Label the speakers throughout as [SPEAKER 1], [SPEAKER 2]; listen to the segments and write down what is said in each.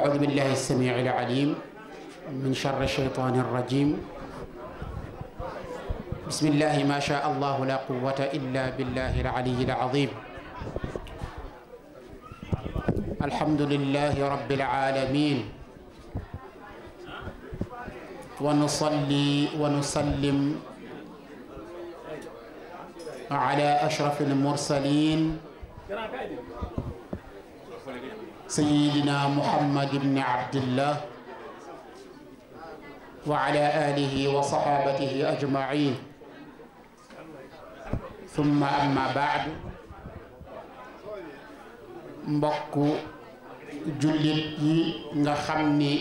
[SPEAKER 1] أعوذ بالله السميع العليم من شر الشيطان الرجيم بسم الله ما شاء الله لا قوة إلا بالله العلي العظيم الحمد لله رب العالمين ونصلي ونسلم على أشرف المرسلين سيدنا محمد بن عبد الله وعلى آله وصحابته أجمعين ثم أما بعد مبقو جلد بي نخمني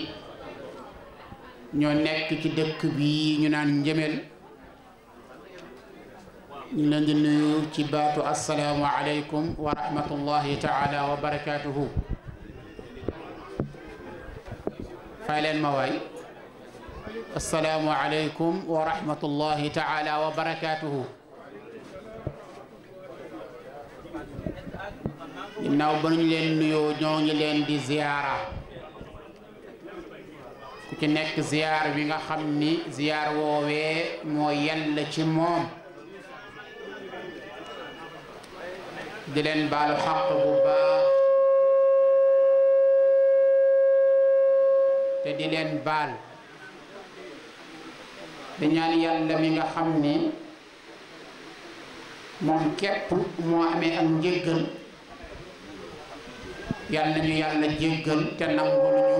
[SPEAKER 1] نيو نك تي دك بي ني نان نجمل نلاندي نيو تي باتو السلام عليكم ورحمه الله تعالى وبركاته فعلاً مواي السلام عليكم ورحمة الله تعالى وبركاته إننا بني لنيو جون لن دي زيارة كي زيارة بيغا خمني زيارة ووي مو يلا چموم دي لن بالحق بباق te di leen baal dañaan ñaan yàlla mi nga xam ni moom képp moo amee ak njéggal yàlla nañu yàlla jéggal te nangul ñu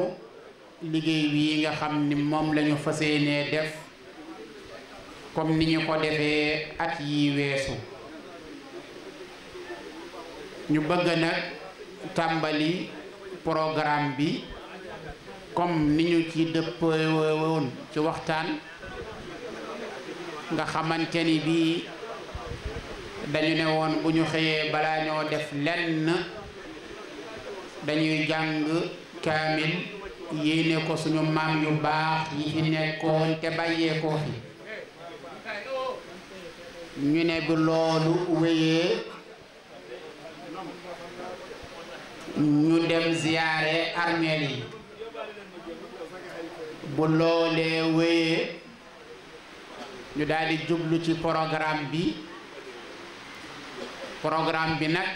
[SPEAKER 1] liggéey bii nga xam ni moom lañu fas yéenee def comme ni ñu ko defee at yi weesu ñu bëgg nag tàmbali programme bi comme ni ñu ci dëppowoon ci waxtaan nga xamante ni bii dañu ne woon bu ñu xëyee balaa ñoo def lenn dañuy jàng kaamil yéene ko suñu maam yu baax yi fi nekkoon te bàyyeekoo fi ñu ne bi loolu wéyee ñu dem ziyaare armeel yi bu loolee wéyee ñu daldi jublu ci programme bi programme bi nag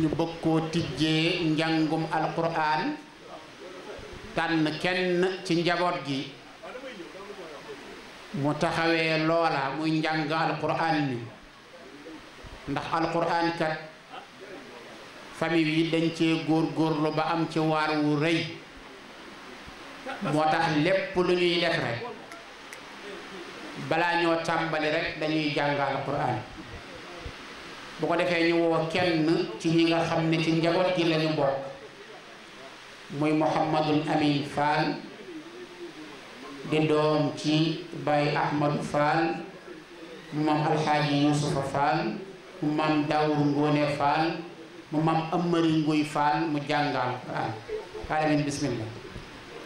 [SPEAKER 1] ñu bëgg koo tijjee njàngum alquran tànn kenn ci njaboot gi mu taxawee loola muy njàng alquran mi ndax alquran famille yi dañ cee góorgóorlu ba am ci waar wu rëy
[SPEAKER 2] moo tax lépp lu ñuy def rek
[SPEAKER 1] balaa ñoo tàmbali rek dañuy jàngal Qur'an bu ko defee ñu woo kenn ci ñi nga xam ne ci njaboot gi lañu bokk muy Mouhamadul Amin Fall di doom ci Baye Ahmadou Fall mu maam Alxaaji Yusufa Fall mu maam Dawru Ngóone Fall mu maam Amari Nguy Fall mu jàngal Qur'an kaalamin bismillah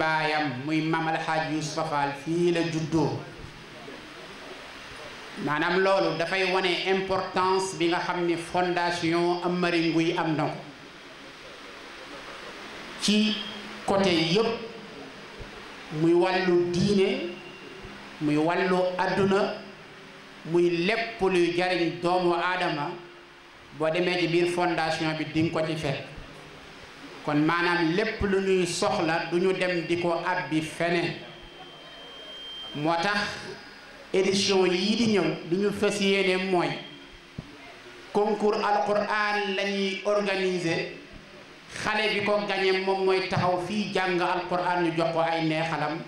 [SPEAKER 1] baayam muy maam alxaaj Yuusufa Faal fii la juddoo maanaam loolu dafay wane importance bi nga xam ni fondation Amary Ngouy am na ko ci côté yëpp muy wàllu diine muy wàllu adduna muy lépp luy jariñ doomu aadama boo demee ci biir fondation bi din nga ko ci kon manam lépp lu ñuy soxla duñu dem diko abbi fene motax édition yi di ñëw duñu fassiyene moy concours alquran lañuy organiser xale bi ko gagné mom moy taxaw fi jàng alquran ñu jox ko ay neexalam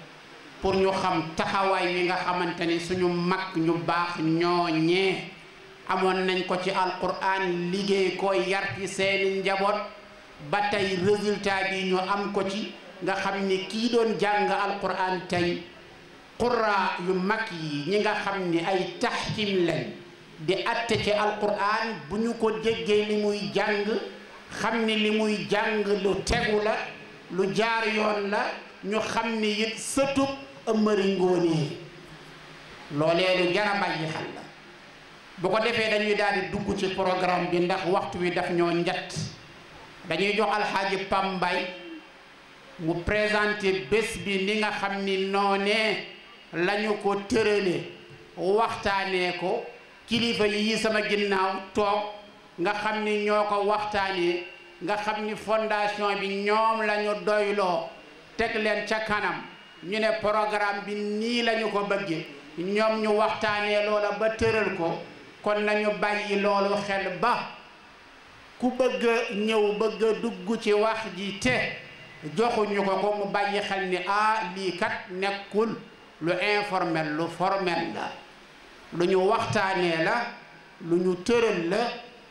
[SPEAKER 1] pour ñu xam taxaway yi nga xamantene suñu mak ñu baax ñooñee amon nañ ko ci alquran liggéey ko yar ci seen njabot ba tey résultat bi ñu am ko ci nga xam ni kii doon jàng alquran tey qurra yu mag yi ñi nga xam ni ay taxkim lañ di atte ci alquran bu ñu ko déggee li muy jàng xam ni li muy jàng lu tegu la lu jaar yoon la ñu xam ni it sëtub ëmmëri ngóonee loolee lu jar a bàyyi la bu ko defee dañuy daal di dugg ci programme bi ndax waxtu wi daf ñoo njat dañuy jox alxaaji pambay mu présenté bés bi ni nga xam ni noonee lañu ko tërale waxtaanee ko kilifa yi sama ginnaaw toog nga xam ni ñoo ko waxtaanee nga xam ni fondation bi ñoom lañu doyloo teg leen ca kanam ñu ne programme bi nii lañu ko bëggee ñoom ñu waxtaanee loola ba tëral ko kon nañu bàyyi loolu xel ba ku bëgg a ñëw bëgg dugg ci wax ji te joxuñu ko ko mu bàyyi xel ni ah lii kat nekkul lu informel lu formel la lu ñu waxtaanee la lu ñu tëral la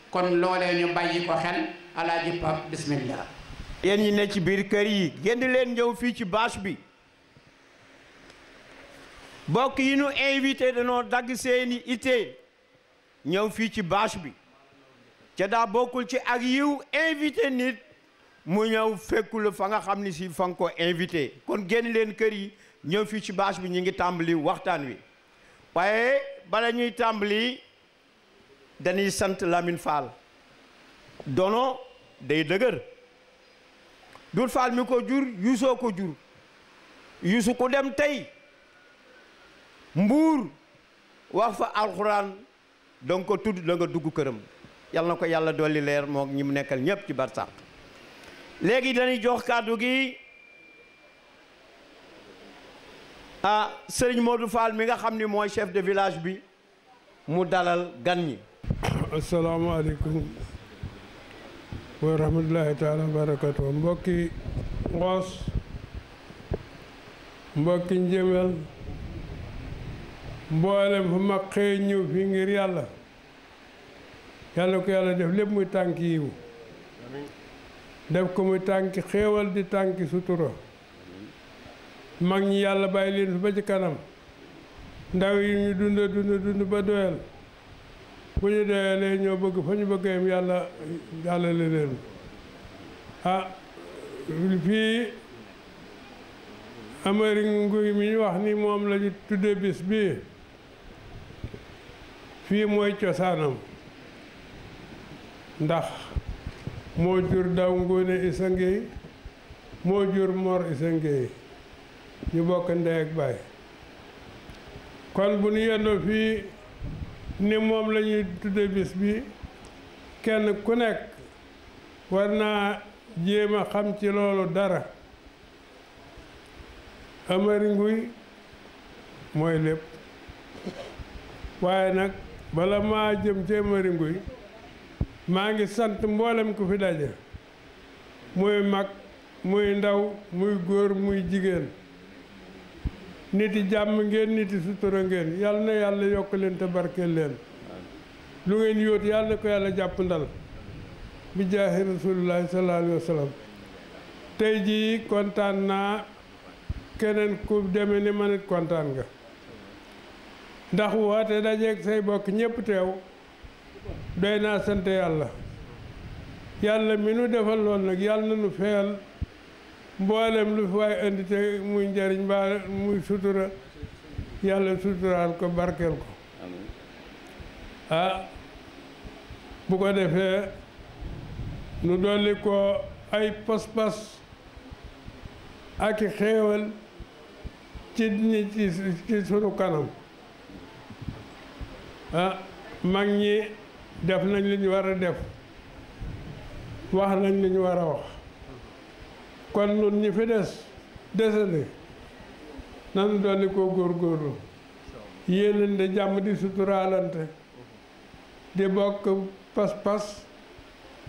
[SPEAKER 1] kon loolee ñu bàyyi ko xel alaaji pap bismillah yéen ñi
[SPEAKER 3] ne ci biir kër yi génn leen ñëw fii ci bâche bi bokk yi ñu invité danoo dagg seeni ité ñëw fii ci bâche bi ce daa bokkul ci ak yiw invité nit mu ñëw fekkul fa nga xam ni si fa ko invité kon génn leen kër yi ñëw fii ci baas bi ñu ngi tàmbali waxtaan wi waaye bala ñuy tàmbali dañuy sant lamin Fall dono day dëgër dul Fall mi ko jur yusoo ko jur yusu ku dem tey mbuur wax fa alxuraan danga ko tudd da dugg këram yal na ko yàlla dolli leer moo ñi mu nekkal ñépp ci barsàq léegi dañuy jox kàddu gi ah Serigne Modou Fall mi nga xam ni mooy chef de village bi mu dalal gan ñi asalaamaaleykum
[SPEAKER 4] wa rahmatullahi taala wa barakatu mbokki ngoos mbokki njëmel mboolem fu ma xëy ñëw fi ngir yàlla yàlla ko yàlla def lépp muy tànk yiw def ko muy tànk xéewal di tànk sutura mag ñi yàlla bay leen fi ba ci kanam ndaw yi ñu dunda dunda dund ba doyal bu ñu doyalee ñoo bëgg fa ñu bëgg yam yàlla yàlla la leen ah fii Amari Ngouy mi ñu wax ni moom la ñu tudde bis bii fii mooy cosaanam ndax moo jur daw ngoone isa ngéey moo jur mor isa ngéey ñu bokk ndey ak kon bu ñu yendoo ni moom lañuy ñuy tudde bis bi kenn ku nekk war naa jéem a xam ci loolu dara amari nguy mooy lépp waaye nag bala maa jëm ci amari nguy maa ngi sant mboolem ku fi daje muy mag muy ndaw muy góor muy jigéen niti jàmm ngeen niti sutura ngeen yàlla na yàlla yokk leen barkeel leen lu ngeen yóot yàlla na ko yàlla jàpp ndal bi jaahi rasulullahi sallallahu alayhi wa sallam tey jii kontaan naa keneen ku deme ni ma kontaan nga ndax woote dajeeg say bokk ñépp teew doy naa sant yàlla yàlla mi nu defal lool nag yàlla na nu feyal mboolem lu fi waay indi te muy njariñ mbaa muy sutura yàlla suturaal ko barkeel ko ah bu defee nu dolli ko ay pas-pas ak i xéewal ci ñi ci sunu kanam ah, mag ñi def nañ li ñu war a def wax nañ li ñu war a wax kon nun ñi fi des desandi nanu dolli koo góorgóorlu yéenante jàmm di suturaalante di bokk pas-pas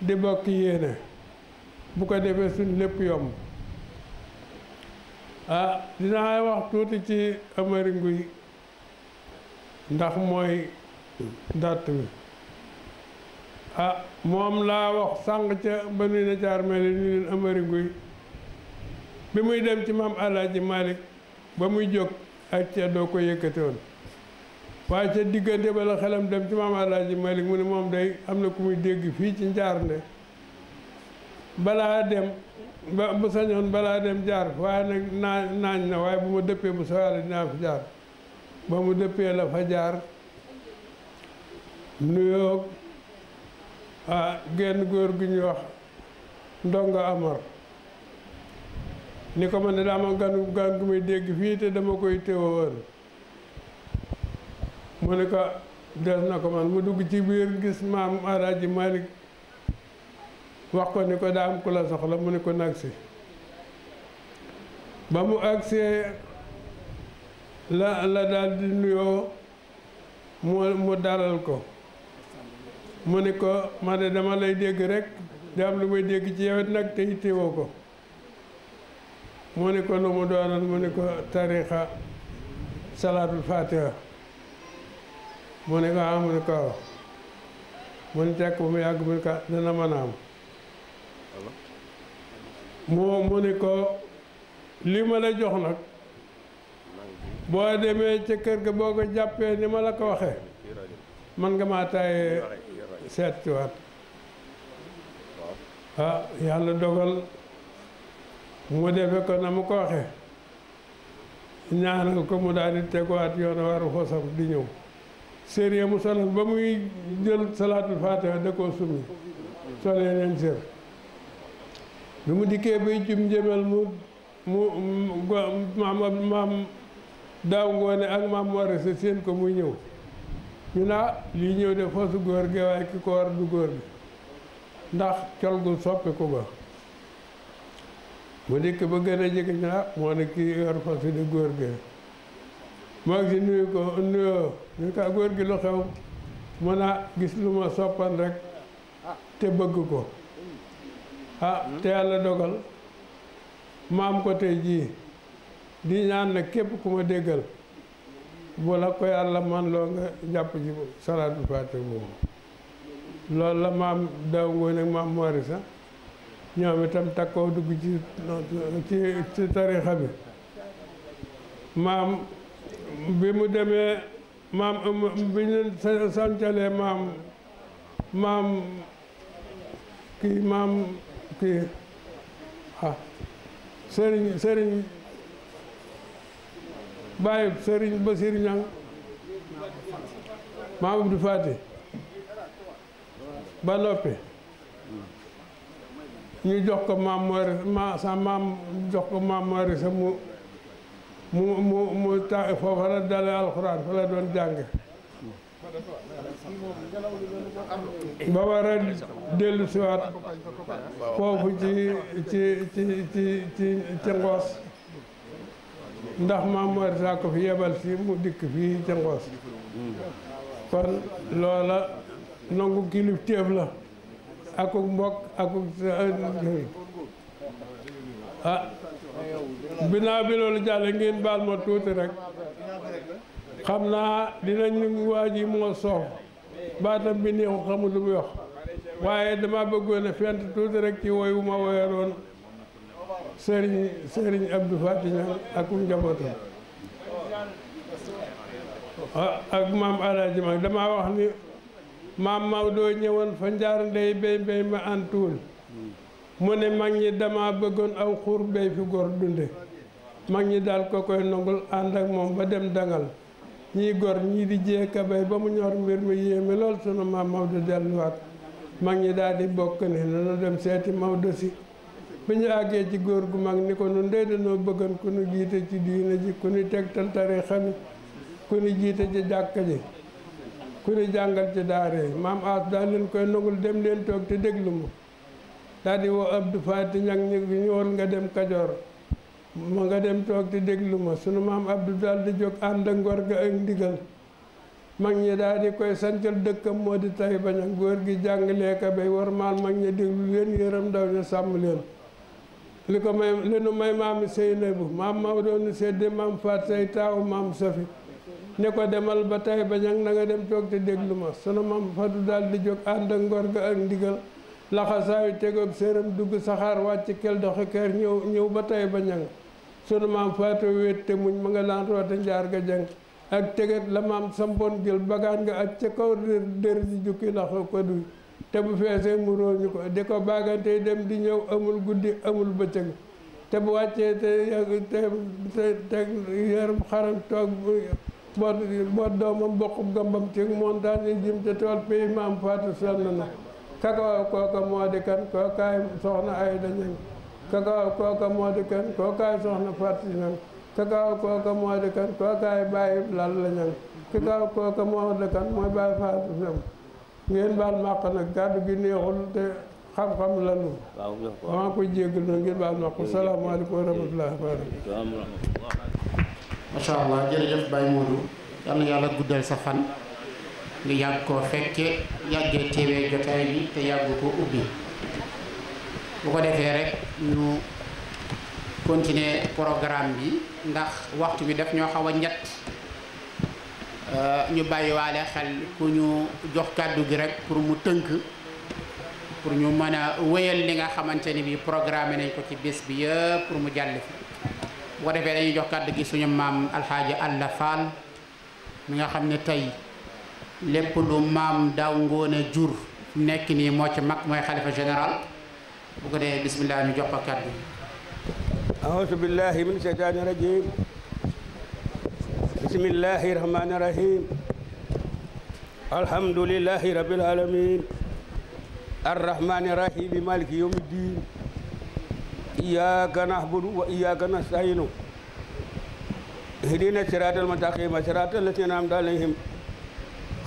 [SPEAKER 4] di bokk yéene bu ko defee suñ lépp yomb ah dinaa wax tuuti ci Amari Nguy ndax mooy dàtt bi ah moom laa wax sànq ca ba nuy na caar mel ni leen amari guy bi muy dem ci maam alaaji Malick ba muy jóg ak ceddoo ko yëkkatewoon waaye ca diggante ba la xelam dem ci maam alaaji Malick mu ne moom day am na ku muy dégg fii ci njaar njaarnde balaa dem ba bu sañoon balaa dem jaar waaye naa naañ na waaye bu ma dëppee bu sawàlla dinaa fi jaar ba mu dëppee la fa jaar nuyoo a ah, genn góor gi ñuy wax ndongo Amar ni ko man ne daama gan gan gu may dégg fii te dama koy teewoon mu ne ko des na ko man mu dugg ci biir gis maam Alaaji Malick wax ko ni ko daa am ku soxla mu ne ko nag si ba mu agsee la la daal nuyoo mu mu dalal ko mu ni ko ma ne dama lay rek di am lu may dégg ci yewet nag te ittewoo ko mu ni ko lu mu doonoon mu ni ko tarixa salaatul fatiha mu ni ko ah mu ko aw mu ni tekk bu mu yàgg mu ko ah, dana mën mu mu ko li ma jox nag boo demee ca kër ga boo ko jàppee ni ma la ko waxee man nga maa taayee seet ci waat ah yàlla dogal mu defe ko na mu ko waxe ñaanal ko mu daal di teguwaat yoon waru xosam di ñëw séeréer mu solal ba muy jël salaatul faatiha da koo summi solee leen séer bi mu dikkee bay jum njëmel mu mu maam maam daaw ngoone ak maam war a seen ko muy ñëw ñu naa lii ñëw de fasu góor gi waaye ki ko war du góor gi ndax col gu soppiku mu dikk ba gën a jege ñu naa moo ne kii yor fasu di góor gi maa ngi ko nuyoo ñu ka góor gi lu xew mën gis lu ma soppan rek te bëgg ko ah te yàlla dogal maam ko tey jii di ñaan nag képp ku ma déggal bu la ko yàlla man loo nga jàpp ci salaatul faatih boobu loolu la maam daw ngoo nag maam moori sax ñoom itam takkoo dugg ci ci ci tarixa bi maam bi mu demee maam bi ñu sancalee maam maam kii maam kii ah sëriñ sëriñ baye serigne Basiir Ñang
[SPEAKER 2] maam Abdou Faty
[SPEAKER 4] ba lopé ñu jox ko mam Mori ma sa mam jox ko mam Mori sa mu mu mu mu ta foofa la dal alquran fa la doon jang ba war delu dellu siwaat foofu ci ci ci ci ci ci ndax maam Mor saa ko fi yebal fii mu dikk fii ca Ngoos kon loola nangu kilifteef la akuk mbokk akuk eh, ah binaa bi loolu jàlle ngeen baal ma tuuti rek xam naa dinañ waa ji moo soof baatam bi neexu xamul lu waaye dama bëggoon a fent tuuti rek ci woyu ma woyaroon sëriñ sëriñ Abdou Faty Niang ak njabootam ak maam Alaaji Maam damaa wax ni maam Maodo ñëwoon fa njaar ndey béy béy ma antuwul mu ne mag ñi dama bëggoon aw xuur béy fi góor dunde mag ñi daal ko koy nangul ànd ak moom ba dem dangal ñii gor ñii di jéeka béy ba mu ñor mbir mi yéeme lool sunu maam Maodo delluwaat mag ñi daal di bokk ne nanu dem seeti Maodo si bi ñu àggee ci góor gu mag ni ko nun dey danoo bëggan jiite ci diina ji ku nu tegtal tarixa mi jiite ci jàkka ji ku nu jàngal ci daara yi maam as daal leen koy nangul dem leen toog te déglu ma daal di woo Abdou Fati ñag ñi ñëwal nga dem Kajoor ma nga dem toog te déglu ma sunu maam Abdou daal di jóg ànd ak ak ndigal mag ñi daal di koy sancal dëkkam moo di Tayba ñag góor gi jàng jàngaleeka bay war maal mag ñi déglu leen yërëm ndaw ñu sàmm leen li ko may li nu may maami Seynabu maam Maodo nu sedde maam Faat say taaw maam Safi ne ko demal ba tay ba ñang na nga dem toog te déglu ma sunu maam Fadu daal di jóg ànd ak ngor ga ak ndigal laxasaayu tegoog séeram dugg saxaar wàcc kel doxi kër ñëw ñëw ba tay ba ñang sunu maam Faatu wéet te muñ ma nga laan roote njaar ga ak teget la maam sampoon jël bagaan nga ak ca kaw dër dër jukki laxo ko duy te bu feesee mu róol ñu ko di ko baagante dem di ñëw amul guddi amul bëccëg te bu wàccee te te te yaram xaram toog boot boot doomam bokkub gambam ci montagne yi jëm ca tool pays maam Fatou sonn na kaka kooka moo di kan kookaay soxna ay dañang kakaaw kooka moo di kan kookaay soxna Fatou ñang kakaaw kooka moo di kan kookaay bàyyi lal la ñang kakaaw kooka moo di kan mooy bàyyi Fatou ñang ngeen baal ma àq nag kàddu gi neexul te xam-xam lanu maa ngi koy jéggal na ngeen baal ma àq salaamaaleykum wa rahmatulah
[SPEAKER 5] macha allah jërëjëf Baye
[SPEAKER 1] Modou yal na yàlla guddal sa fan nga yàgg koo fekke yàggee teewee jotaay bi te yàgg koo ubbi bu ko defee rek ñu continuer programme bi ndax waxtu bi daf ñoo xaw a Euh, ñu bàyyiwaale xel ku ñu jox kàddu gi rek pour mu tënk pour ñu mën a wéyal li nga xamante ni bi programme nañ ko ci bés bi yëpp pour mu jàll fi bu ko defee dañuy jox kàddu gi suñu maam alxaaji Alla Fall mi nga xam ne tey lépp lu maam daaw jur nekk nii moo ci mag mooy xalifa général bu ko defee bismillah ñu jox ko kàddu gi
[SPEAKER 6] auzu billahi min sheytaani rajim بسم الله الرحمن الرحيم الحمد لله رب العالمين الرحمن الرحيم مالك يوم الدين إياك نعبد وإياك نستعين اهدنا الصراط المستقيم صراط الذين أنعمت عليهم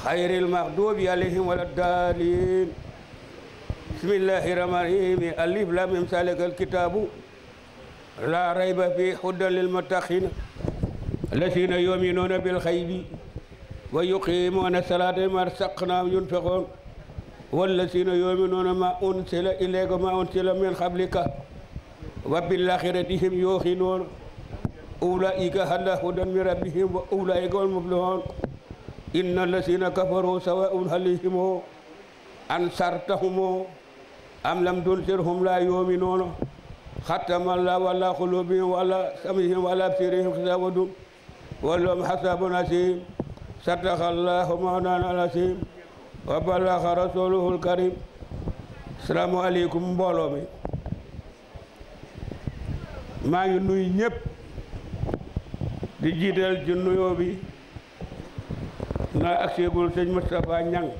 [SPEAKER 6] خير المغضوب عليهم ولا الضالين بسم الله الرحمن الرحيم ألف لام ذلك الكتاب لا ريب فيه هدى للمتقين الذين يؤمنون بالخيب ويقيمون الصلاة ما رزقناهم ينفقون والذين يؤمنون ما أنزل إليك وما أنزل من قبلك وبالآخرة هم يوقنون أولئك على هدى من ربهم وأولئك المفلحون إن الذين كفروا سواء عليهم أنصرتهم أم لم تنصرهم لا يؤمنون ختم الله ولا قلوبهم ولا سمعهم ولا أبصارهم غشاوة واليوم حسابنا نسيم صدق الله مولانا العظيم وبلغ رسوله الكريم السلام عليكم mbooloo mi maa ngi nuyu ñëpp di jiital ci nuyoo bi naa agseegul sëñ Moustapha Niang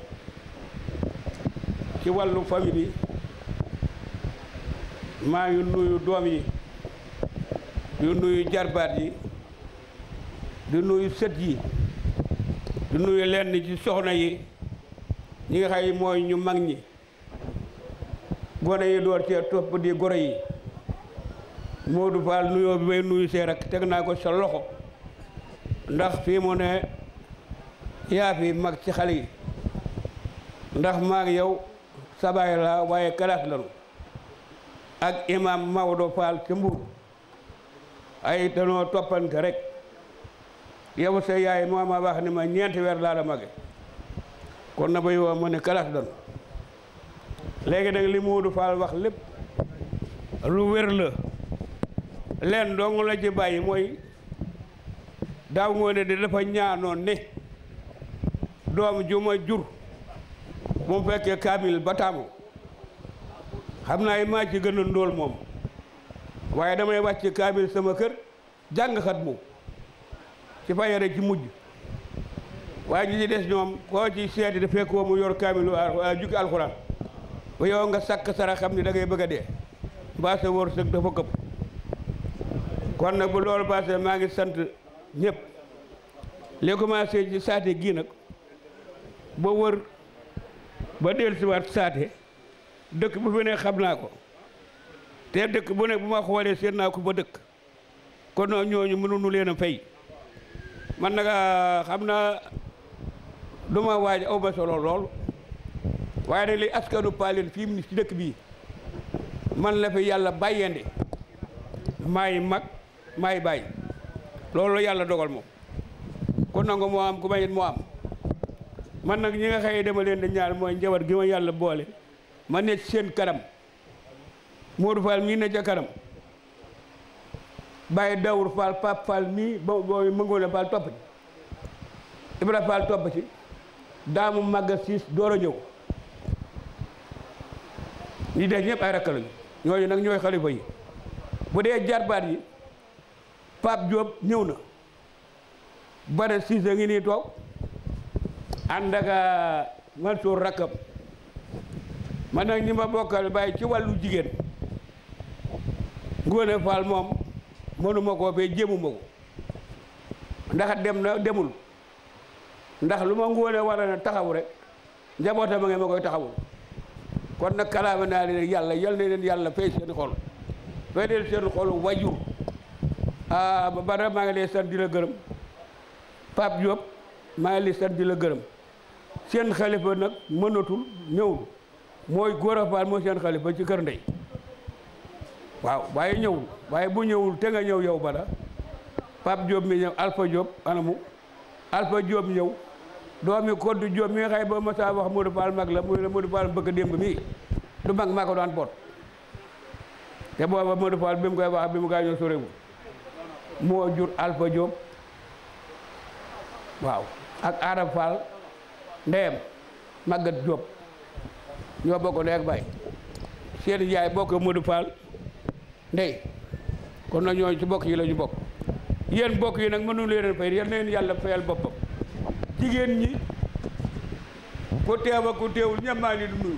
[SPEAKER 6] ci wàllu famille bi maa ngi nuyu doom yi di nuyu jarbaat yi di nuyu sët yi di nuyu lenn ci soxna yi ñi nga xam mooy ñu mag ñi gone yi door cee topp di goro yi Modou Fall nuyoo bi may nuyu see rek teg naa ko sa loxo ndax fii mu ne yaa mag ci xale yi ndax maag yow sabaay la waaye kalaas lanu ak imam Maodo Fall ca Mbuur ay danoo toppante rek yow sa yaay moo ma wax ni ma ñeenti weer laa la mage kon na bay woo mu ne kalaas doon léegi nag li Moodu Fall wax lépp lu wér la leen dong la ci bàyyi mooy daaw moo di dafa ñaanoon ne doom ju jur mu fekkee kaamil ba taamu xam naa yi maa ci gën ndóol moom waaye damay wàcc kaamil sama kër jàngkat mu ci bayere ci mujj waa ñi ci des ñoom koo ci seeti da fekkoo mu yor kaamilu jukki alxuraan ba yow nga sakk sara xam ni da ngay bëgg a dee mbaa sa wërsëg dafa këpp kon nag bu lool passé maa ngi sant ñëpp li commencé ci saate gii nag ba wër ba dellusiwaat saate dëkk bu fi ne xam naa ko te dëkk bu ne bu ma xoolee seet naa ko ba dëkk kon nag ñooñu mënuñu leen a fay man nag euh, xam na du ma waaj aw ma solo lool waaye nag li askanu paaleen fii mu ci dëkk bii man la fi yàlla bàyyende maay mag maay bàyyi loolu la yàlla dogal moom ku nangu moo am ku bañit moo am man nag ñi nga xëyee dama leen di ñaar mooy njaboot gi ma yàlla boole ma ne seen kanam Modou Fall mii ne ca kanam bàyyi Daour Fall Pape Fall mii ba boobu topp ci Ibra Fall topp ci daamu màgga siis door a ñëw ñi def ñëpp ay rakk lañu ñooñu nag ñooy xalifa yi bu dee jarbaat yi Pape Diop ñëw na bare siis a ngi nii toog ànd ak ah, Mansour rakkam man nag ñi ma bokkal bàyyi ci wàllu jigéen Ngoone Fall moom mënuma koo fee jéemuma ko ndax dem na demul ndax lu ma ngóone war a taxaw rek njabootam a ngi ma koy taxawul kon nag kalaame naa leen yàlla yal na leen yàlla fay seen xol fay leen seen xol wajur a ah, bara maa ngi lay sant di la gërëm Pape Diop maa ngi lay sant di la gërëm seen xalifa nag mënatul ñëwul mooy góor a faal mooy seen xalifa ci kër ndey waaw waaye ñëwul waaye bu ñëwul te nga ñëw yow bada Pape Diop mi ñëw Alpha Diop anamu Alpha Diop ñëw doomi Codé Diop mi xëy ba ma wax Modou Fall mag la muy la Modou Fall bëgg démb mii du mag maa ko daan boot te booba Modou Fall bi mu koy wax bi mu gaañoo sorewul moo jur Alpha Diop waaw ak Adam Fall ndeyam Maguette Diop ñoo bokk ndey ak baay Seydou Ndiaye bokk Modou ndey kon nag ñoy ci bokk yi la ñu bokk yeen bokk yi nak mënu leen fay yeen na leen yàlla fayal boppam digeen ñi ko teew ak ku teewul ñemaa du nuyu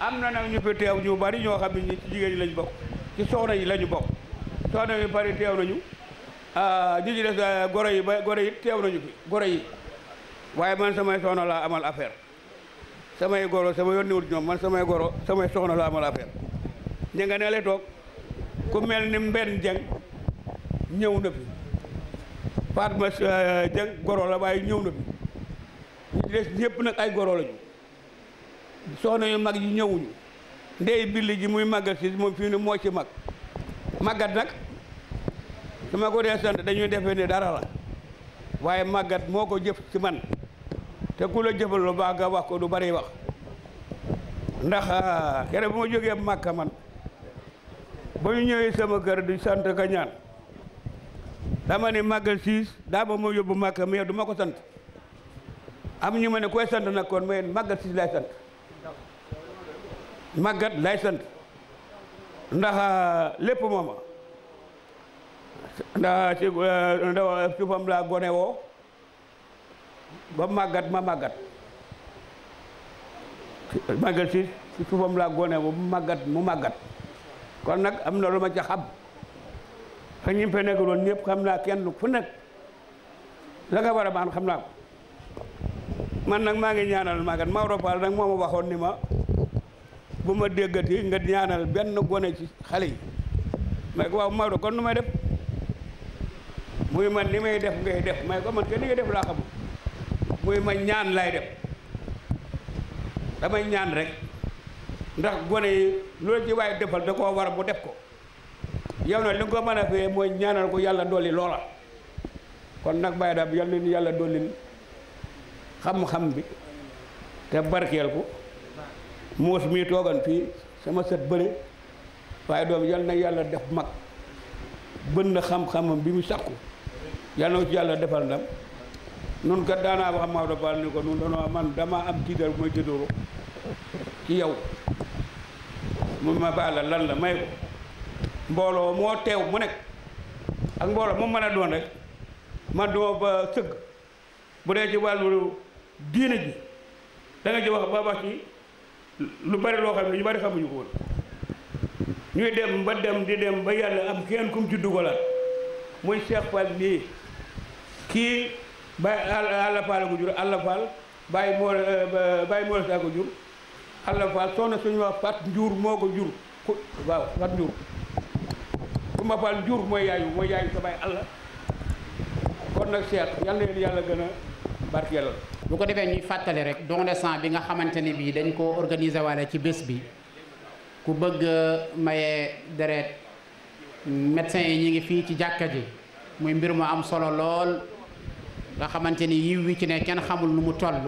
[SPEAKER 6] amna nak ñu fi teew ñu bari ño xam ne ñi ci digeen yi lañu bokk ci soona yi lañu bokk soona yi bari teew nañu ah ñu di def ah, goro yi ba goro yi teew nañu fi goro yi waye man sama soona la amal affaire samay goro sama yónniwul ñom man samay goro sama soona la amal affaire ñinga neele tok ku mel ni Mbène Dieng ñëw na fi Fatma euh, Dieng goro la waaye ñëw na fi ñu des ñëpp nag ay goro lañu soxna yu mag yi ñëwuñu ndey billi ji muy màggal si moom fii ne moo ci mag màggat nag su ma ko dee sant dañuy defee ni dara la waaye màggat moo ko jëf ci man te ku la jëfal lu baax nga wax ko du bari wax ndax euh, kere bu ma jógee Màkka man ba ñu ñëwee sama kër di sant ka ñaan dama ne màggat siis daa ba moo yóbbu màkka mais du ma ko sant am ñu ma ne koy sant nag kon mais màggal siis lay sant màggat lay sant ndax euh, lépp mooma ndax si euh, euh, suufam laa gone woo ba màggat ma màggat màggal siis suufam laa gone woo ba màggat mu màggat ก่อนนักอำนาจมาจะขับพันยิ้มพันนักรุ่นเนียบคำลาเกียนลูกพนนักแล้วก็บารบานคำลามันนั่งมากินยานันมากันมาเราพาลังมามาบ้าคนนี้มาบุมาเดียกันที่เงินยานันเบียนนกวนไอชิขลีแม่ก็ว่ามาเราคนนู้นไม่ได้มวยมันนี่ไม่ได้เด็กไม่ได้แม่ก็มันแค่นี้ได้เปล่าครับมวยมันยานไรเด็กแต่ไม่ยานเร็ว ndax gone yi loolu ci waaye defal da koo war mu def ko yow na li nga ko mën a fee mooy ñaanal ko yàlla dolli loola kon nag bàyyi daal yal nañu yàlla dolli xam-xam bi te barkeel ko muus mii toogan fii sama sët bële waaye doom yal na yàlla def mag bën na xam-xamam bi mu sakku yàlla na yàlla defal ndam nun kat daanaa wax Maodo Fall ni ko nun danoo man dama am tiital mooy tëddooro ci yow mu ma baal la lan la may ko mbooloo moo teew mu nekk ak mbooloo mu ma a doon rek ma duma ba sëgg bu dee ci wàllu diine ji da nga ci ba wax lu bari loo xam ne ñu bari xamuñu ko woon ñuy dem ba dem di dem ba yàlla am kenn kum ci dugalaat muy Cheikh Fall nii kii bàyyi àll àll faal ko jur àll faal bàyyi moo saa ko Alla Fall soxna suñu wax Fat Njuur moo ko jur ku waaw Fat Njuur Kumba Fall Njuur mooy yaayu mooy yaayu sa baay Alla kon yal na leen yàlla
[SPEAKER 1] gën a barkeelal bu ko defee ñuy fàttali rek don de sang bi nga xamante ni bii dañ ko organise waale ci bés bi ku bëgg maye deret médecin yi ñu ngi fii ci jàkka ji muy mbir mu am solo lool nga xamante ni yiw wi ci ne kenn xamul nu mu toll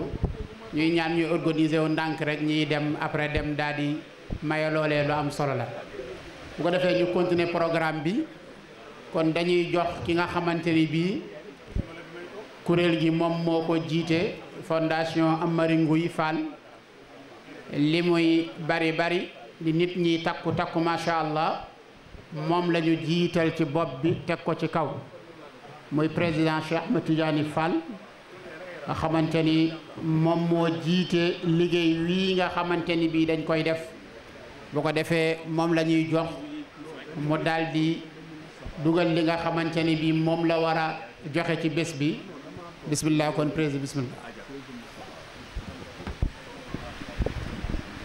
[SPEAKER 1] ñuy ñaan ñuy organiser wu ndànk rek ñuy dem après dem daal di maye loolee lu am solo la bu ko defee ñu continuer programme bi kon dañuy jox ki nga xamante ni bii kuréel gi moom moo ko jiite fondation amari nguy Fall li muy bari bari li nit ñi takku takku macha allah moom la ñu jiital ci bopp bi teg ko ci kaw muy président Cheikh Ahmed Tidiane xamanteni mom mo jité moo jiite liggéey wii nga xamanteni bi dañ koy def bu ko défé mom lañuy jox mo daldi dugal li nga xamanteni bi mom la wara joxe ci bés bi bismillah kon président bismillah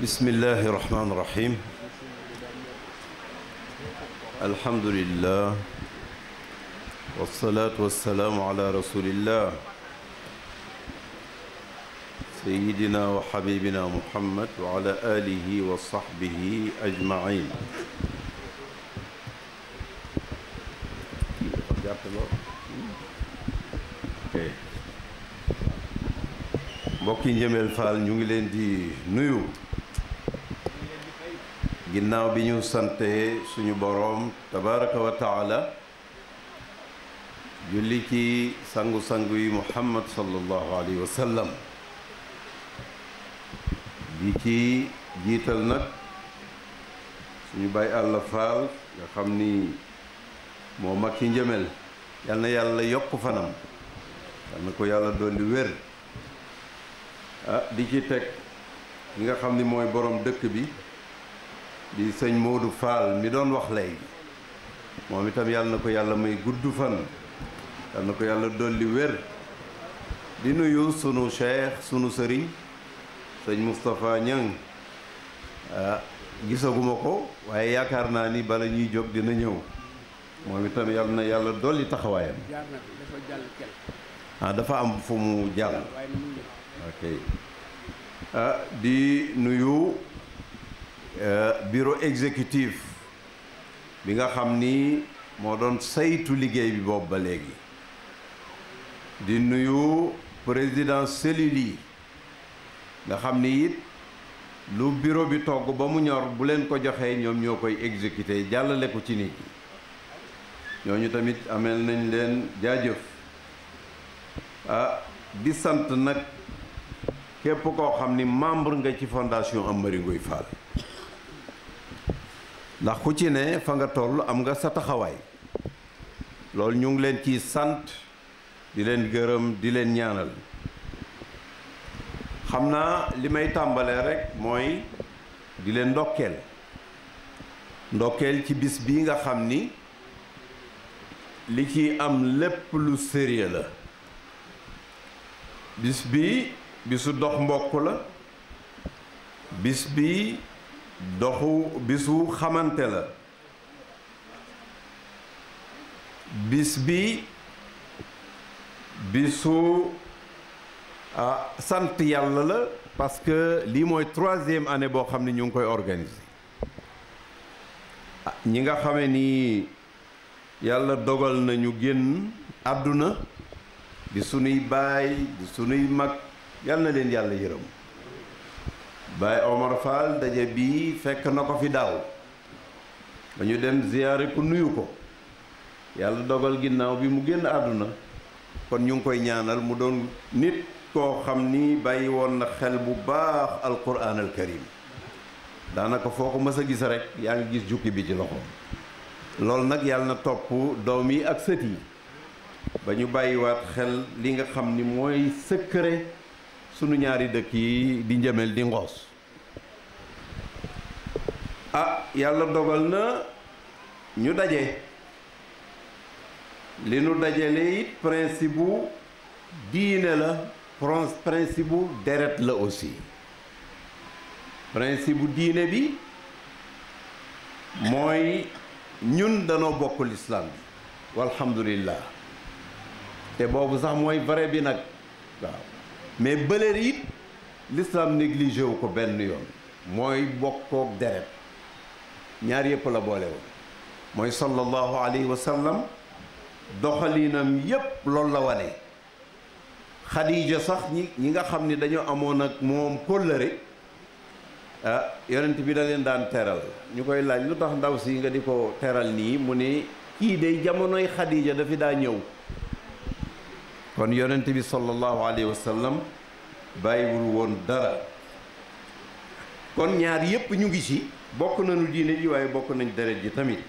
[SPEAKER 7] بسم الله الرحمن الرحيم الحمد لله والصلاة والسلام على رسول الله سيدنا وحبيبنا محمد وعلى آله وصحبه أجمعين بوكين جميل فال نيوغلين دي نيو جناو بنيو سنتي سنيو بروم تبارك وتعالى جلتي سانغو سانغوي محمد صلى الله عليه وسلم di ci jiital nag suñu bàyyi àll faal nga xam ni moo mag ci njëmel yal na yàlla yokk fanam yal na ko yàlla doon di wér ah di ci teg li nga xam ni mooy borom dëkk bi di sëñ Modou Fall mi doon wax léegi moom itam yàlla na ko yàlla may gudd fan yàlla na ko yàlla dolli wér di nuyu sunu cheikh sunu sëriñ sëñ Moustapha Niang ah, gisaguma ko waaye yaakaar naa ni bala ñuy jóg dina ñëw moom itam yal na yàlla dolli taxawaayam ah dafa am fu mu jàll ah, di nuyu eh, bureau exécutif bi nga xam ni moo doon saytu liggéey bi boobu ba léegi di nuyu président cellule nga xam ni it lu bureau bi togg ba mu ñor bu leen ko joxee ñoom ñoo koy exécuté jàllale ko ci nit ñi ñooñu tamit amel nañ leen jaajëf a ah, di sant nag képp koo xam ni membre nga ci fondation Hame Marie Ngoye Fall ndax ku ci ne fa nga toll am nga sa taxawaay loolu ñu ngi leen ciy sant di leen gërëm di leen ñaanal xam naa li may tàmbalee rek mooy di leen ndokkeel ndokkeel ci bis bi nga xam ni li ci am lépp lu sérieux la bis bi bisu dox mbokk la bis bi doxu bisu xamante la bis bi bisu ah sant yàlla la parce que lii mooy troisième année boo xam ne ñu ngi koy organiser ah, ñi nga xame nii yàlla dogal na ñu génn àdduna di sunuy baay di sunuy mag yàlla na leen yàlla yërëm Baay Omar Fall daje bii fekk na ko fi daaw dañu dem ziyaare ku nuyu ko yàlla dogal ginnaaw bi mu génn àdduna kon ñu ngi koy ñaanal mu doon nit ko xamni bayyi won na xel bu baax alquran al karim foko ma sa gis rek ya nga gis jukki bi ci loxo lol nak yalla na top doomi ak sët bañu bayyi wat xel li nga xamni moy secret sunu ñaari dekk yi di di ngoss ah yalla dogal na ñu daje li nu dajé principe diine la principe bu deret la aussi principe bu diine bi mooy ñun danoo bokk lislaam bi walhamdulillah te boobu sax mooy bare bi nag waaw mais bëleer it l'islam négligé wu ko benn yoon mooy bokkoog deret ñaar yëpp la boole woon mooy sallallahu alayhi wa sallam doxalinam yépp loolu la wane khadija sax ñi ñi nga xamni dañu amone ak mom kóllëre ah yonent bi da len daan teral ñukoy laaj lu tax ndaw si nga diko teral ni mu ki kii jamono khadija da fi da ñëw kon yonent bi sallallahu alayhi wa sallam bàyyiwul dara kon ñaar yépp ñu ngi ci bokk nañu diine ji waye bokk nañu deret ji tamit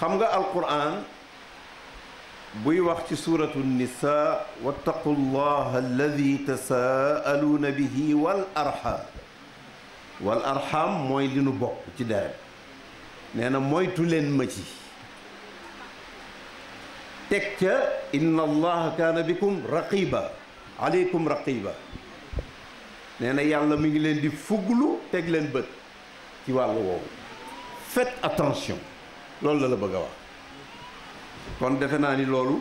[SPEAKER 7] xam nga alquran بوي وقت سورة النساء واتقوا الله الذي تساءلون به والأرحام والأرحام موي لي بوك تي لأن نانا موي تولين ماتي تك إن الله كان بكم رقيبا عليكم رقيبا لأن يالا مي لين دي فوغلو تك لين بت تي والو فيت اتانسيون لول لا بغا kon defe naa ni loolu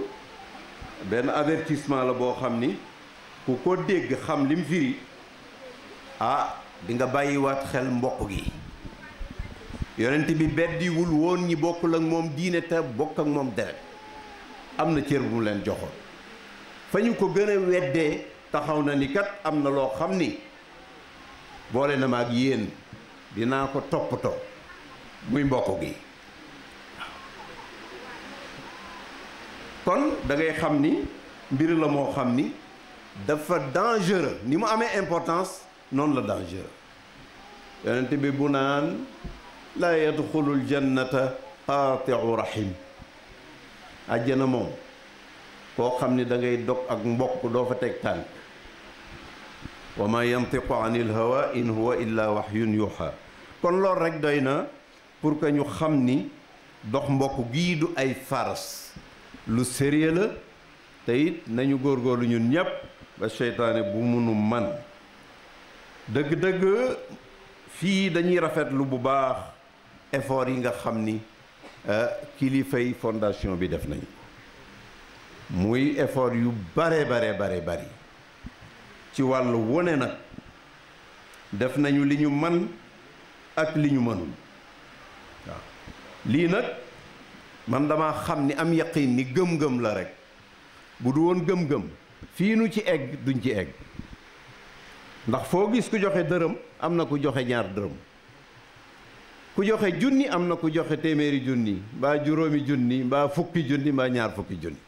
[SPEAKER 7] benn avertissement la boo xam ni ku ko dégg xam lim firi ah di nga bàyyiwaat xel mbokk gi yonent bi beddiwul woon ñi bokkul ak moom diine te bokk ak moom deret am na cër bu mu leen joxoon fa ñu ko gën a weddee taxaw na ni kat am na loo xam ni boole na ma ak yéen dinaa ko toppatoo muy mbokk gi kon da ngay xam ni mbir la moo xam ni dafa dangereux ni mu amee importance noonu la dangereux yonent bi bu naan la yadxulul jannata qatiu rahim àjjana moom koo xam ni da ngay dog ak mbokk doo fa teg tànk wa ma yantiqu an il hawa in huwa illa waxyun yuxa kon loolu rek doy na pour que ñu xam ni dox mbokk gii du ay faras lu sérieux la te nañu góor ñun ñépp ba seytaane bu munu man dëgg-dëgg fii dañuy rafetlu bu baax effort yi nga xam ni euh, kilifay fondation bi def nañu muy effort yu bare bare bare bari ci wàllu wone nag def nañu li ñu man ak li ñu mënul lii nag man dama xam ni am yaqiin ni gëm-gëm la rek bu du woon gëm-gëm fii nu ci egg duñ ci egg ndax foo gis ku joxe dërëm am na ku joxe ñaar dërëm ku joxe junni am na ku joxe téeméeri junni mbaa juróomi junni mbaa fukki junni mbaa ñaar fukki junni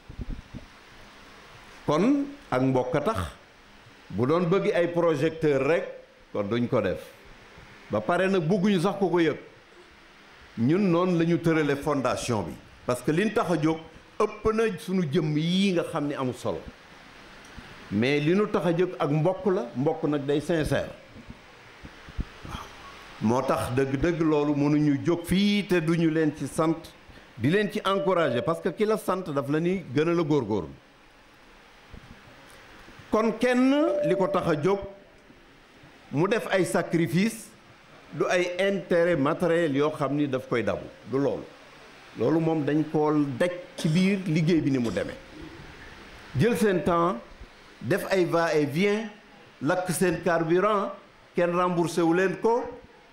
[SPEAKER 7] kon ak mbokk a tax bu doon bëgg ay projecteur rek kon duñ ko def ba pare nag bëgguñu sax ku ko yëg ñun noonu lañu ñu tërale fondation bi parce que liñ tax a jóg ëpp na sunu jëmm yii nga xam ni amul solo mais li nu tax a jóg ak mbokk la mbokk nag day sincère waaw moo tax dëgg-dëgg loolu mënuñu jóg fii te duñu leen ci sant di leen ci encourager parce que ki sant daf la ni gën a la góorgóorlu kon kenn li ko tax a jóg mu def ay sacrifice du ay intérêt matériel yoo xam ni daf koy dabu du loolu loolu moom dañ koo daj ci biir liggéey bi ni mu demee jël seen temps def ay va et vient lakk seen carburant kenn remboursé wu leen ko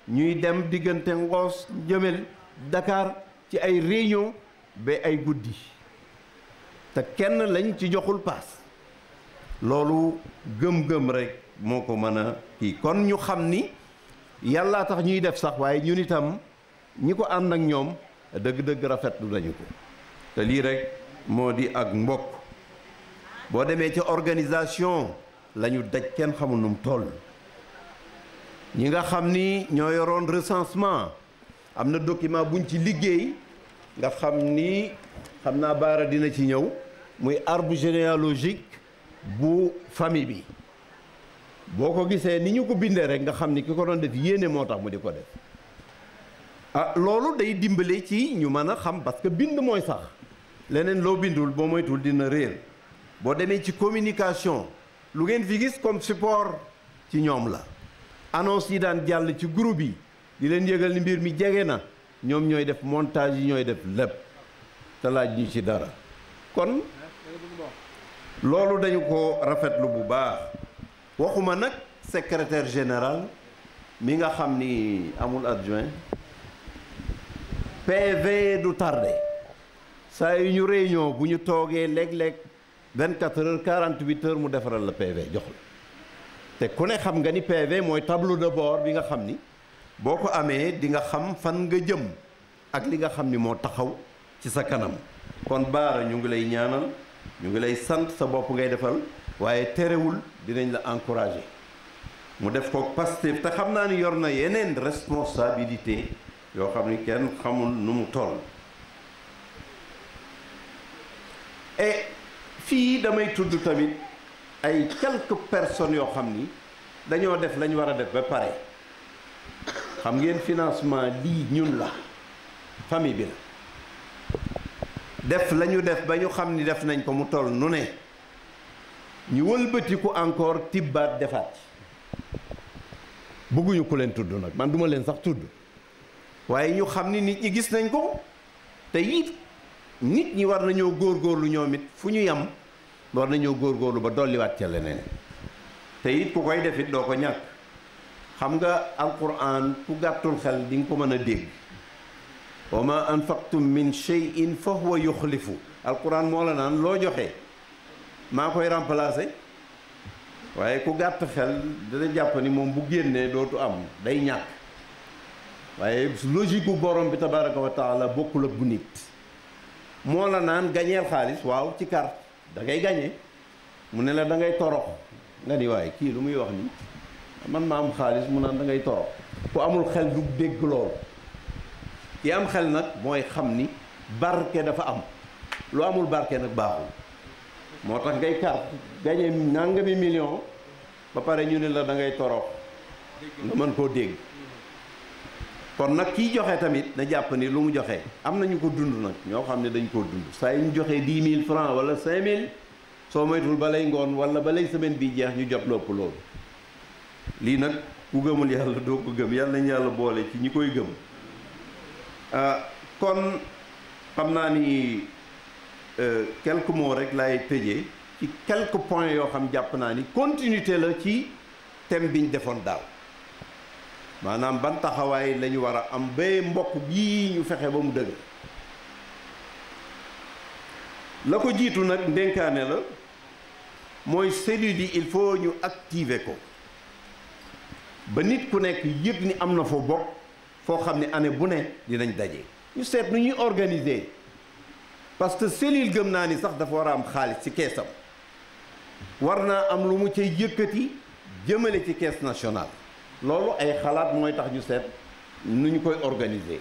[SPEAKER 7] ñuy dem diggante Ngoos Njëmel dakaar ci ay réunion ba ay guddi te kenn lañ ci joxul paas loolu gëm-gëm rek moo ko mën a kon ñu xam ni yàllaa tax ñuy def sax waaye ñun itam ñi ko ànd ak ñoom deug dëgg rafetlu nañu ko te li rek moo ak mbokk bo démé ci organisation la daj kenn xamul num mu toll ñi nga xam recensement amna document buñ ci liggéey nga xamni xamna baara dina ci ñew muy arbre généalogique bu famille bi boko gisé niñu ni ko bindé rek nga xamni ni don def yéné motax mu di ko def Ah, loolu day dimbale ci ñu mën a xam parce que bind mooy sax leneen loo bindul boo moytul dina réer boo demee ci communication lu ngeen fi gis comme support ci ñoom la annonce yi daan jàll ci groupe yi di leen yëgal ni mbir mi jege na ñoom ñooy def montage yi ñooy def lépp te laaj ñu ci dara kon loolu dañu ko rafetlu bu baax waxuma nag secrétaire général mi nga xam ni amul adjoint PV du tardé saa yu ñu réunion bu ñu toogee léeg-léeg vingt-quatre heures quarante mu defaral la PV jox la te ku ne xam nga ni PV mooy tableau de bi nga xam ni boo ko amee dinga xam fan nga jëm ak li nga xam ni moo taxaw ci sa kanam kon baara ñu ngi lay ñaanal ñu ngi lay sant sa bopp ngay defal waaye terewul dinañ la encourager mu def ko Pastef te xam naa ni yor na yeneen responsabilité yoo xam ni kenn xamul et damay tamit ay quelques personnes yoo xam ni dañoo def lañ war def ba pare xam ngeen financement lii ñun la famille bi la def lañu def ba ñu xam def nañ ko mu toll nu ne ñu wëlbatiku encore defaat ku leen man leen sax waaye ñu xam ni nit ñi gis nañ ko te it nit ñi war nañoo góorgóorlu ñoom it fu ñu yam war nañoo góorgóorlu ba dolliwaat ca leneen te it ku koy def it doo ko ñàkk xam nga alquran ku gàttul xel di nga ko mën a dégg wa ma anfaqtum min shay'in fa huwa yuxlifu alquran moo la naan loo joxe maa koy remplacer waaye ku gàtt xel dana jàpp ni moom bu génnee dootu am day ñàkk waye logique bu borom bi tabarak wa taala bokkul ak bu nit moo la nan gagner xaalis waw ci carte da ngay gagner mu ne la da ngay torox nga di way ki lu muy wax ni man ma am xaalis mu nan da ngay torox ku amul xel du deg lool ki am xel nak moy xam ni barke dafa am lu amul barke nak motax ngay carte gagner nangami million ba pare ñu ne la da ngay torox man ko deg kon nag kiy joxe tamit na jàpp ni lu mu joxe am na ñu ko dund nag ñoo xam ne dañ ko dund saa yi ñu joxe dix mille francs wala cinq mille soo moytul balay ngoon wala balay semaine bi jeex ñu jot lopp loolu lii nag ku gëmul yàlla doo ko gëm yàlla nañu yàlla boole ci ñi koy gëm euh, kon xam naa ni euh, quelques mots rek lay tëjee ci quelques points yoo xam jàpp naa ni continuité la ci thème biñ defoon daaw maanaam ban taxawaay lañu war a am bee mbokk bii ñu fexe ba mu dëgg la ko jiitu nag ndénkaane la mooy cellule yi il faut ñu activer ko ba nit ku nekk yëg ni am na foo bokk foo xam ne année bu ne dinañ daje ñu seet nu ñuy organiser parce que cellule gëm naa ni sax dafa war a am xaalis ci keesam war naa am lu mu cay yëkkati jëmale ci kees nationale loolu ay xalaat mooy tax ñu seet nu ñu koy organiser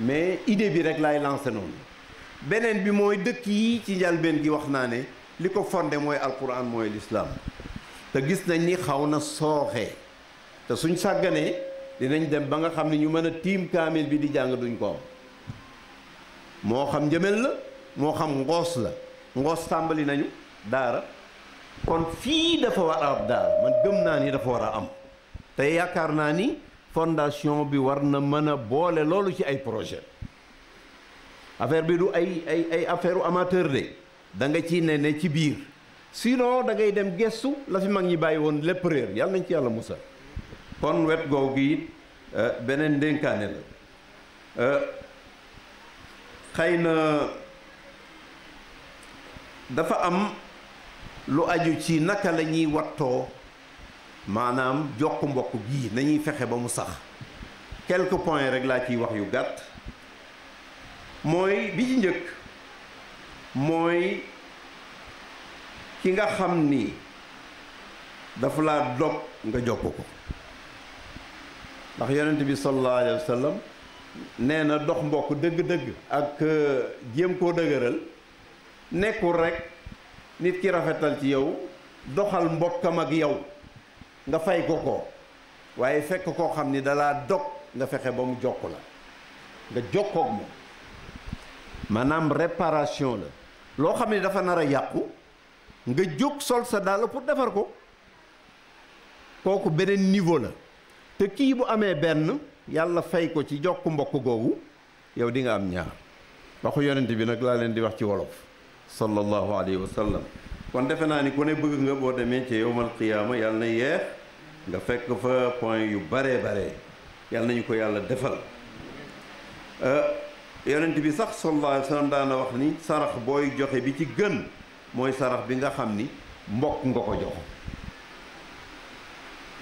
[SPEAKER 7] mais idée bi rek laay lancé noonu beneen bi mooy dëkk yi ci njalbeen gi wax naa ne li ko fondé mooy alquran mooy lislaam te gis nañ ni xaw na sooxee te suñ sàgganee dinañ dem ba nga xam ne ñu mën a tiim kaamil bi di jàng duñ ko am moo xam njëmel la moo xam ngoos la ngoos sàmbali nañu daara kon fii dafa war a am daara man gëm naa ni dafa war a am te yaakaar naa ni fondation bi war na mën a boole loolu ci ay projet affaire bi du ay ay ay affaire amateur de danga ci ciy ne ci biir sinon dangay dem gestu la fi mag ñi bàyyi woon lépp réer yàlla nañ ci yàlla musa kon wet googu gi euh, beneen dénkaane la euh, xëy na dafa am lu aju ci naka lañuy wattoo manam jokk mbokk gi nañuy fexe ba mu sax quelques points rek la ci wax yu gàtt moy bi ci ñëk moy ki nga xamni ni dafa laa dog nga jokk ko ndax yaronte bi sallallahu alayhi wasallam neena dox mbokk deug deug ak jëm ko deugëral nekkul rek nit ki rafetal ci yow doxal mbokkam ak yow nga fay ko ko waaye fekk koo xam ni dalaa dog nga fexe ba mu jokk la nga jokkoog moom maanaam réparation la loo xam ni dafa nar a yàqu nga jóg sol sa dàll pour defar ko kooku beneen niveau la te kii bu amee benn yàlla fay ko ci jokk mbokk googu yow di nga am ñaar waxu yonent bi nag laa leen di wax ci wolof sallallahu alayhi wa sallam kon defena ni ku ne bëgg nga bo demé ci yowmal qiyamah yàlla na yeex nga fekk fa point yu bare bare yàlla nañ ko yàlla defal euh yonent bi sax sallallahu alayhi wasallam da na wax ni sarax boy joxe bi ci gën moy sarax bi nga xamni mbok nga ko jox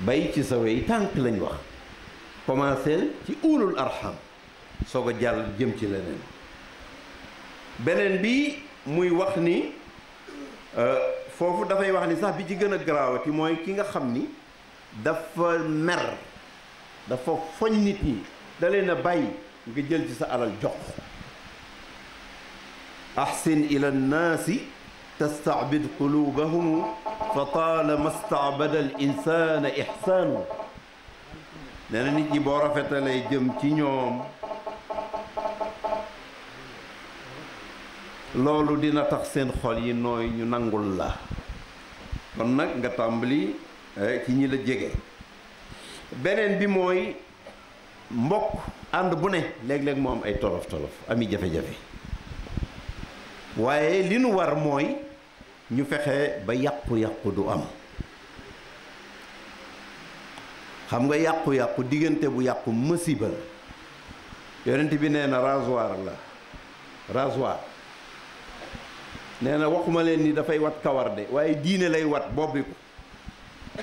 [SPEAKER 7] bay ci sa tànk lañ wax commencer ci ulul arham soog jàll jëm ci lenen benen bi muy wax ni foofu dafay wax ni sax bi ci gën a garaawati mooy ki nga xam ni dafa mer dafa foñ nit ñi da leen a bàyyi nga jël ci sa alal jox ahsin ila nnaasi tastaabid quluubahum fa taalama staabada al insaana ixsaanu nee na nit ñi boo rafetalay jëm ci ñoom loolu dina tax seen xol yi nooy ñu nangul la kon nag nga tàmbali eh, ci ñi la jege beneen bi mooy mbokk ànd bu ne léeg-léeg moom ay tolof tolof ami jafe-jafe waaye li nu war mooy ñu fexe ba yàqu-yàqu du am xam nga yàqu-yàqu diggante bu yàqu musiba la yonent bi nee na rasoir la rasoir nee na waxuma leen ni dafay wat kawar de waaye diine lay wat bobbi ko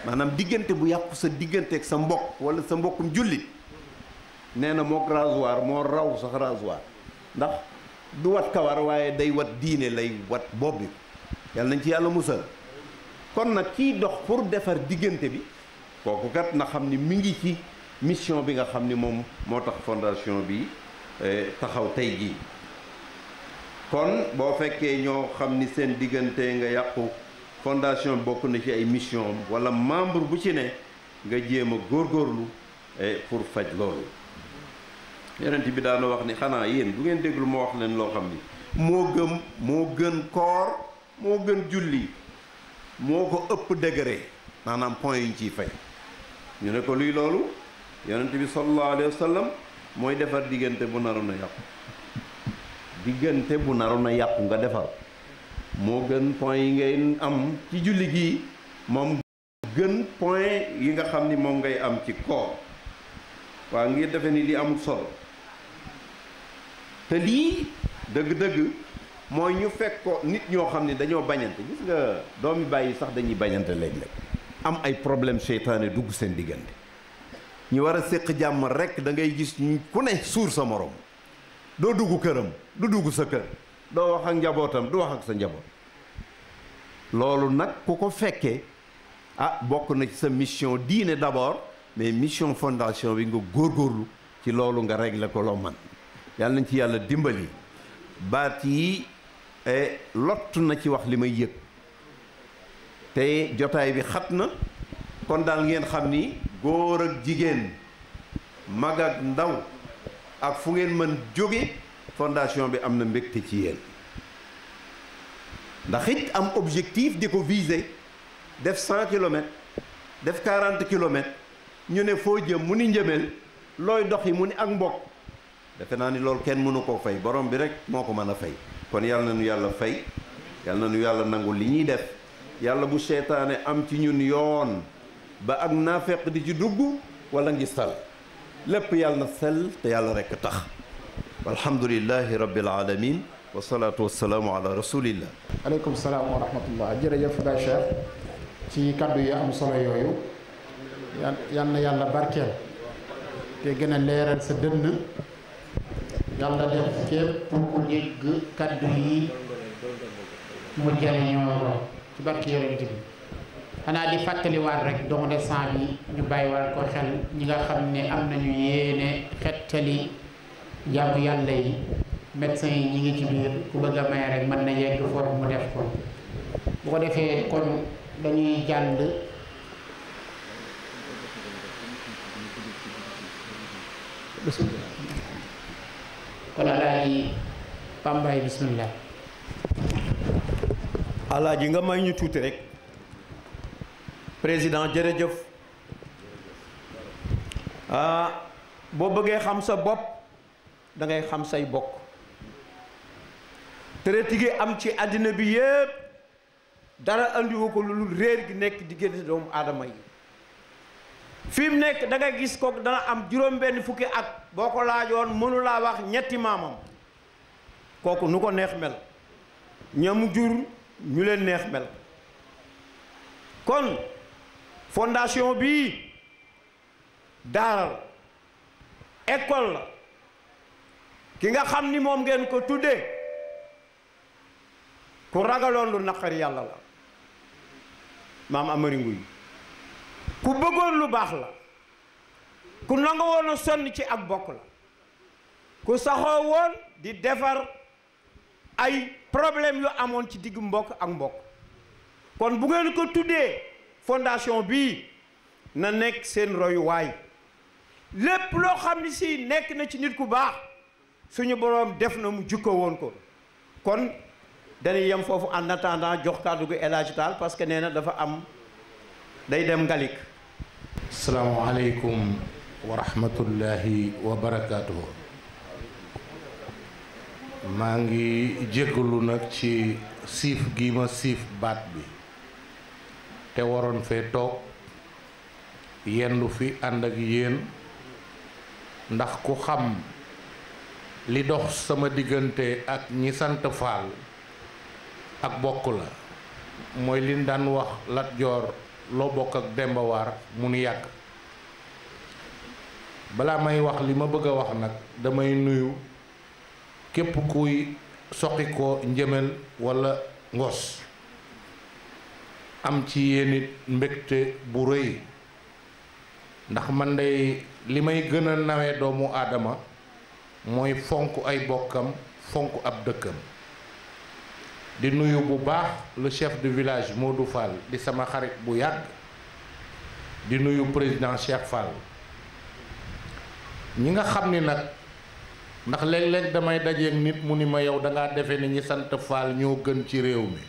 [SPEAKER 7] maanaam diggante bu yàqu sa diggante ak sa mbokk wala sa mbokkum jullit nee na mook rasoir moo raw sax rasoir ndax du wat kawar waaye day wat diine lay wat bobbi ko yàlla nañ ci yàlla musal kon na kiy dox pour defar diggante bi kooku kat na xam ni mi ngi ci mission bi nga xam ni moom moo tax fondation bi eh, taxaw tey gii kon boo fekkee ñoo xam ni seen diggante nga yàqu fondation bokk na ci ay mission am wala membre bu ci ne nga jéem a góorlu eh, pour faj loolu yonent bi daana wax ni xanaa yéen bu ngeen déglu ma wax leen loo xam ni moo gëm moo gën koor moo gën julli moo ko ëpp degré maanaam point yi ñu ciy fay ñu ne ko luy loolu yonent bi sallallahu alayhi wa mooy defar diggante bu naroon na yàqu diggante bu naroon a yàqu nga defar moo gën point yi ngay am ci julli gi moom gën point yi nga xam ni moom ngay am ci koor waa ngir defe ni li amul solo te lii dëgg-dëgg mooy ñu fekk ko nit ñoo xam ni dañoo bañante gis nga doomi bàyyi sax dañuy bañante léeg am ay problème seytaane dugg seen diggante ñu war a séq jàmm rekk da ngay gis ku ne suur sa morom doo dugg këram du dugg sa kër doo wax ak njabootam du wax ak sa njaboot loolu nag ku ko fekkee a ah, bokk na ci sa mission diine d'abord mais mission fondation bi nga góorlu ci loolu nga regle ko loo man yàlla nañ ci yàlla dimbali baat yi eh, lott na ci wax li may yëg te jotaay bi xat na kon daal ngeen xam ni góor ak jigéen mag ak ndaw ak fu ngeen mën jóge fondation bi am na mbégte ci yéen ndax am objectif di ko viser def cent kilomètres def quarante kilomètres ñu ne foo jëm mu ni njëmel looy dox yi mu ni ak mbokk defe naa ni loolu kenn mënu koo fay borom bi rek moo ko mën a fay kon yàlla na nu yàlla fay yàlla na nu yàlla nangu li ñuy def yàlla bu seetaane am ci ñun yoon ba ak naafeq di ci dugg wala ngistal لب يالنا الثل يالنا ريك تخ والحمد لله رب العالمين والصلاة والسلام على رسول الله
[SPEAKER 1] عليكم السلام ورحمة الله جرى جف شاف في كادو يا أم صلى يو يو يالنا يالنا بركة تيجينا لير سدن يالنا دم كيف بقول يك كادو يي مجانين يا xanaa di fàttaliwaat rek doomu de sang bi ñu bàyyiwaat ko xel ñi nga xam ne am nañu yéene xettali jaamu yàlla yi médecin yi ñi ngi ci biir ku bëgg a may rek mën na yegg foofu mu def ko bu ko defee kon dañuy jàll kon alaaji
[SPEAKER 3] Pambaay bismillah yi nga may ñu tuuti rek président jerejeuf ah bo bob, xam sa ibok. da ngay xam say bok téré gi am ci adina bi yépp dara andi ko lu réer gi nek doom adamay fim nek da nga gis ko dana am juroom ben fukki ak boko la yon munu la wax ñetti mamam koku nuko neex mel ñamu jur ñu leen neex mel kon fondation bii daara la école la ki nga xam ni moom ngeen ko tuddee ku ragaloon lu naqari yàlla la maam amari nguy ku bëggoon lu baax la ku nanga woon a sonn ci ak bokk la ku saxoo woon di defar ay problème yu amoon ci digg mbokk ak mbokk kon bu ngeen ko tuddee fondation bii na nekk seen royuwaay lépp loo xam ne si nekk na ci nit ku baax suñu boroom def na mu jukko woon ko kon dañuy yem foofu en attendant jox kàddu gu El Hadj Tall parce que nee na dafa am day dem ngalik
[SPEAKER 5] asalaamaaleykum wa rahmatullahi wa barakaatuhu maa ngi jégalu nag ci siif gi ma siif baat bi te waroon fee toog yendu fi and ak yéen ndax ku xam li dox sama digeunte ak ñi sante Faal ak bokku la moy liñ daan wax Lat jor lo bok ak Demba War mu ñu yak bala may wax li ma bëgg wax nak damay nuyu képp kuy soxiko ko wala ngoss ngos am ci yéen it mbégte bu rëy ndax man day li may gën a nawee doomu aadama mooy fonk ay bokkam fonk ab dëkkam di nuyu bu baax la chef de village du Fall di sama xarit bu yàgg di nuyu président Cheikh Fall ñi nga xam ni nag ndax léeg-léeg damay dajeeg nit mu ni ma yow da ngaa defee ni ñi sant Fall ñoo gën ci réew mi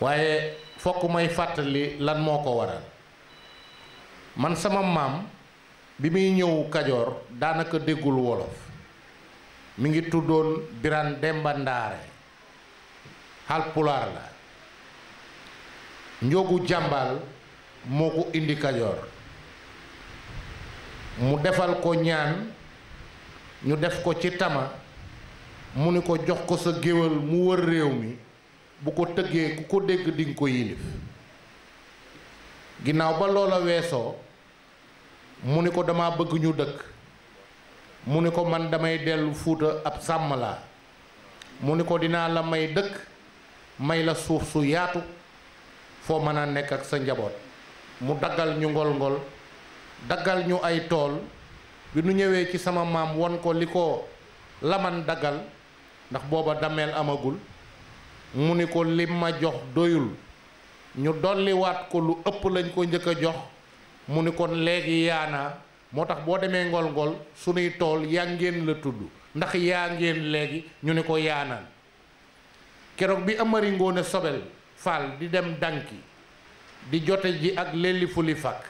[SPEAKER 5] waye fokk may fatali lan moko waral man sama mam bi mi ñew kedegul danaka degul wolof mi ngi tudon biran Demba hal pular la ñogu jambal moko indi kajor. mu defal ko ñaan ñu def ko ci tama mu ni ko jox ko sa geewal mu wër rew mi bu ko tege ku ko deg ding ko yilif ginaaw ba loola weso mu ko dama bëgg ñu dëkk mu ko man damay dellu fuuta ab sàmm laa mu la may dëkk may la suuf su yaatu foo mën a nekk ak sa njaboot mu daggal ñu ngol ngol daggal ñu ay tool bi nu ñëwee ci sama maam won ko li laman daggal ndax booba dameel amagul mu ni ko lim jox doyul ñu dolliwaat ko lu ëpp lañ ko njëkk a jox mu ni ko léegi yaana moo tax boo demee ngol-ngol sunuy tool yaa ngeen la tudd ndax yaa ngeen léegi ñu ni ko yaanaan keroog bi amari ngoone sobel faal di dem danki di jote ji ak lelli fuli fakk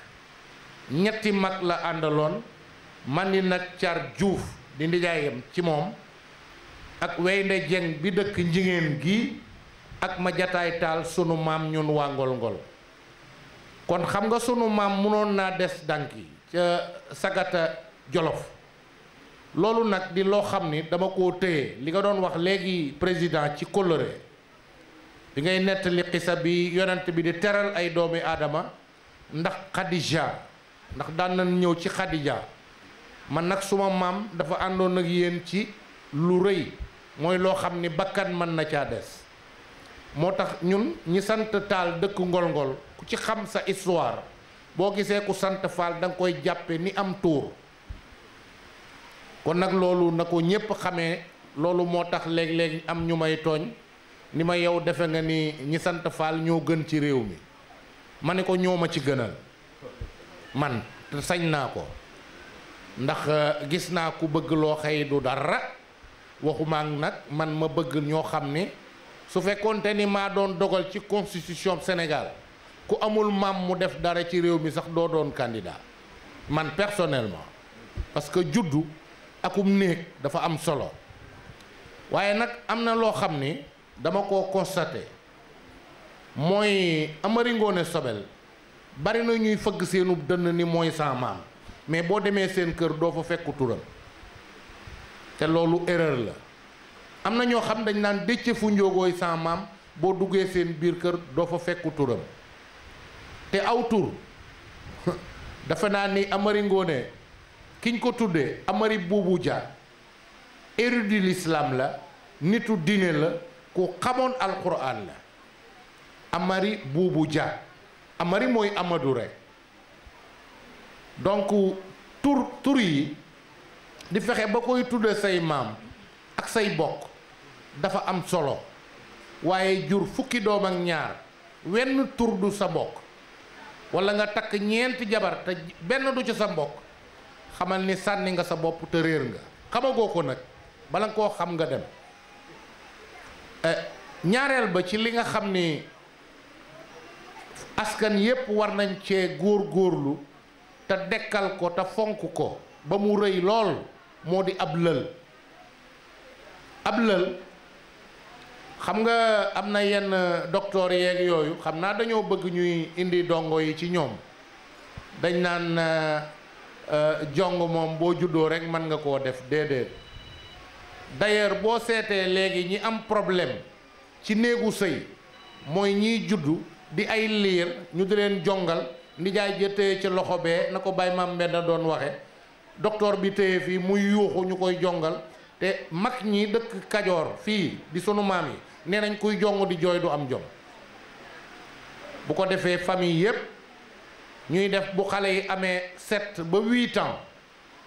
[SPEAKER 5] ñetti mag la àndaloon man ni nag car juuf di ndijaayam ci moom ak weynde jeng bi dëkk njigéen gi ak ma jataay taal sunu maam ñun waa ngol-ngol kon xam nga sunu maam munoon naa des danki ca sagata jolof loolu nag di loo xam ni dama koo téye li nga doon wax léegi président ci coloré bi ngay nettali xisa bi yonent bi di teral ay doomi aadama ndax Khadija ndax daan nañ ñëw ci Khadija man nag suma maam dafa àndoon ak yéen ci lu rëy mooy loo xam ni bakkan man na caa des motax ñun ñi sante tal dekk ngol-ngol ku ci xam sa histoire bo gisé ku sante fal dang koy jappé ni am tour kon nak lolu nako ñepp xamé lolu motax leg am ñu may ni ma yow defe nga ni ñi sante fal ño gën ci réew mi mané ko ñoma ci gënal man te sañ naa ko ndax euh, gis na ku bëgg lo xey du dara waxuma nak man ma bëgg ño xam su fekkoonte ni maa doon dogal ci constitution Sénégal ku amul maam mu def dara ci réew mi sax doo doon candidat man personnellement parce que juddu akum néeg dafa am solo waaye nag am na loo xam ni dama ko constaté mooy Amary Ngoone Sobel bari na ñuy fëgg seenu dënn ni mooy sa maam mais boo demee seen kër doo fa fekk turam te loolu erreur la am na ñoo xam dañ naan décce fu njóogooy sa maam boo duggee seen biir kër doo fa fekku turam te aw tur dafa naa ni amari ngoone kiñ ko tuddee amari buubu ja érudit lislaam la nitu diine la ku xamoon alquran la amari buubu ja amari mooy amadu rek donc tur tur yi di fexe ba koy tudde say maam ak say bokk dafa am solo waye jur fukki dom ak ñaar wenn tour du sa bok wala nga tak ñent jabar te benn du ci sa bok xamal ni sanni nga sa bop te reer nga xamago ko nak balang ko xam nga dem eh, ñaarel ba ci li nga xam ni askan yep war nañ ci gor gorlu te dekkal ko te fonku ko ba mu rëy lol modi di ablal xam nga am na yenn docteur yeeg yooyu xam naa dañoo bëgg ñuy indi dongo yi ci ñoom dañ naan euh, euh, jong moom boo juddoo rek mën nga koo def déedéet d'ailleurs boo seetee léegi ñi am problème ci néegu sëy mooy ñiy juddu di ay liir ñu di leen jongal nijaay ja téye ci loxo bee na ko bay maam mbenn doon waxe docteur bi téye fii muy yuuxu ñu koy jongal te mag ñi dëkk kajoor fii di sunu maam yi nee nañ kuy jong di jooy du am jom bu ko defee famille yépp ñuy def bu xale yi amee sept ba huit ans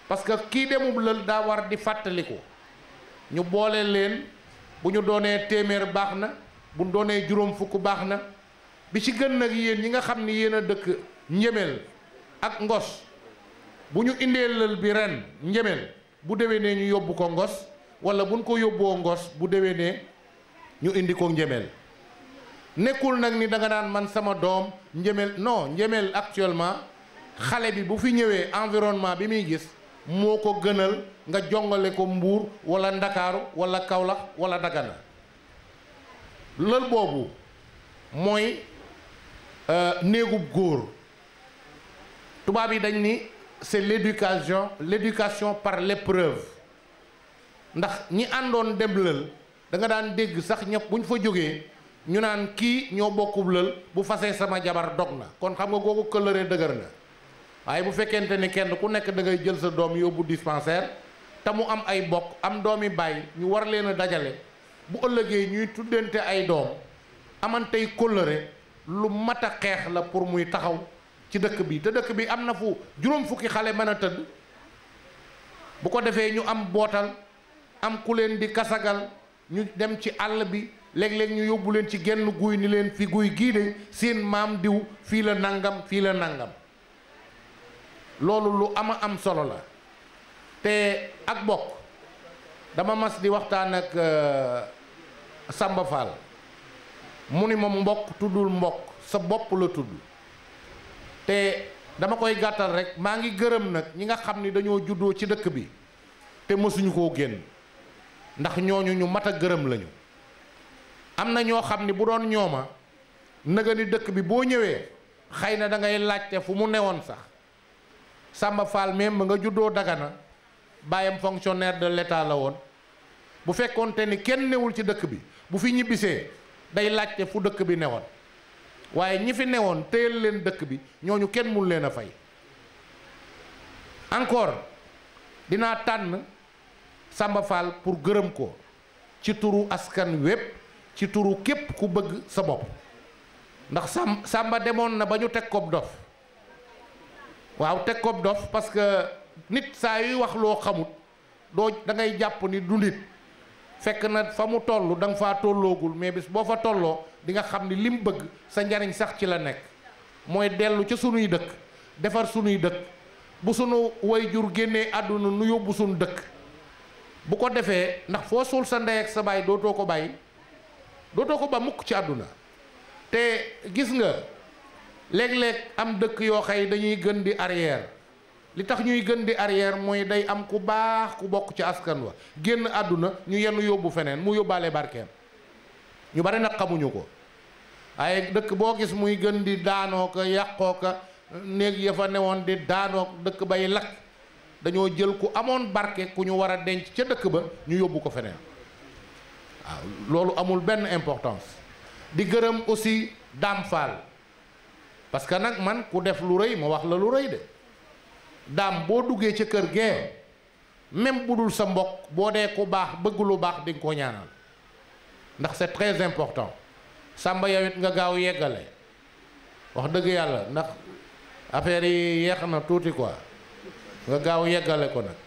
[SPEAKER 5] parce que kii demub lël daa war di fàttaliku ñu boole leen bu ñu doonee téeméer baax na bu ñu doonee juróom fukk baax na bi ci gën nag yéen ñi nga xam ni yéen a dëkk njëmel ak ngos bu ñu indee lël bi ren njëmel bu déwénee ñu yóbbu ko ngos wala buñ ko yóbboo ngos bu déwénee ñu indi ko njëmel nekkul nag ni danga nga naan man sama doom njëmel noo njëmel actuellement xale bi bu fi ñëwee environnement bi muy gis moo ko gënal nga jongale ko Mbuur wala Ndakaaru wala Kaolack wala Dagana lël boobu mooy euh, néegub góor tubaab yi dañ ni c'est l'éducation l'éducation par l'épreuve ndax ñi àndoon dem lël danga daan dégg sax ñëpp bu ñu fa jógee ñu naan kii ñoo bokkub lël bu fasee sama jabar dog na kon xam nga ko këllëree dëgër na waaye bu fekkente ni kenn ku nekk da ngay jël sa doom yóbbu dispensaire te mu am ay bokk am doomi bàyyi ñu war leen a dajale bu ëllëgee ñuy tuddante ay doom amantey kóllëre lu mat a xeex la pour muy taxaw ci dëkk bi te dëkk bi am na fu juróom fukki xale mën a tëdd bu ko defee ñu am bootal am ku leen di kasagal ñu dem ci all bi leg leg ñu yobul len ci genn guuy ni len fi guuy gi de seen mam diw fi la nangam fi la nangam lolu lu ama am solo la te ak bok dama mas di waxtaan ak euh, Samba Fall muni mom mbok tudul mbok sa bop la tudd te dama koy gattal rek ma ngi gërëm nak ñi nga xamni ni dañoo juddoo ci dëkk bi te mësuñ ko genn ndax ñooñu ñu mat a gërëm lañu am na ñoo xam ni bu doon ñooma naga ni dëkk bi boo ñëwee xëy na dangay laajte fu mu newoon sax sàmba Fall même ma nga juddoo Dagana bàyyam fonctionnaire de l'État la woon bu fekkoonte ni kenn newul ci dëkk bi bu fi ñibbisee day laajte fu dëkk bi newoon waaye ñi fi newoon téyel leen dëkk bi ñooñu kenn mun leen a fay encore dinaa tànn Samba Fall pour gërëm ko ci turu askan web, ci turu kubeg ku bëgg sa bop ndax Samba demone na bañu tek kop dof waaw tek kob dof parce que nit sa yu wax lo xamut do da ngay japp ni du nit fekk na fa mu logul, da nga faa mais bis bo fa tollo di nga xam ni li bëgg sa ñariñ sax ci la nek moy delu ci sunuy dekk defar sunuy dekk bu sunu way jur génnee àdduna nu yóbbu sunu bu ko defee ndax foo suul sa ndey ak sa baay dootoo ko bàyyi dootoo ko ba mukk ci àdduna te gis nga léeg-léeg am dëkk yoo xay dañuy gën di arrière li tax ñuy gën di arrière mooy day am ku baax ku bokk ci askan wa génn àdduna ñu yenn yóbbu feneen mu yóbbaale barkeem ñu bari nag xamuñu ko waaye dëkk boo gis muy gën di daanoo ko yàqoo ko néeg ya fa newoon di daanoo dëkk bay lakk dañoo jël ku amoon barke ku ñu war a denc ca dëkk ba ñu yóbbu ko feneen loolu amul ben importance di gërëm aussi Dame faal parce que nag man ku def lu rëy ma wax la lu rëy de dam boo duggee ca kër gee même bu dul sa mbokk boo dee ku baax bëgg lu baax di ko ñaanal ndax c'est très important Samba yow it nga gaaw yeggale wax dëgg yàlla ndax affaire yi na quoi nga gaaw yeggale ko nag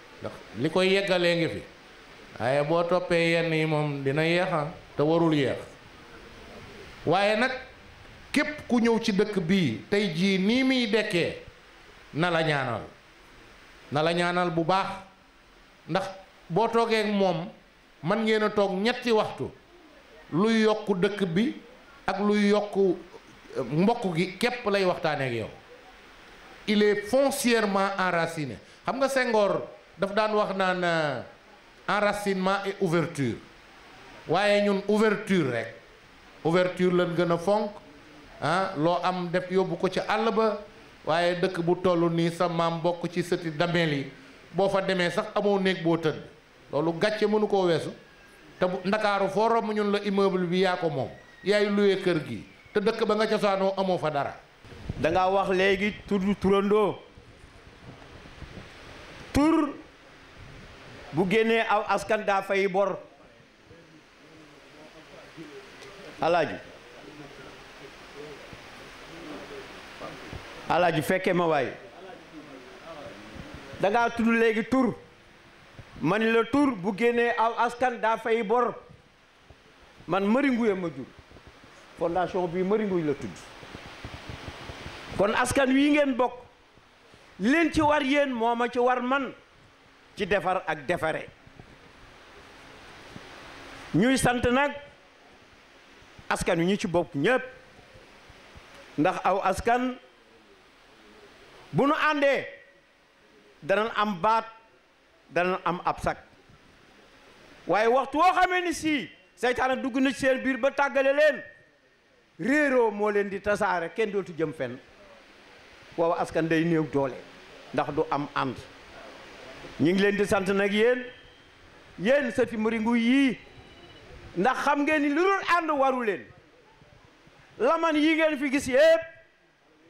[SPEAKER 5] li koy yeggalee ngi fi waaye boo toppee yenn yi moom dina yeexa te warul yeex waaye nag képp ku ñëw ci dëkk bii tey jii nii muy dekkee na la na la bu baax ndax boo toogee moom man ngeen a toog ñetti waxtu luy yokk dëkk bi ak luy yokk eh, mbokk gi képp lay waxtaaneek ak yow il foncièrement en enraciné xam nga Senghor daf daan wax naa naan euh, enracinement et ouverture waaye ñun ouverture rek ouverture lañ gën a fonk ah loo am def yóbbu ko ci àll ba waaye dëkk bu toll nii sa maam bokk ci sëti dameel yi boo fa demee sax amoo néeg boo tëdd loolu gàcce mënu ko weesu te ndakaaru foo romb ñun la immeuble bi yaa ko moom yaay luwee kër gi te dëkk ba nga cosaanoo amoo fa dara da wax léegi tudd turandoo
[SPEAKER 3] tur bu génnee aw askan daa fay bor alaaji alaaji fekke ma waay da ngaa tudd léegi tur man la tur bu génnee aw askan daa fay bor man mëri nguye ma jur fondation bii mëri nguy la tudd kon askan wi ngeen bok leen ci war yeen moma ci war man ci defar ak defare ñuy sant nak askan ñu ci bok ñepp ndax aw askan bu nu àndee danañ am baat danañ am ab si waaye waxtu wo xamé ni si seytaane dugg na ci seen bir ba len rero mo len di tasare ken dootu jëm fenn woowu askan day néew doole ndax du am ànd ñu ngi leen di sant nag yéen yéen sëti Mory Nguy yii ndax xam ngeen ni lu ànd waru leen laman yi ngeen fi gis yëpp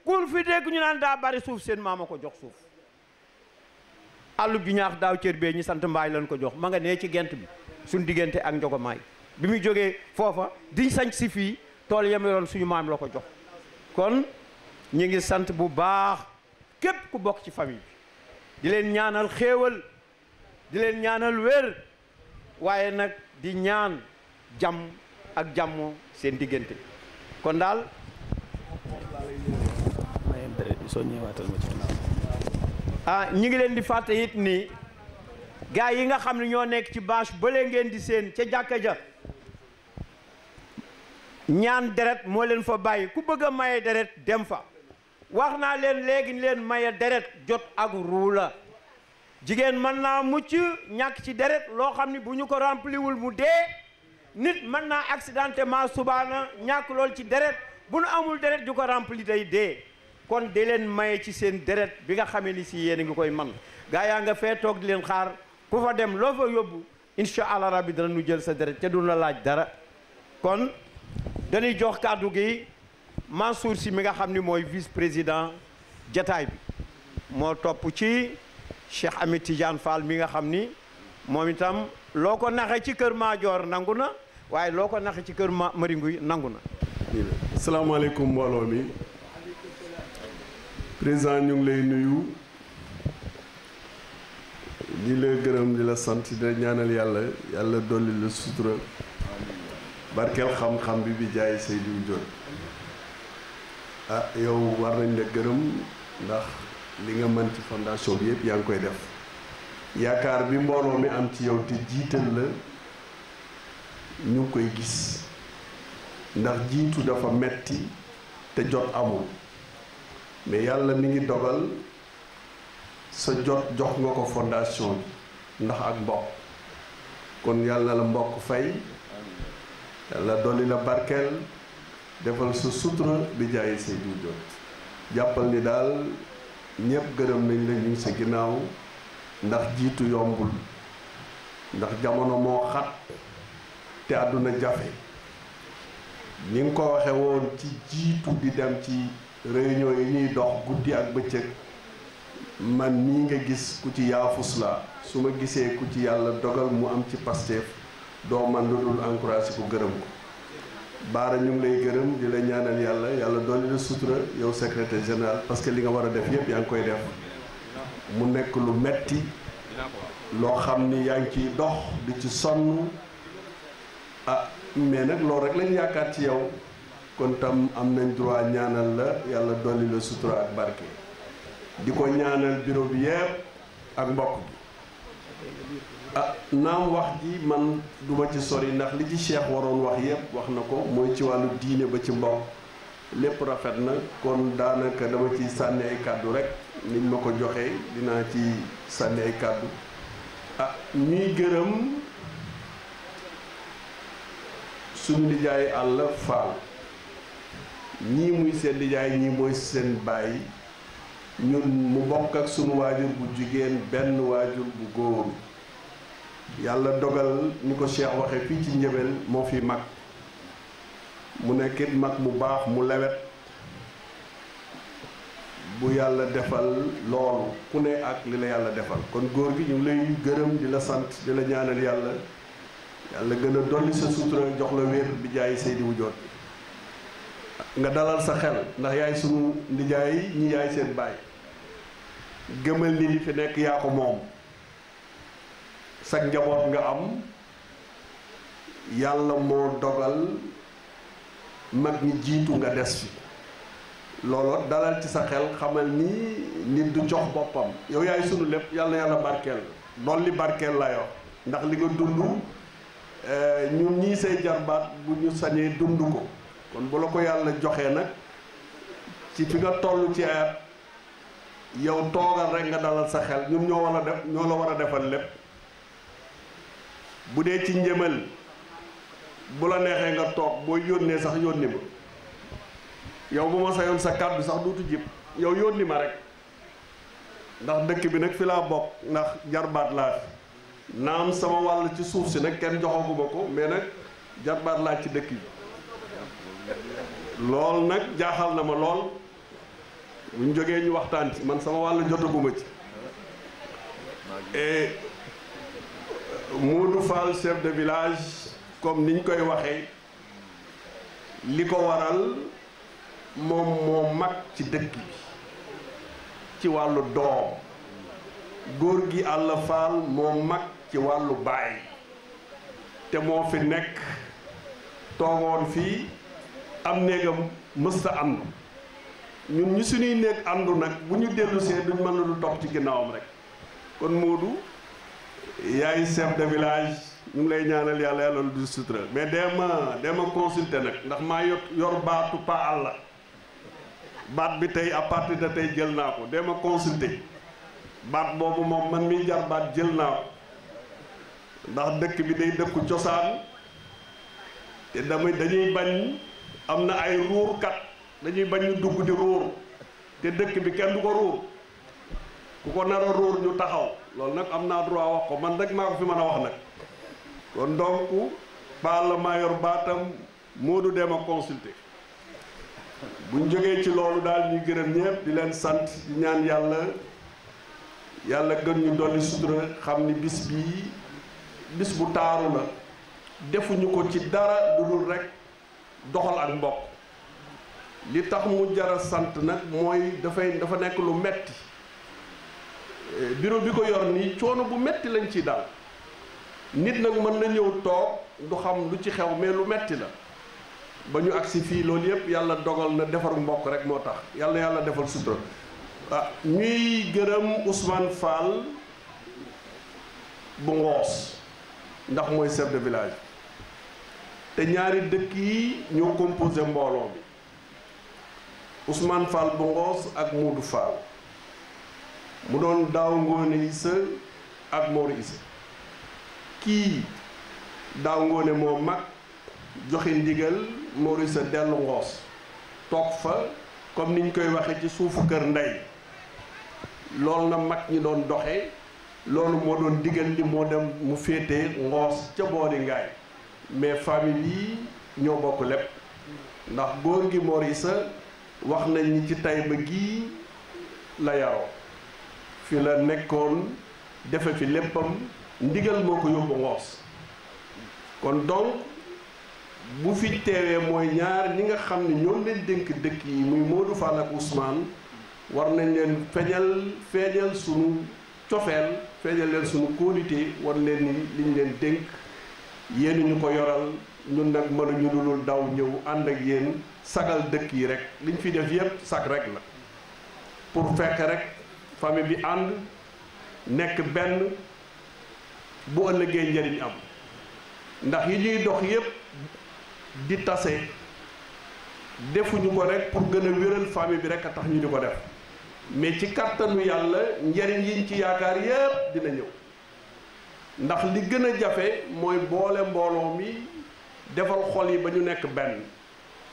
[SPEAKER 3] kun fi dégg ñu naan daa bari suuf seen maama ko jox suuf àllu bi ñaax daaw cër bee ñu sant mbaay loon ko jox ma nga nee ci gent bi suñ diggante ak njogomaay bi mu jógee foofa di sañ si fii tool yam yoroon suñu maam la ko jox kon ñi ngi sant bu baax kep ku bok ci famille di len ñaanal xewal di len ñaanal wër waye nak di ñaan jam ak jàmm seen digënté kon dal ah ñi ngi len di fàtte yit ni gaay yi nga xamni ño nekk ci bâche bële ngeen di seen ci jakka ja ñaan deret mo len fa bayyi ku bëgg maye deret dem fa wax naa leen léegi leen maye deret jot ak ruu la jigéen mën naa mucc ñàkk ci deret loo xam ni bu ñu ko rempliwul mu dee nit mën naa accidentement subaana ñàkk lool ci deret bu nu amul deret ju ko rempli day dee kon di leen maye ci seen deret bi nga xamee ni si yéen a ngi koy man gaa yaa nga fee toog di leen xaar ku fa dem loo fa yóbbu incha allah rabbi dana nu jël sa deret te du la laaj dara kon dañuy jox kàddu gi Mansour Sy mi nga xam ni mooy vice président jataay bi moo topp ci Cheikh Ahmed Tidiane Fall mi nga xam ni moom itam loo ko naxe ci kër Maajoor nangu na waaye loo ko naxe ci kër ma Maringuy nangu na.
[SPEAKER 8] asalaamaaleykum mbooloo mi président ñu ngi lay nuyu di la gërëm di la sant di la ñaanal yàlla yàlla dolli la sutura barkeel xam-xam bi bi jaay Seydou Ndiol. ah yow war nañ la gërëm ndax li nga mën ci fondation bi yëpp yaa ngi koy def yaakaar bi mbooloo mi am ci yow te jiital la ñu ngi koy gis ndax jiitu dafa metti te jot amul mais yàlla mi ngi dogal sa jot jox nga ko fondation ndax ak mbokk kon yàlla la mbokk fay yàlla dolli la barkeel defal su sutra di jaayi say jot jappal ni dal ñepp gëreem nañ la ñu sa ginaaw ndax jitu yombul ndax jamono mo xat te aduna jafe ni nga ko waxé woon ci jitu di dem ci réunion yi ñi dox guddi ak bëcëk man nii nga gis ku ci yaafus la suma gisé ku ci yalla dogal mu am ci pastef do man lu dul encourager ko gëreem ko baara ñu ngi lay gërëm di la ñaanal yàlla yàlla dooli la sutura yow secrétaire général parce que li nga war a def yëpp yaa ngi koy def mu nekk lu metti loo xam ni yaa ngi ciy dox di ci sonn ah mais nag loolu rek lañ yaakaar ci yow kon tam am nañ droit ñaanal la yàlla dooli la sutura ak barke di ko ñaanal bureau bi yëpp ak mbokk bi ah naam wax ji man duma ci sori ndax li ci cheikh waroon wax yépp wax na ko mooy ci wàllu diine ba ci mbokk lépp rafet na kon daanaka dama ci sànni kàddu rekk niñ ma ko joxee dina ci sànni kàddu ah ñuy gërëm suñu nijaay àll faal ñii muy seen lijaay ñii mooy seen bàyyi ñun mu bokk ak suñu waajur bu jigéen benn waajur bu góor yàlla dogal ñu ko Cheikh waxee fii ci njëbel moo fi mag mu nekkit mag mu baax mu lewet bu yàlla defal loolu ku ne ak li la yàlla defal kon góor gi ñu ngi lay gërëm di la sant di la ñaanal yàlla yàlla gën a dolli sa sutura jox la wér bi jaay Seydi Wujoot nga dalal sa xel ndax yaay sunu ndijaay ñi yaay seen baay gëmal ni li fi nekk yaa ko moom sa njabot nga am yalla mo dogal mag ni jitu nga dess fi lolo dalal ci sa xel xamal ni nit du jox bopam yow yaay sunu lépp yalla yalla barkel dolli barkel la yoo ndax li nga euh ñun ñi sey jarbat bu ñu sañee dundu ko kon bu la ko yalla joxee ci fi nga tollu ci yow togal rek nga dalal sa xel ñun ño wala def ño la wara defal lepp bu dee ci njëmal bu la neexee nga toog boo yónnee sax yónni ma yow bu ma sayoon sa kàddu sax duutu jib yow yónni ma rek ndax dëkk bi nag fi laa bokk ndax jarbaat laa fi naam sama wàll ci suuf si nag kenn joxaguma ko mais nag jarbaat laa ci dëkk bi lool nag jaaxal na ma lool buñ jógee ñu waxtaan ci man sama wàll jotaguma ci Modou Fall chef de village comme niñ koy waxe li ko waral moom moo mag ci dëkk bi ci wàllu doom góor gi Alla Fall moo mag ci wàllu baay te moo fi nekk toogoon fii am néegam mësta àndu ñun ñu suñuy néeg àndu nag bu ñu dellusee duñ mën lu topp ci ginnaawam rek kon Modou yaay chef de village ñu ngi lay ñaanal yàlla yàlla du sutura mais dee ma dee ma consulter nag ndax maa yor baatu pa àlla baat bi tey à partir tey jël naa ko dee ma consulter baat boobu moom man mi jar baat jël naa ko ndax dëkk bi day dëkku cosaan te damay dañuy bañ am na ay ruurkat dañuy bañ ñu dugg di ruur te dëkk bi kenn du ko ruur ku ko nar ruur ñu taxaw loolu nag am naa droit wax ko man rek maa ko fi mën a wax nag kon donc parlement yor baatam Modou dem a consulté buñ jógee ci loolu daal ñuy gërëm ñëpp di leen sant di ñaan yàlla yàlla gën ñu dolli sutura xam ni bis bii bis bu taaru la defuñu ko ci dara du dul rek doxal ak mbokk li tax mu jara sant nag mooy dafay dafa nekk lu metti bureau bi ko yor nii coono bu metti lañ ci dal nit nag mën na ñëw toog du xam lu ci xew mais lu metti la ba ñu agsi fii loolu yëpp yàlla dogal na defar mbokk rek moo tax yàlla yàlla defal sutura ah ñuy gërëm Ousmane Fall bu Ngoos ndax mooy chef de te ñaari dëkk yi ñoo composé mbooloo bi Ousmane Fall bu Ngoos ak Moodu Fall mu doon daaw ngoone isa ak moor isa kii daaw ngoone moo mag joxi ndigal moor isa dellu ngoos toog fa comme ni ñu koy waxe ci suufu kër ndey loolu na mag ñi doon doxe loolu moo doon digal li moo dem mu féete ngoos ca boori ngaay mais famille yi ñoo bokk lépp ndax góor gi Mor Isa wax nañ ni ci Tayba gii la yaroo fi la nekkoon defe fi léppam ndigal moo ko yóbbu ngoos kon donc bu fi teewee mooy ñaar ñi nga xam ne ñoom leen dénk dëkk yi muy Modou Fall ak Ousmane war nañ leen fejal feeñal sunu cofeel feeñal leen sunu qualité war leen ni liñ leen dénk yéen ñu ko yoral ñun nag mënuñu dulul daw ñëw ànd ak yéen sagal dëkk yi rek liñ fi def yépp sag rekk la pour fekk rek famille bi ànd nekk benn bu ëllëgee njëriñ am ndax yi ñuy dox yépp di tase defuñu ko rek pour gën a wéral famille bi rek a tax ñu di ko def mais ci kàttanu yàlla njëriñ yiñ ci yaakaar yépp dina ñëw ndax li gën a jafe mooy boole mbooloo mi defal xol yi ba ñu nekk benn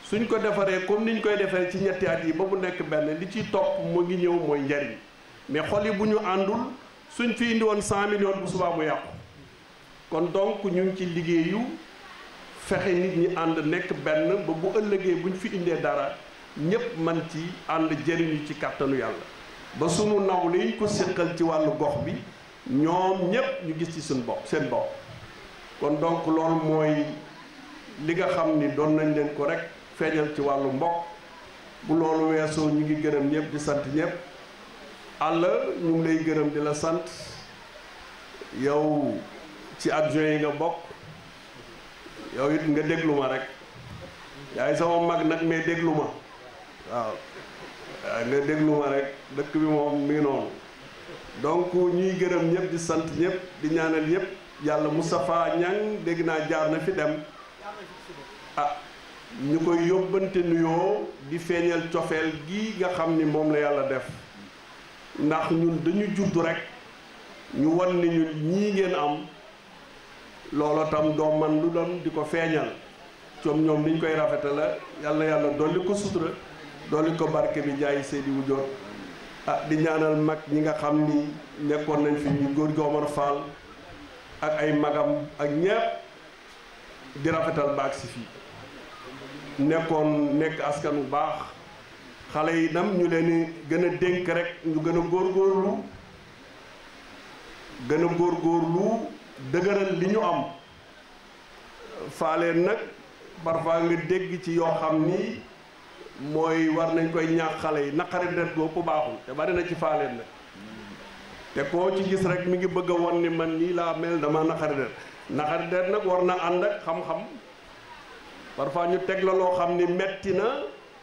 [SPEAKER 8] suñ ko defaree comme ni ñu koy defee ci ñetti at yi ba mu nekk benn li ciy topp mu ngi ñëw mooy njëriñ mais xol bu ñu àndul suñ fi indi woon cent bu subaa mu yàqu kon donc ñu ci liggéeyu fexe nit ñi ànd nekk benn ba bu ëllëgee buñ fi indee dara ñépp man ci ànd jëriñu ci kàttanu yàlla ba sunu nawle yi ko séqal ci wàllu gox bi ñoom ñépp ñu gis ci seen bokk seen bokk kon donc loolu mooy li nga xam ni doon nañ leen ko rekk feeñal ci wàllu mbokk bu loolu weesoo ñu ngi gërëm ñëpp di sant ñëpp àll ñu lay gërëm di la sant yow ci adjoint yi nga bokk yow it nga déglu ma rek yaay sama mag nag mais déglu ma waaw nga déglu ma rek dëkk bi moom mi noonu donc ñuy gërëm ñëpp di sant ñëpp di ñaanal yëpp yàlla Moustapha Niang dégg naa jaar na fi dem ah ñu koy yóbbante nuyoo di feeñal cofeel gi nga xam ni moom la yàlla def ndax ñun dañu judd rekk ñu wan ne ñun ñii ngeen am looloo tam doo man lu doon di ko feeñal coom ñoom niñ koy rafete la yàlla yàlla dolli ko sutura dolli ko barke bi jaay Seydi wu jot ah di ñaanal mag ñi nga xam ni nekkoon nañ fi ñu góor gi Omar ak ay magam ak ñépp di rafetal baag si fii nekkoon nekk askan wu baax xale yi dam ñu leen gën a dénk rek ñu gën a góorlu gën a góor góorgóorlu dëgëral li ñu am faaleen nag parfois nga dégg ci yoo xam ni mooy war nañ koy ñax xale yi naqari deret boobu baaxul te bari na ci faaleen nag te koo ci gis rek mi ngi bëgg a won ni man nii laa mel dama naqari deret naqari deret nag war na ànd ak xam-xam parfois ñu teg la loo xam ni metti na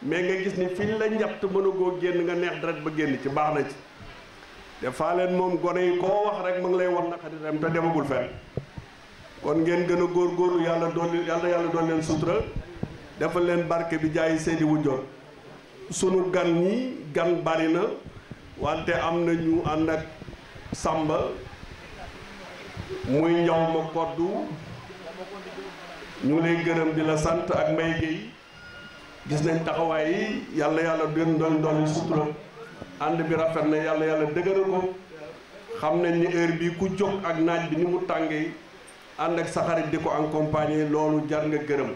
[SPEAKER 8] mais nga gis ni fiñ la ñapt mënu go genn nga neex dara ba genn ci baax na ci defaa leen moom gone yi ko wax rek ma ngi lay wax naqari dem te demagul fen kon ngeen gën gor góorgóorlu yalla doon yalla yalla doon len sutra defal len barke bi seydi wu jor sunu gan ni gan bari na wante am na ñu ànd ak sàmba muy ñaw ma koddu ñu lay gëreem di la sante ak may geey gis nañ taxawaay yi yàlla yàlla doon doon doon sutura ànd bi rafet na yàlla yàlla dëgëral ko xam nañ ni heure bii ku jóg ak naaj bi ni mu tàngee ànd ak sa xarit di ko accompagner loolu jar nga gërëm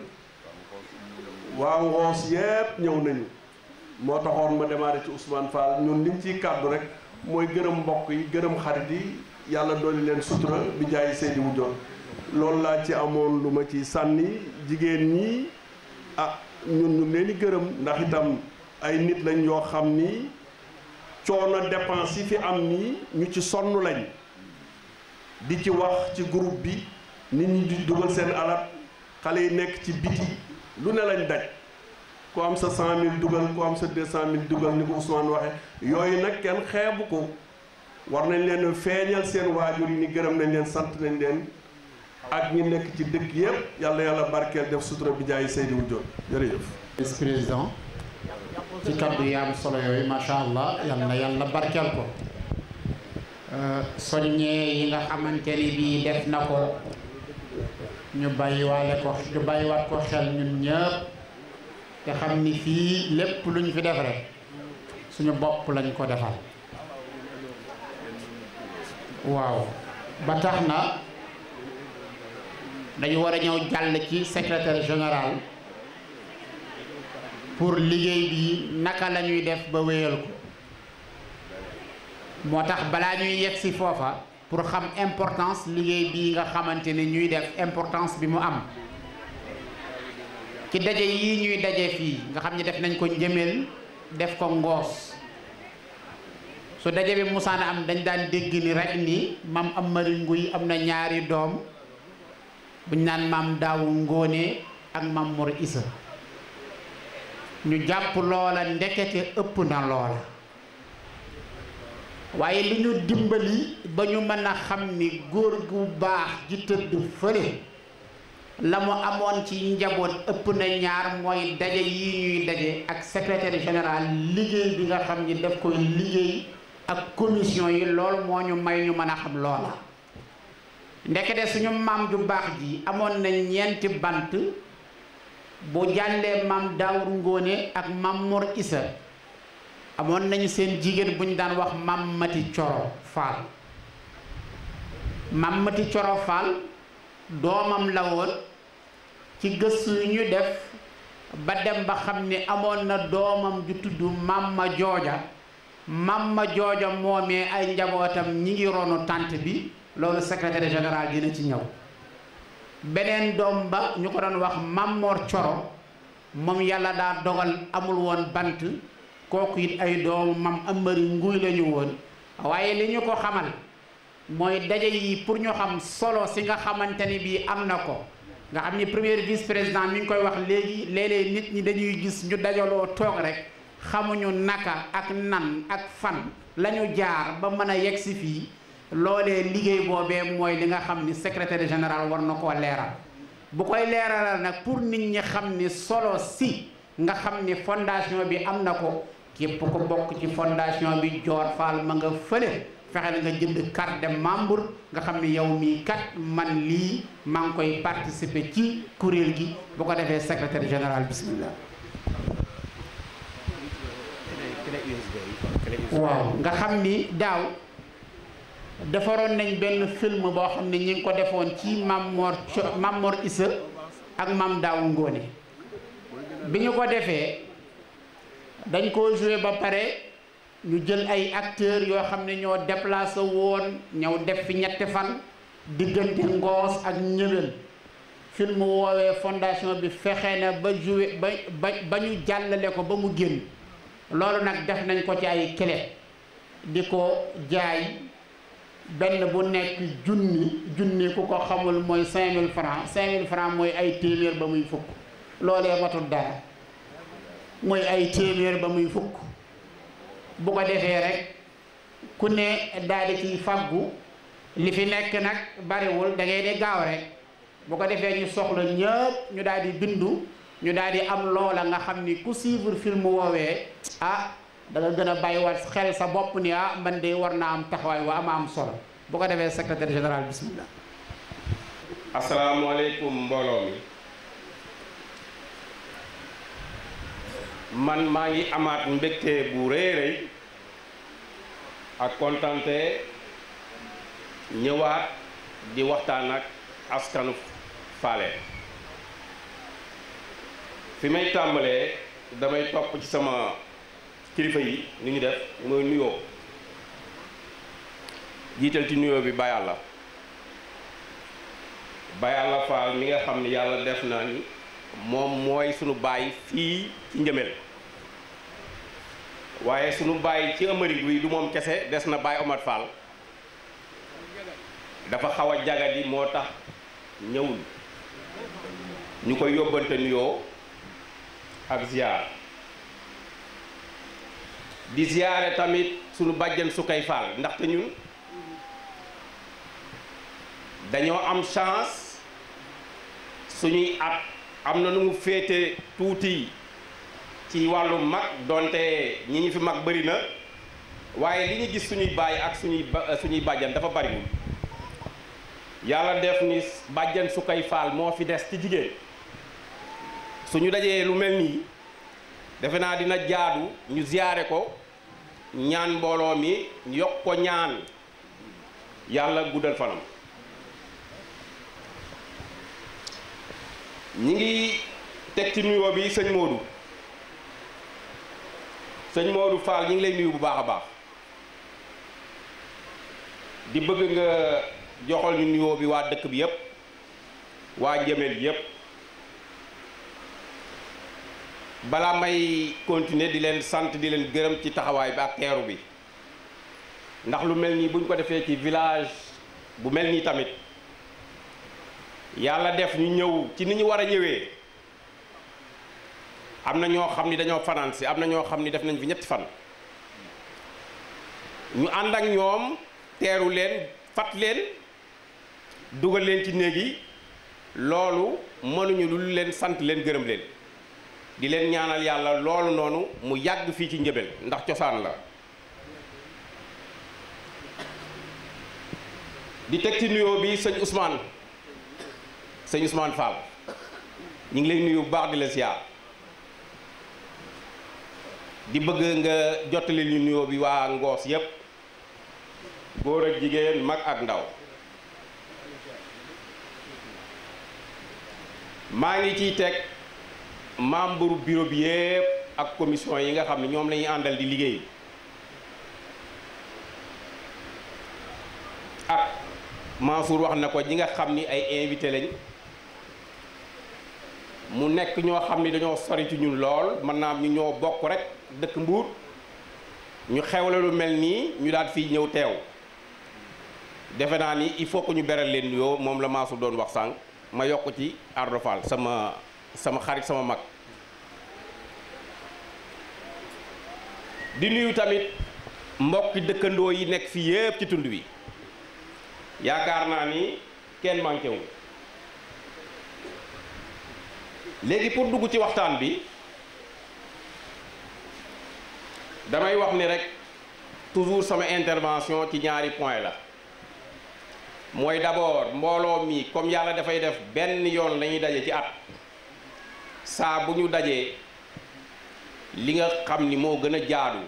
[SPEAKER 8] waa Ngoos yépp ñëw nañu moo taxoon ma démarré ci Ousmane Fall ñun liñ ciy kàddu rek mooy gërëm mbokk yi gërëm xarit yi yàlla dolli leen sutura bi jaay Seydi Wu Joon loolu laa ci amoon lu ma ci sànni jigéen ñi ah ñun ñu leen di gërëm ndax itam ay nit lañ yoo xam ni coono dépense yi fi am nii ñu ci sonn lañ di ci wax ci groupe bi nit ñi di dugal seen alal xale yi nekk ci biti lu ne lañ daj ku am sa cent mille dugal ku am sa deux cent mille dugal ni ko Ousmane waxee yooyu nag kenn xeebu ko war nañ leen feeñal seen waajur yi ni gërëm nañ leen sant nañ leen ak ñi nekk ci dëkk yëpp yàlla yàlla barkeel def sutura bi jaay Seydou Diop jërëjëf. vice président
[SPEAKER 1] ci kàddu yi am solo yooyu macha allah yal na yàlla barkeel ko euh, soññee yi nga xamante ni bii def na ko ñu bàyyiwaale ko ñu ko xel ñun ñëpp te xam ni fii lépp lu fi def suñu bopp lañ ko defal waaw ba tax na. dañu war a ñëw jàll ci secrétaire général pour liggéey bii naka lañuy def ba wéyal ko moo tax balaa ñuy yegg si foofa pour xam importance liggéey bii nga xamante ni ñuy def importance bi mu am ci daje yii ñuy daje fii nga xam ni def nañ ko njëmeel def ko ngoos su daje bi musaana am dañ daan dégg ni rek ni mam am mari nguy am na ñaari doom buñ naan maam daawu ngóone ak maam mor isa ñu jàpp loola ndekete ëpp na loola waaye li ñu dimbali ba ñu mën a xam ni góor gu baax ji tëdd fële la mu amoon ci njaboot ëpp na ñaar mooy daje yi ñuy daje ak secrétaire général liggéey bi nga xam ni daf koy liggéey ak commission yi lool moo ñu may ñu mën a xam loola ndekete suñu maam ju baax ji amoon na ñeenti bant bu jàllee maam daawur ngóone ak maam mor isa amoon nañu seen jigéen bu ñu daan wax maam mati coro faal doomam la woon ci gëstu yu ñu def ba dem ba xam ni amoon na doomam ju tudd maam ma jooja maam ma jooja moomee ay njabootam ñi ngi ronu tànt bi loolu secrétaire général dina ci ñëw beneen doom ba ñu ko doon wax Mamor Coro moom yàlla daa dogal amul woon bant kooku it ay doomu mam amari nguy la ñu woon waaye li ñu ko xamal mooy daje yi pour ñu xam solo si nga xamante ni bii am na ko nga xam ni premier vice président mi ngi koy wax léegi léeg nit ñi dañuy gis ñu dajaloo toog rek xamuñu naka ak nan ak fan lañu jaar ba mën a yegg si fii loolee liggéey boobee mooy li nga xam ni secretaire général war na koo leeral bu koy leeralal nag pour nit ñi xam ni solo si nga xam ni fondation bi am na ko képp ko bokk ci fondation bi Dior Fall ma nga fële fexe nga jënd carte de membre nga xam ni yow mii kat man lii maa ngi koy participer ci kuréel gi bu ko defee secretaire général bismillah waaw nga xam ni daaw defaroon nañ benn film boo xam ne ñi ngi ko defoon ci Mame Mor Mame ak Mame Daawu Ngóone bi ñu ko defee dañ koo joué ba pare ñu jël ay acteurs yoo xam ne ñoo déplacé woon ñëw def fi ñetti fan diggante ngoos ak ñëwel film woowee fondation bi fexe na ba joué ba ba ñu jàllale ko ba mu génn loolu nag def nañ ko ci ay clé di ko jaay benn bu nekk junni junni ku ko xamul mooy cinq mille francs cinq mille francs mooy ay téeméer ba muy fukk loolee matul dara mooy ay téeméer ba muy fukk bu ko defee rek ku ne daal di faggu li fi nekk nag bariwul da ngay ne gaaw rek bu ko defee ñu soxla ñëpp ñu daal di bindu ñu daal di am loola nga xam ni ku suivre film woowee ah da nga gëna bay wat xel sa bop ni ah man de war naa am taxaway wa am am solo bu ko defé secrétaire général bismillah
[SPEAKER 9] alaykum mbolo mi man ma ngi amat mbekté bu réré ak contenté ñëwaat di waxtaan ak askanu faale fi may tambalé damay top ci sama kilifa yi li ñu def mooy nuyoo jiital ci nuyoo bi Baye Alla Baye Alla Fall mi nga xam ni yàlla def na ni moom mooy sunu baay fii ci njëmel waaye sunu baay ci Amérique bi du moom kese des na baay Omar Fall dafa xaw a jagadi moo tax ñëwul ñu ko yóbbante nuyoo ak ziar. di ziyaare tamit suñu bàjjen Sukay Fall ndaxte ñun dañoo am chance suñuy at am na nu mu féete tuuti ci wàllu mag donte ñi ñu fi mag bëri na waaye li ñu gis suñuy baay ak suñuy eh, suñuy bàjjan dafa bariwul yàlla def ni bàjjan Sukay Fall moo fi des ci jigéen suñu dajee lu mel nii defe naa dina jaadu ñu ziyaare ko ñaan mbooloo mi yokk ko ñaan yàlla guddal fanam ñi ngi teg ci nuyoo bi sëñ Modou sëñ Modou Fall ñi ngi lay nuyu bu baax a baax di bëgg nga joxal ñu nuyoo bi waa dëkk bi yépp waa Njëmel yépp balaa may continuer di leen sant di leen gërëm ci taxawaay bi ak teeru bi ndax lu mel nii buñ ko defee ci village bu mel nii tamit yàlla def ñu ñëw ci ni ñu war a ñëwee am na ñoo xam ni dañoo fanaan si am na ñoo xam ni def nañ fi ñetti fan ñu ànd ak ñoom teeru leen fat leen dugal leen ci néegi loolu mënuñu lu leen sant leen gërëm leen di leen ñaanal yàlla loolu noonu mu yàgg fii ci njëbel ndax cosaan la di teg ci nuyoo bi sëñ Ousmane sëñ Ousmane Fall ñu ngi lay nuyu bu baax di la siyaar di bëgg nga jottali ñu bi waa Ngoos yépp góor ak jigéen mag ak ndaw maa ngi ciy teg membre bureau bi yëpp ak commission yi nga xam ne ñoom la ñuy àndal di liggéey a Mansour wax na ko ñi nga xam ni ay invité lañ mu nekk ñoo xam ni dañoo sori ci ñun lool mën naa am ñu ñoo bokk rek dëkk Mbuur ñu xewle lu mel nii ñu daan fii ñëw teew defe naa ni il faut que ñu beral leen nuyoo moom la Mansour doon wax sànq ma yokk ci Ardo sama. sama xarit sama mag di nuyu tamit mbokki dëkkandoo yi nekk fii yépp ci tund wi yaakaar naa ni kenn manqué wu léegi pour dugg ci waxtaan bi damay wax ni rek toujours sama intervention ci ñaari point la mooy d'abord mbooloo mi comme yàlla dafay def benn yoon lañuy daje ci at saa bu ñu dajee li nga xam ni moo gën a jaadu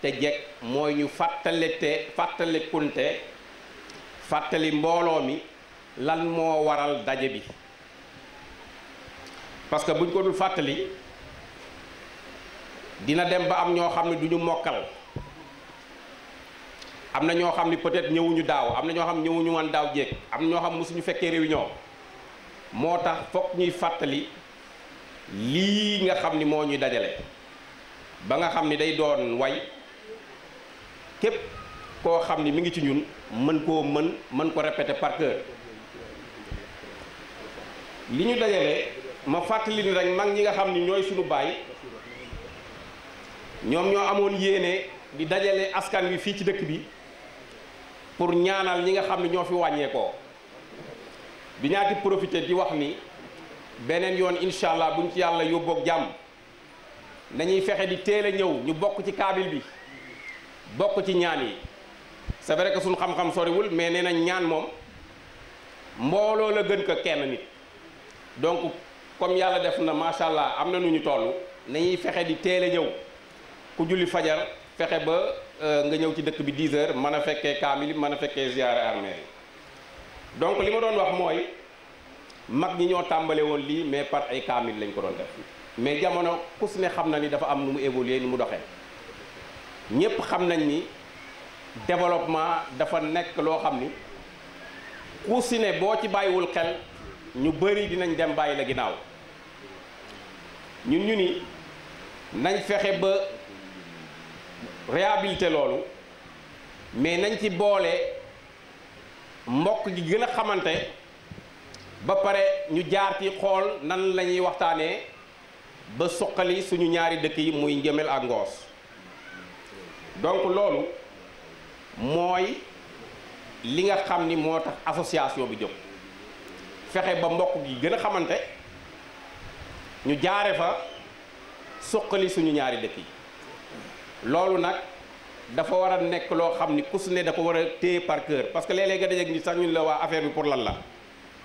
[SPEAKER 9] te jekk mooy ñu fàttalite fàttalikunte fàttali mbooloo mi lan moo waral daje bi parce que buñ ko dul fàttali dina dem ba am ñoo xam ne duñu mokkal am na ñoo xam ne peut-être ñëwuñu daaw am na ñoo xam ñëwuñu woon daaw jéeg am ñoo xam musuñu fekkee réunion moo tax fokk ñuy fàttali li nga xamni ni ñuy dajalé dajale ba nga xamni ni day doon way kep ko xamni ni mi ngi ci ñun mën ko mën mën ko répéter par cœur li ñu dajale ma fatali ni rek mag ñi nga xamni ni suñu bay ñom ñoo amone yene di dajale askan wi fi ci dëkk bi pour ñaanal ñi nga xamni ni ñoo fi ko bi ñaati profiter di wax ni beneen yoon incha allah buñ ci yàlla yóbboog jàmm nañuy fexe di teel a ñëw ñu bokk ci kaabil bi bokk ci ñaan yi c'est vrai que suñ xam-xam soriwul mais nee nañ ñaan moom mbooloo la gën ko kenn nit donc comme yàlla def na macha allah am na nu ñu toll nañuy fexe di teel a ñëw ku julli fajar fexe ba euh, nga ñëw ci dëkk bi 10 mën a fekkee kaamil mën a fekkee ziyaare armée yi donc li ma doon wax mooy mag ñi ñoo tàmbale woon lii mais par ay kaamil lañ ko doon def mais jamono kus ne xam na ni dafa am nu mu évoluer nu mu doxe ñépp xam nañ ni développement dafa nekk loo xam ni ku si ne boo ci bàyyiwul xel ñu bëri dinañ dem bàyyi la ginnaaw ñun ñu ni nañ fexe ba réhabilité loolu mais nañ ci boole mbokk gi gën a xamante ba pare ñu jaar xool nan lañuy waxtaanee ba suqali suñu ñaari dëkk yi muy Njëmel ak Ngoos donc loolu mooy li nga xam ni moo tax association bi jóg fexe ba mbokk gi gën a xamante ñu jaare fa suqali suñu ñaari dëkk yi loolu nag dafa war a nekk loo xam ni ku su ne da war a téye par cœur parce que léeg-léeg nga dajeeg ñu sax ñun la waa affaire bi pour lan la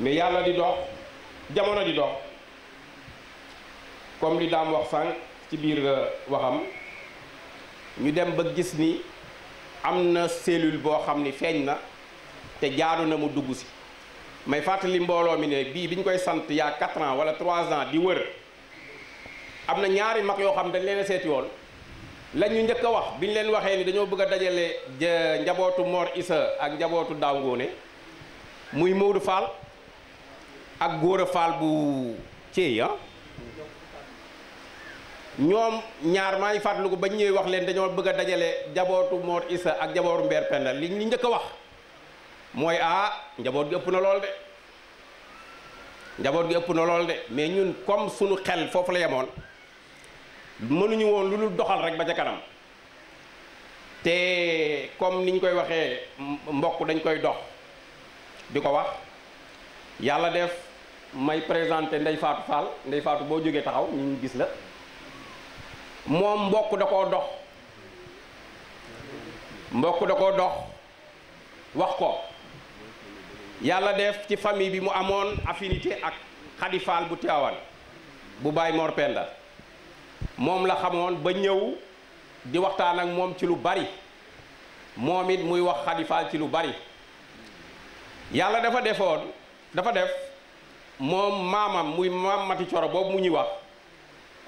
[SPEAKER 9] mais yàlla di dox jamono di dox comme li daam wax sànq ci biir euh, waxam ñu dem ba gis ni am na cellule boo xam ni feeñ na te jaadu na mu dugg si may fàttali mbooloo mi ne bii bi ñu koy sant yaa quatre ans wala trois ans di wër am na ñaari mag yoo xam dañ leen a seeti woon la ñu njëkk a wax bi ñu leen waxee ni dañoo bëgg a dajale njabootu Mor Issa ak njabootu Daaw Ngóone muy Modou Fall ak góor a faal bu ceey ah ñoom ñaar maa ngi fàttaliku bañ ñëwee wax leen dañoo bëgg dajale jabootu Mor Issa ak jabootu Mbeer Penda li ñu njëkk wax mooy ah njaboot gi ëpp na lool de njaboot gi ëpp na lool de mais ñun comme suñu xel foofu la yemoon mënuñu woon lu dul doxal rek ba ca kanam te comme niñ koy waxee mbokk dañ koy dox di ko wax yàlla def may présenté Ndeye faatu Fall Ndeye Fatou boo jógee taxaw ñu gis la moom mbokk da koo dox mbokk da koo dox wax ko yàlla def ci famille bi mu amoon affinité ak Khady Fall bu Tiwaawan bu Baye Mor Penda moom la xamoon ba ñëw di waxtaan ak moom ci lu bari moom it muy wax Khady Fall ci lu bari yàlla dafa defoon dafa def moom maamam muy maam mati coro boobu mu ñuy wax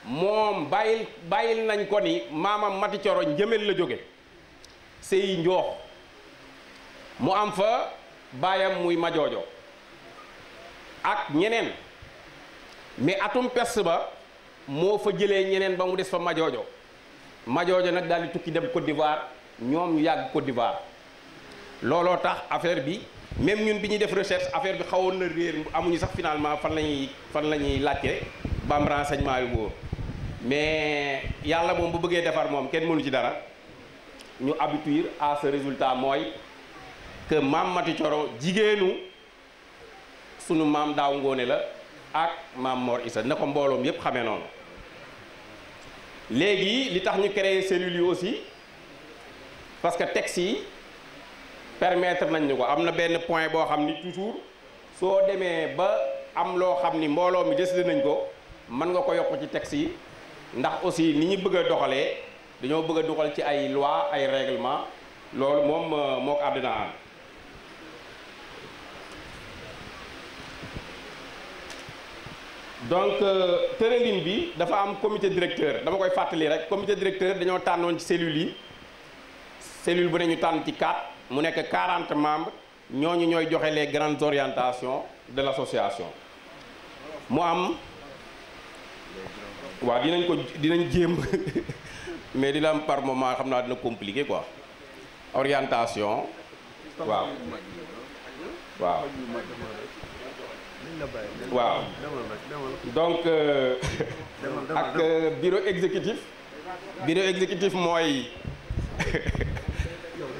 [SPEAKER 9] moom bàyyil bàyyil nañ ko ni maamam mati coro njëmel la jóge sëy njoox mu am fa baayam muy majoojo ak ñeneen mais atum pest ba moo fa jëlee ñeneen ba mu des fa majoojo majoojo nag daal di tukki dem Côte ñoom yàgg Côte looloo tax affaire bi même ñun biñu def recherche affaire bi xawon na réer amuñu sax finalement fan lañuy fan lañuy laccé bam renseignement yu wóor mais yalla moom bu bëggé défar moom kèn mënu ci dara ñu habituer à ce résultat moy que mam Mati Coro jigéenu sunu maam daaw ngoone la ak mam Mor isa nako mbolom mbooloom yépp xamee noonu léegi li tax ñu créer cellule aussi parce que texte yi permettre nañ ñu ko am na benn point boo xam ni toujours soo demee ba am loo xam ni mbooloo mi décidé nañ ko mën nga ko yokk ci texte yi ndax aussi ni ñu bëgg a doxalee dañoo bëgg a doxal ci ay loi ay réglement loolu moom euh, moo ko àddina am donc euh, tëralin bi dafa am comité directeur dama koy fàttali rek comité directeur dañoo tànnoon ci cellules yi cellule bu ne ñu tànn ci 4 mu a 40 membres qui ont fait les grandes orientations de l'association Moi, je suis un ko dinañ mais par moment xam compliqué quoi orientation
[SPEAKER 8] waouh, waouh, donc
[SPEAKER 9] euh, le euh, bureau exécutif bureau exécutif moi.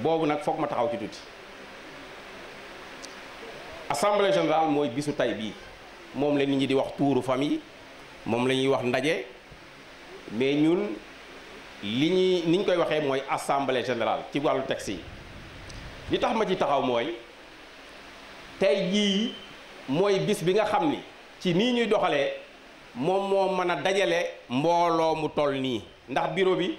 [SPEAKER 9] boobu nag foog ma taxaw ci tuuti assemblée générale mooy bisu tay bii moom la nit ñi di wax tuuru famille moom la ñuy wax ndaje mais ñun li ñuy niñ koy waxee mooy assemblée générale ci wàllu tex yi li tax ma ci taxaw mooy tey jii mooy bis bi nga xam ni ci nii ñuy doxalee moom moo mën a dajale mbooloo mu toll nii ndax bureau bi.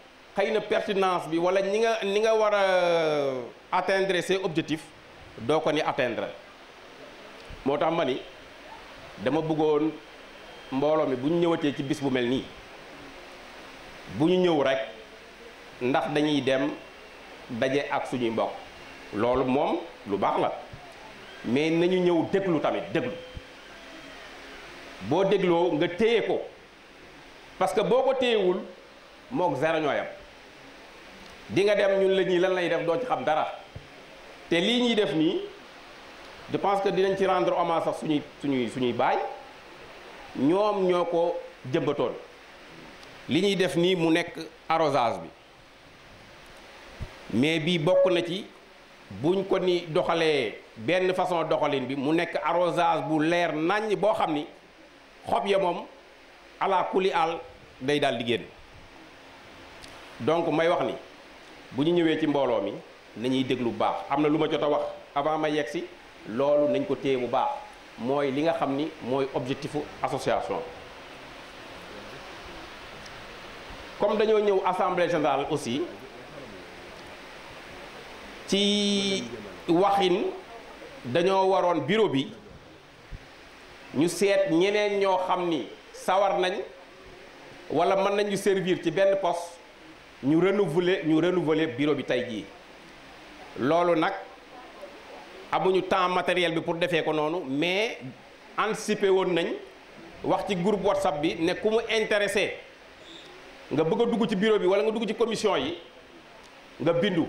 [SPEAKER 9] xëy pertinence bi wala ñi nga ni nga war atteindre ses objectifs doo ko ni atteindre moo tax dama bëggoon mbolo mi bu ñu ci bis bu melni. nii bu ñëw rek ndax dañuy dem dajé ak suñu mbokk loolu mom lu baax la mais nañu ñëw déglu tamit déglu bo déglou, nga téyé ko parce que boko téyewul mok zéro ñooyam di nga dem ñun la ñuy lan lay def doo ci xam dara te lii ñuy def nii de pense que dinañ ci rendre hommage sax suñuy suñuy suñuy baay ñoom ñoo ko jëmbatoon li ñuy def nii mu nekk arrosage bi mais bii bokk na ci buñ ko ni doxalee benn façon doxalin bi mu nekk arrosage bu leer nàññi boo xam ni xob ya moom ala kuli àll day daal di génn donc may wax ni bu ñu ñëwee ci mbooloo mi nañuy déglu bu baax am na lu ma jot a wax avant ma yegg si loolu nañ ko téye bu baax mooy li nga xam ni mooy objectifu association comme dañoo ñëw assemblée générale aussi ci waxin dañoo waroon bureau bi ñu seet ñeneen ñoo xam ni sawar nañ wala mën nañu servir ci benn poste ñu renouveler ñu renouveler bureau bi tay ji lolu nak amuñu temps matériel bi pour défé ko noonu mais anticiper won nañ wax ci groupe whatsapp bi ne kumu intéressé nga bëgg dugg ci bureau bi wala nga dugg ci commission yi nga bindu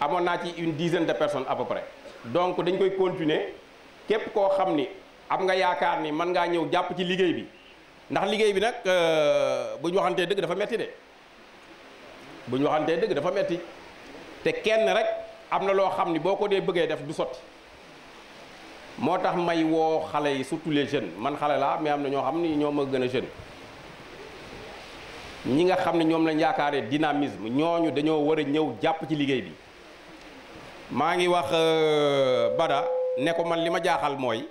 [SPEAKER 9] amoon naa ci une dizaine de personnes à peu près donc dañ koy continuer képp ko xamni am nga yaakaar ni man nga ñëw japp ci liggéey bi ndax liggéey bi nak, euh, bu ñu waxantee dëgg dafa metti de. buñ waxanté waxantee dëgg dafa metti té kenn rek amna lo xamni boko dé bëggé def du soti motax may wo xalé yi surtout les jeunes man xalé la mais amna ño xamni xam ni ma gën jeune ñi nga xamni ñom ñoom lañ yaakaaree dynamisme ñoñu dañu wara ñëw japp ci liggéey bi ma ngi wax euh, Bada né ko man lima jaaxal moy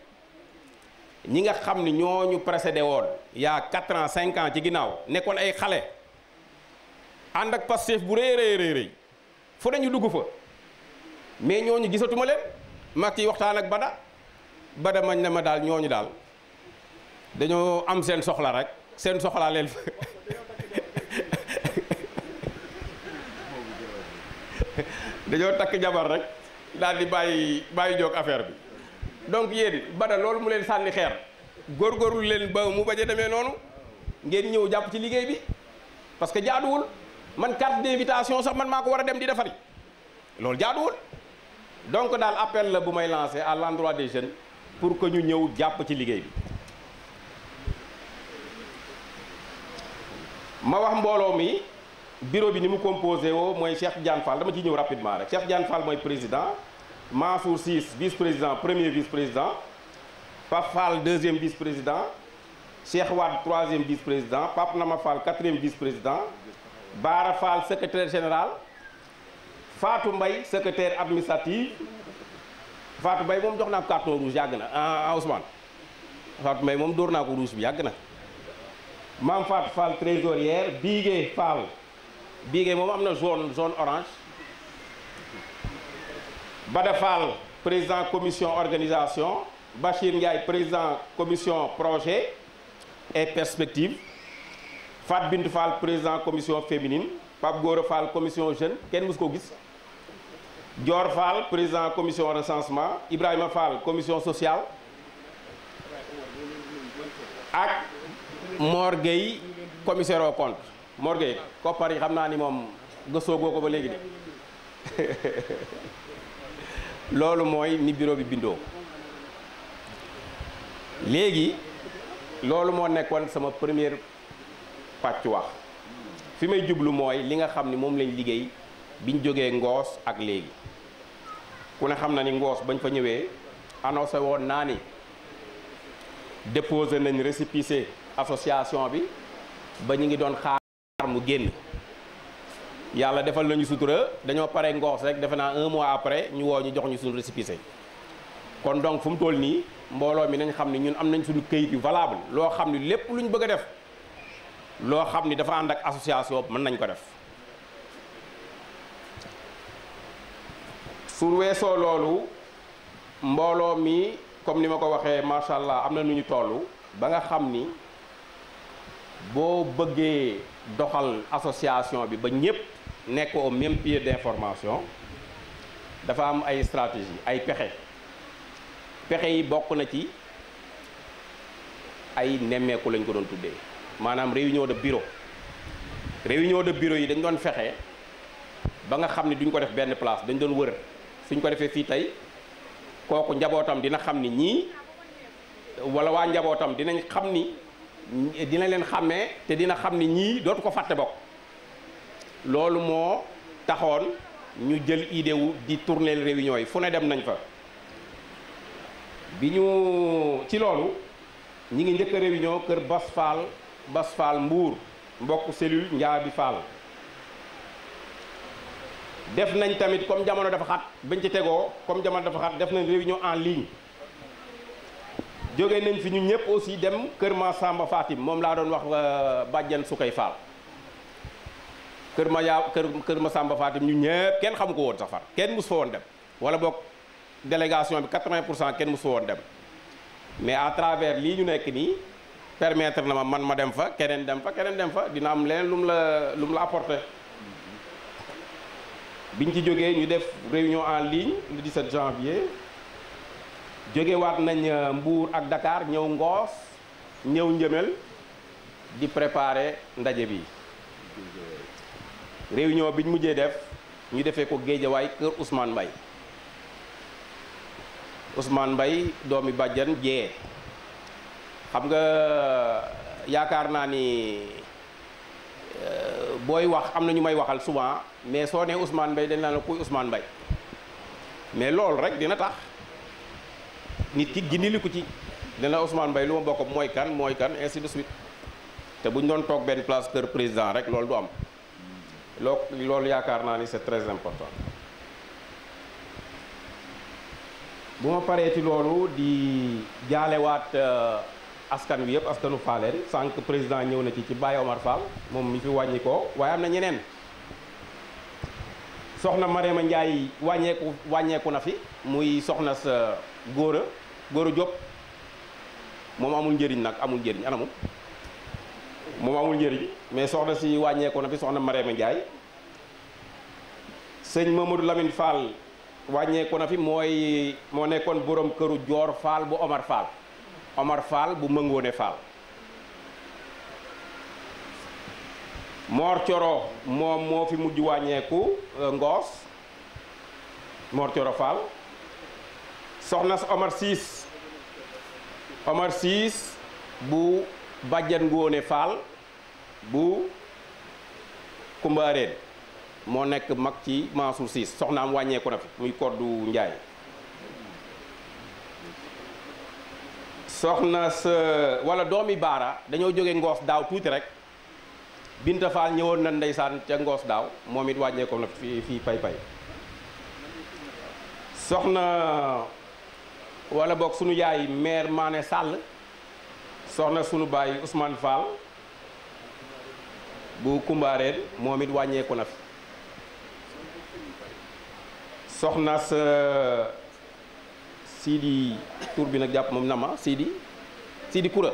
[SPEAKER 9] ñi nga xamni ñoñu précédé won ya 4 ans 5 ans ci ginnaaw nekkoon ay xalé ànd ak Pastef bu rëy rëy rëy fu ne dugg fa mais ñooñu gisatuma leen ma ciy waxtaan ak Bada Bada mañ na ma daal ñooñu daal dañoo am seen soxla rek seen soxlaa leen dañoo takk jabar rek daal di bàyyi bàyyi joog affaire bi donc yéen Bada loolu mu leen sànni xeer góorgóorlu leen ba mu bañ a demee noonu ngeen ñëw jàpp ci liggéey bi parce jaaduwul. man carte d'invitation sax man mako wara dem di defari loolu jaaduwul donc dans appel la bu may lancé à l'endroit des jeunes pour que ñu ñew japp ci liguey bi ma wax mbolo mi bureau bi ni mu composé woo mooy Cheikh Diane Fall dama ci ñew rapidement rek Cheikh Diane Fall moy président Mansour 6 vice-président premier vice-président pafal Fall deuxième vice-président Cheikh Wad, troisième vice-président Pape quatrième vice-président Bara Fall secrétaire général Fatou Mbaye secrétaire administratif Fatou Mbaye moom jox carton rouge ah, ah, Ousmane Fatou Mbaye rouge bi Fatou Fall trésorière Bigé Fall Bigué zone orange Bada Fall président commission organisation Bachir Ndiaye président commission projet et perspective Fat Bintou Fall président commission féminine Pape Gorofal commission jeune Ken mës ko gis Dior Fall président commission recensement Ibrahima Fall commission sociale ak Mor commissaire au compte. Morgei, Gueye par yi xam naa ni moom gëstoo goo ko ba léegi ni bureau bi sama première pàcc wax fi may jublu mooy li nga xam ni moom lañ liggéey bi ñu jógee ngoos ak léegi ku ne xam na ni ngoos bañ fa ñëwee annoncé woon naa ni déposé nañ récépissé association bi ba ñu ngi doon xaar mu génn yàlla defal nañu sutura dañoo pare ngoos rek defe naa un mois après ñu woo ñu jox ñu suñu récépissé kon donc fu mu toll nii mbooloo mi nañ xam ne ñun am nañ suñu këyit yu valable loo xam ni lépp lu ñu bëgg a def loo xam ni dafa ànd ak association mën nañ ko def su weesoo loolu mbooloo mi comme ni ma ko waxee macha allah am na lu ñu tollu ba nga xam ni boo bëggee doxal association bi ba ñépp nekk au même pied d'information dafa am ay stratégie ay pexe pexe yi bokk na ci ay nemmeeku lañ ko doon tuddee maanaam réunion de bureau réunion de bureau yi dañ doon fexe ba nga xam ni duñ ko def benn place dañ doon wër suñ ko defee fii tey kooku njabootam dina xam ni ñii wala waa njabootam dinañ xam ni dina leen xàmmee te dina xam ni ñii dootu ko fàtte bokk loolu moo taxoon ñu jël idée wu di tourner réunion yi fu ne dem nañ fa bi ñu ci loolu ñi ngi njëkk a kër Bas Bas Fall Mbour mbok cellule Il def nañ tamit comme jamono dafa xat ci comme jamono dafa xat def nañ réunion en ligne jóge nañ fi ñëpp aussi dem Ma Samba Fatim la doon wax euh, Fall Ma Samba Fatim ñëpp kenn ko kenn dem wala délégation 80 kenn mais à travers li ñu nekk permettre na ma man ma dem fa keneen dem fa keneen dem fa dina am leneen lum la lum la apporter biñ ci joggé ñu def réunion en ligne le 17 janvier joggé waat nañ euh, Mbour ak Dakar ñew ngoss ñew ñëmel di préparer ndaje bi réunion biñ mujjé def ñu défé ko way keur Ousmane bay Ousmane bay doomi bàjjan jee xam nga yaakaar naa ni euh, boy wax amna ñu may waxal souvent mais so nee Ousmane Mbaye dañ naa la kuy Ousmane Mbaye mais lool rek dina tax nit ki ku ci dina Ousmane Mbaye luma bokk moy kan moy kan ainsi de suite te buñ doon tok ben place président rek lool du am lool yaakar na ni c'est très important buma paré ci lolu di euh, askan wi yëpp askanu Faaleen sank president ñew na ci ci Baye Omar Fall mom mi fi wañi ko waaye am na ñeneen soxna Marema ko wàññeeku ko na fi muy soxna sa góor a job mom amul njëriñ nak amul njëriñ ana mom amul mais soxna si ko na fi soxna Marema ndjay señ Mamadou Lamine Fall ko na fi moy mo nekkon borom keuru jor Fall bu Omar Fall Omar Fall bu Mengone Fall Mor mom mo fi mujj wañeku euh, Ngoos Mor Fal. Fall soxna Omar sis, Omar sis, bu badjan ngone Fall bu kumbaren. mo nek mak ci Mansour Siis soxnaam wañeku na fi muy koddu Njaay soxna sa wala doomi baara dañoo jóge ngoos daaw tuuti rek Binta ñëwoon na ndeysaan ca ngoos daaw moom it wàññeeku na fii fii pay pay soxna wala boog sunu yaay maire Mané Sall soxna sunu baay Ousmane Fall bu Kumbaareen moom it wàññeeku na fi soxna sa Sidi tur bi nag jàpp moom na ma Sidi Sidi Koura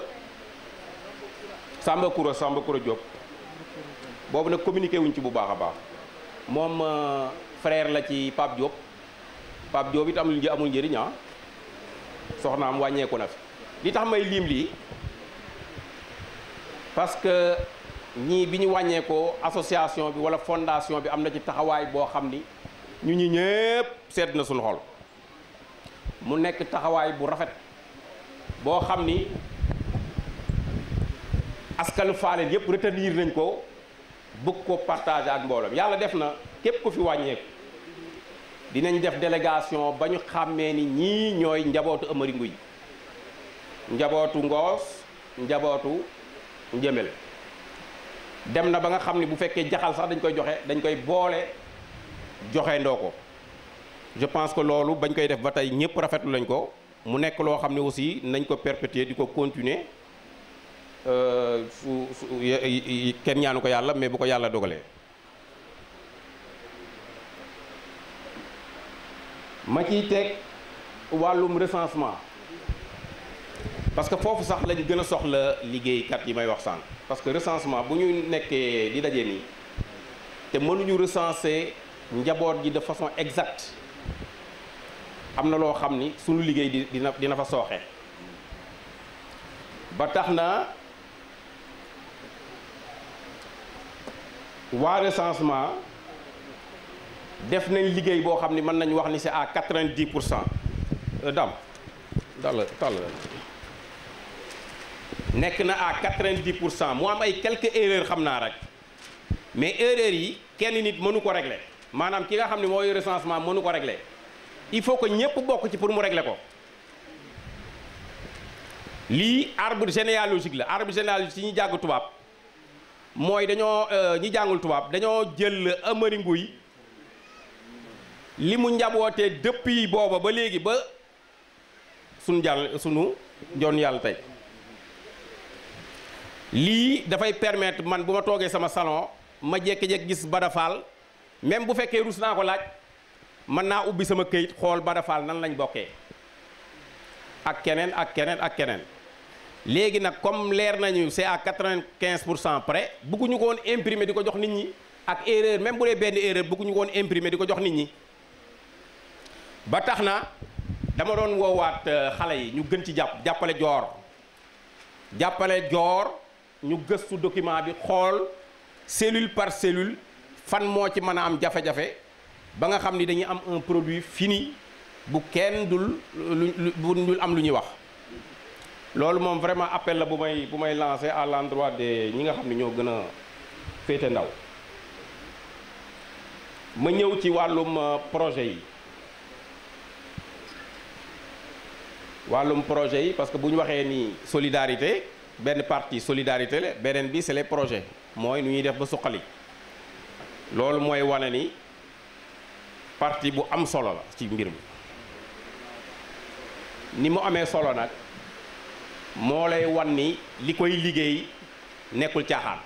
[SPEAKER 9] Samba Koura Samba Koura Diop boobu nag communiqué wuñ ci bu baax a baax moom euh, frère la ci Pape Diop Pape Diop it amul amul njëriñ ah soxnaam wàññeeku na fi li tax may lim lii parce que ñii bi ñu wàññeekoo association bi walla fondation bi am na ci taxawaay boo xam ni ñu ñi ñëpp seet na suñu xol. mu nekk taxawaay bu rafet boo xam ni askanu Faaleen yëpp retenir nañ ko bëgg ko partager mbooloom yàlla def na képp ku fi wàññeeku dinañ def délégation ba ñu xàmmee ni ñii ñooy njabootu Amary Ngouy njabootu Ngoos njabootu Njëmel dem na ba nga xam ni bu fekkee jaxal sax dañ koy joxe dañ koy boole joxe ndoo ko je pense que lolu bagn koy def ba tey ñëpp rafetlu lañ ko mu nek lo xam aussi nañ ko perpétuer diko continuer euh su kenn ñaanu ko yàlla mais bu ko yalla dogalé ma ci teg walum recensement parce que fofu sax lañu gëna a soxla liggéeykat yi may wax sànq parce que recensement bu ñu nekké di dajé ni té mënu ñu recenser njaboot gi de façon exacte. am na loo xam ni suñu liggéey di dina dina fa sooxe ba tax na waa recensement def nañ liggéey boo xam ni mën nañu wax ni c'est à quatre-vingt-dix pour cent euh, dam dal tall nekk na à quatre-vingt-dix pour cent mu am ay quelques erreurs xam naa rek mais erreurs yi kenn nit mënu ko régler maanaam ki nga xam ne mooy recensement mënu ko régler il faut que ñépp bokk ci pour mu régler ko lii arbre généalogique la arbre généalogique ci ñi jàng tubaab mooy dañoo euh, ñi jàngul tubaab dañoo jël Amari Nguy li mu njabootee depuis booba ba léegi ba sunu jàll sunu joon yàlla tey lii dafay permettre man bu ma toogee sama salon ma jékki-jékki gis Bada Fall même bu fekkee rus naa ko laaj mën naa ubbi sama kayit xool Bada Fall nan lañu bokkee ak keneen ak keneen ak keneen léegi nag comme leer nañu c'est à quatre-vingt-quinze pour cent près bëgguñu ko woon imprimer di ko jox nit ñi ak erreur même bu dee benn erreur bëgguñu ko woon imprimer di ko jox nit ñi ba tax na dama doon woowaat euh, xale yi ñu gën ci jàpp jàppale joor jàppale joor ñu gëstu document bi xool cellule par cellule fan moo ci mën a am jafe-jafe ba nga xamni dañuy am un produit fini bu kenn dul bu ñu am lu ñuy wax loolu moom vraiment appel la bu may bu may lancer à l'endroit des ñi nga xam ne ñoo gën a féete ndaw ma ñëw ci wàllum euh, projet yi wàllum projet yi parce que bu ñu waxee ni solidarité benn partie solidarité la beneen bi c'est les projets mooy nu ñuy def ba suqali loolu mooy wane ni parti bu am solo la ci mbir mi ni mu amé solo nak mo lay wanni likoy li nekul ci xaar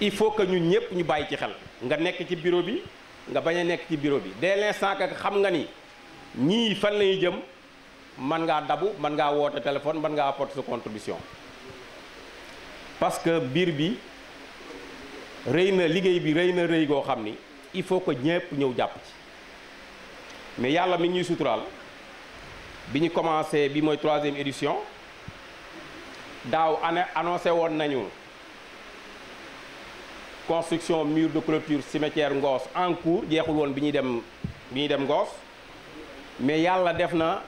[SPEAKER 9] il faut que ñun ñëpp ñu bàyyi ci xel nga nekk ci bureau bi nga baña a nekk ci bureau bi dès l'instant que xam nga ni ñi fan lay jëm man nga dabu man nga woote téléphone man nga apporter sa contribution parce que bir bi reyna na liggéey bi reyna na go xamni il faut que ñëpp ñëw japp ci mais yalla mi ñuy sutural biñu commencé bi moy 3e édition daw année annoncé won nañu construction mur de clôture cimetière ngoss en cours jeexul won biñu dem biñu dem ngoss mais yalla def na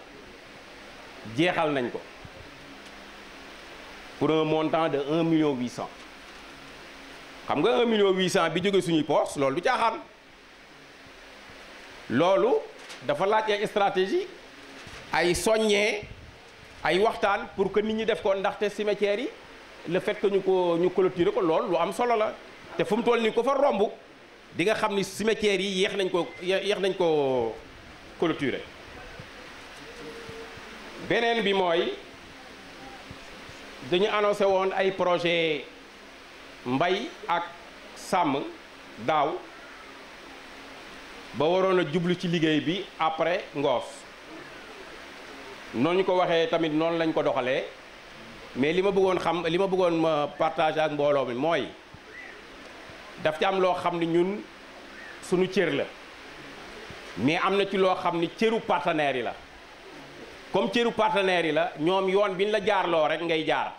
[SPEAKER 9] jeexal nañ ko pour un montant de 1 million 800 xam nga 1 million 800 bi jóge suñu poste loolu du caaxaan loolu dafa laaj ay stratégie ay soññee ay waxtaan pour que nit ñi def ko ndaxte cimetière yi le fait que ñu ko ñu clôturer ko lool lu am solo la te fum toll ni ko fa rombu di nga xam ni cimetière yi yex nañ ko yex nañ ko clôturer benen bi moy dañu annoncer woon ay projet mbay ak sam daw ba waroon a ci liggéey bi après ngof noñ ko waxé tamit non lañ ko doxalé mais lima bëggon xam lima bëggon ma partager ak mbooloo mi moy daf ci am lo xamni ñun suñu cër la mais amna ci lo xamni ni partenaire yi la comme cëru partenaire yi la ñom yoon biñ la jaar lo rek ngay jaar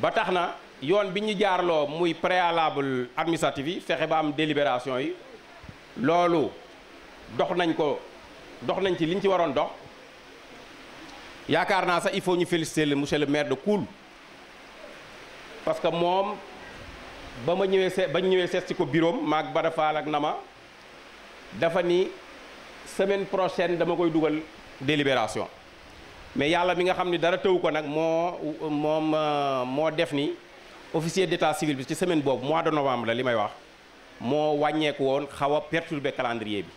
[SPEAKER 9] ba taxna yoon biñu jaar lo muy préalable administratif yi fexe ba am délibération yi loolu dox nañ ko dox nañ ci liñ ci waron dox yakarna sa il faut ñu féliciter le monsieur le maire de Koul parce que mom bama ma ñëwee bañ ñëwee seet ci ko birom maag Bada Fall ak Nama dafa ni semaine prochaine dama koy duggal délibération mais yalla mi nga xamni dara tëw ko nak mo mom mo def ni officier d'état civil bi ci semaine boobu mois de novembre la limay wax mo wàññeeku woon xaw a perturbé calendrier bi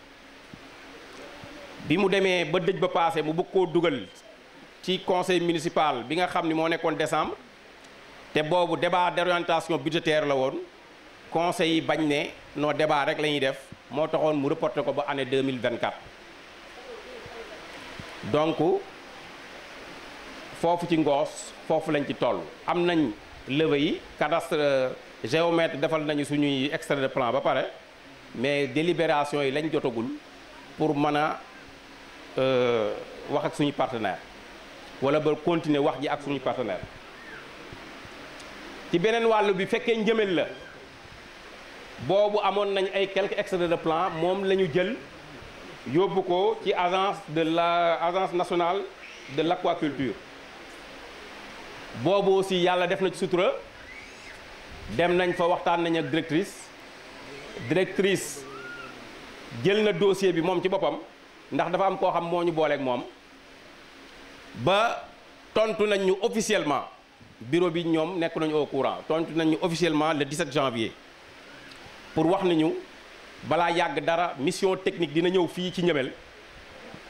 [SPEAKER 9] bi mu deme ba deej ba passé mu bëkk ko duggal ci conseil municipal bi nga xamni ni moo décembre te bobu débat d'orientation budgétaire la won conseil yi bañ né no débat rek la def mo taxone mu reporté ko ba année 2024 donc fofu ci ngoss fofu lañ ci toll am nañ yi cadastre euh, géomètre defal nañu suñuy extrait de plan ba paré mais délibération yi lañ jotagul pour mëna euh wax ak suñu partenaire wala ba continuer wax ji ak suñu partenaire ci benen walu bi féké ñëmel la bobu amon nañ ay quelques extrait de plan mom lañu jël yobbu ko ci agence de la agence nationale de l'aquaculture bobu aussi yalla def na ci sutura dem nañ fa waxtaan nañ ak directrice directrice jël na dossier bi mom ci bopam ndax dafa am ko xam moñu bolé ak mom ba tontu nañ ñu officiellement bureau bi ñom nekk nañu au courant tontu nañ ñu officiellement le 17 janvier pour wax nañu bala yag dara mission technique dina ñew fi ci ñëmel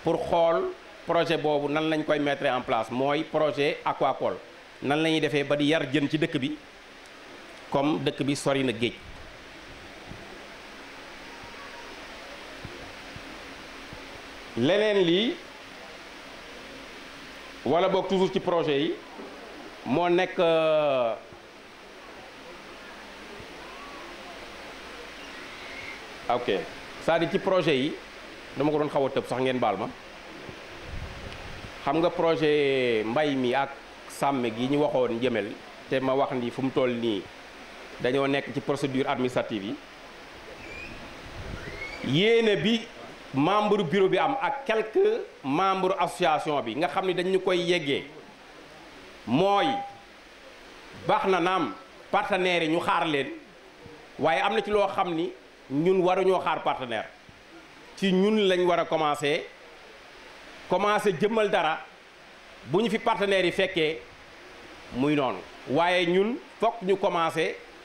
[SPEAKER 9] pour xol projet bobu nan lañ koy mettre en place moy projet aquacole nan lañ ñuy ba di yar jën ci dëkk bi comme dëkk bi sori na geej leneen li wala boog toujours ci projet yi moo nekk ok cest à ci projet yi dama ko don xaw a sax ngeen bal ma xam nga projet mbay mi ak sàmm gi ñu waxoon njëmel te ma wax ni fu mu toll nii dañoo nekk ci procédure administrative yi yéene bi membre bureau bi am ak quelques membre association bi nga xam ni dañu koy yeggee mooy baax na naam partenaires yi ñu xaar leen waaye am na ci loo xam ni ñun waruñoo xaar partenaire ci ñun lañ war a commencer commencer jëmmal dara bu ñu fi partenaires yi fekkee muy noonu waaye ñun fokk ñu commencer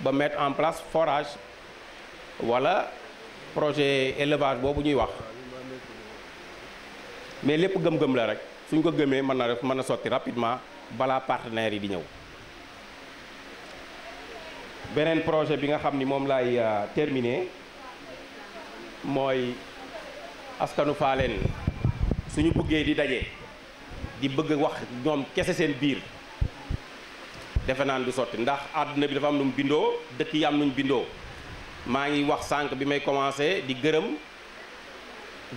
[SPEAKER 9] ba mettre en place forage wala projet élevage boobu ñuy wax mais lépp gëm-gëm la rek suñ ko gëmee mëna def mëna sorti rapidement bala partenaire yi di ñëw beneen projet bi nga xamni mom lay euh, terminer moy askanu faaleen suñu bëggé di daje di bëgg wax ñom kessé sen biir defe naan du sotti ndax àdduna bi dafa am nu mu bindoo dëkk yi am nu mu bindoo maa ngi wax sànq bi may commencé di gërëm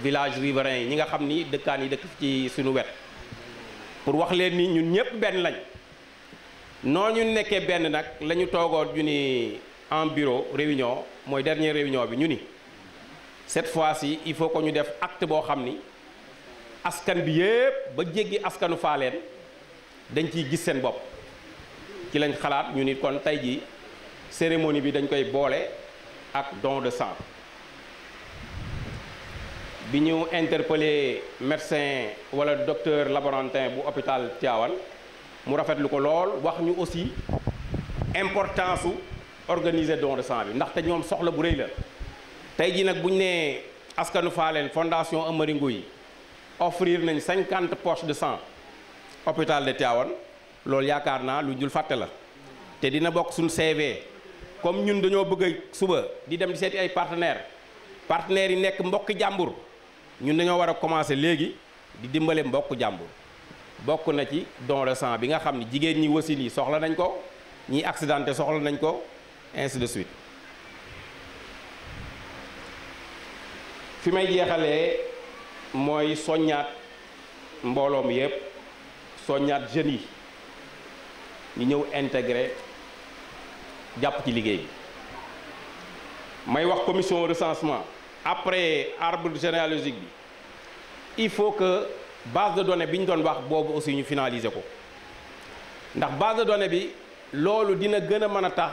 [SPEAKER 9] village riverain yi ñi nga xam ni dëkkaan yi ci suñu wet pour wax leen ni ñun ñëpp ben lañ noo ñu nekkee ben nak la ñu toogoon ñu ni en bureau réunion mooy dernière réunion bi ñu cette fois-ci il faut que ñu def acte bo xamni askan bi yëpp ba jéggi askanu faaleen dañ ci gis sen bop ci lañ xalaat ñu nit kon cérémonie bi dañ koy bolé, ak don de sang bi ñu interpellé médecin wala docteur laborantin bu hôpital Tiawan. mu rafetlu ko lool wax ñu aussi importance organiser don de sang bi avons ñoom soxla bu rëy la tey jii nag bu ñu askanu fondation Amaringoui offrir nañ cinquante poches de sang hôpital de Tiawan. loolu yaakaar naa lu jul fàtte la te dina bokk suñu CV comme ñun dañoo bëgg a suba di dem di seeti ay partenaires partenaires yi nekk mbokk jàmbur ñun dañoo war a commencer léegi di dimbale mbokku jàmbur bokk na ci don de sang bi nga xam ne jigéen ñi wasin yi soxla nañ ko ñii accidenté soxla nañ ko ainsi suite fi may jeexalee mooy soññaat mbooloom yépp soññaat jeunes yi Nous ñëw intégré la ci commission recensement après arbre généalogique il faut que base de données bi aussi finaliser ko base de données bi loolu dina gën a tax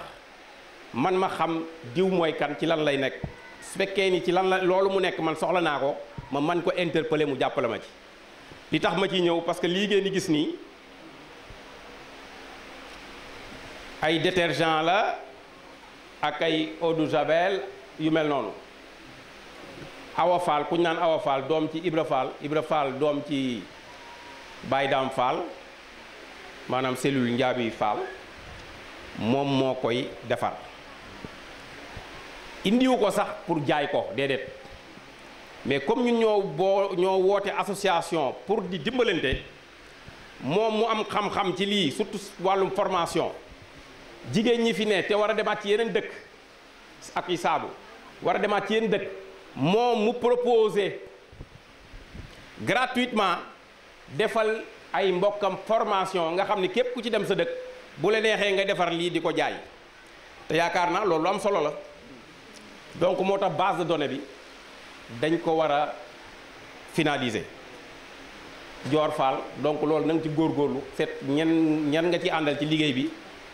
[SPEAKER 9] man ma xam diw mooy kan ci lan lay ni ci lan mu man soxla man ko interpeller mu li parce que la ni ay détergents la ak ay eau de javel yu mel non. Awa Fall ku ñaan Awa Fall doom ci Ibra Fall Ibra Fall ci baydam Fall maanaam cellule Njaabi Fall mom mo koy defar indiwu ko sax pour jaay ko déedéet mais comme ñun ñoo bo ñoo woté association pour di dimbalenté mom mu am xam-xam ci li surtout walum formation jigéen ñi fi né té wara débat demaat yeneen dëkk ak i saabu war a ci yeneen dëkk moom mu proposer gratuitement défal ay mbokam formation nga xamni képp ku ci dem sa dëkk bu la nexé nga défar li diko jaay té yaakaar loolu am solo la donc motax base de données bi dañ ko wara finaliser Dior Fall donc loolu nang nga ci góorgóorlu seet ñen ñan nga ci andal ci liggéey bi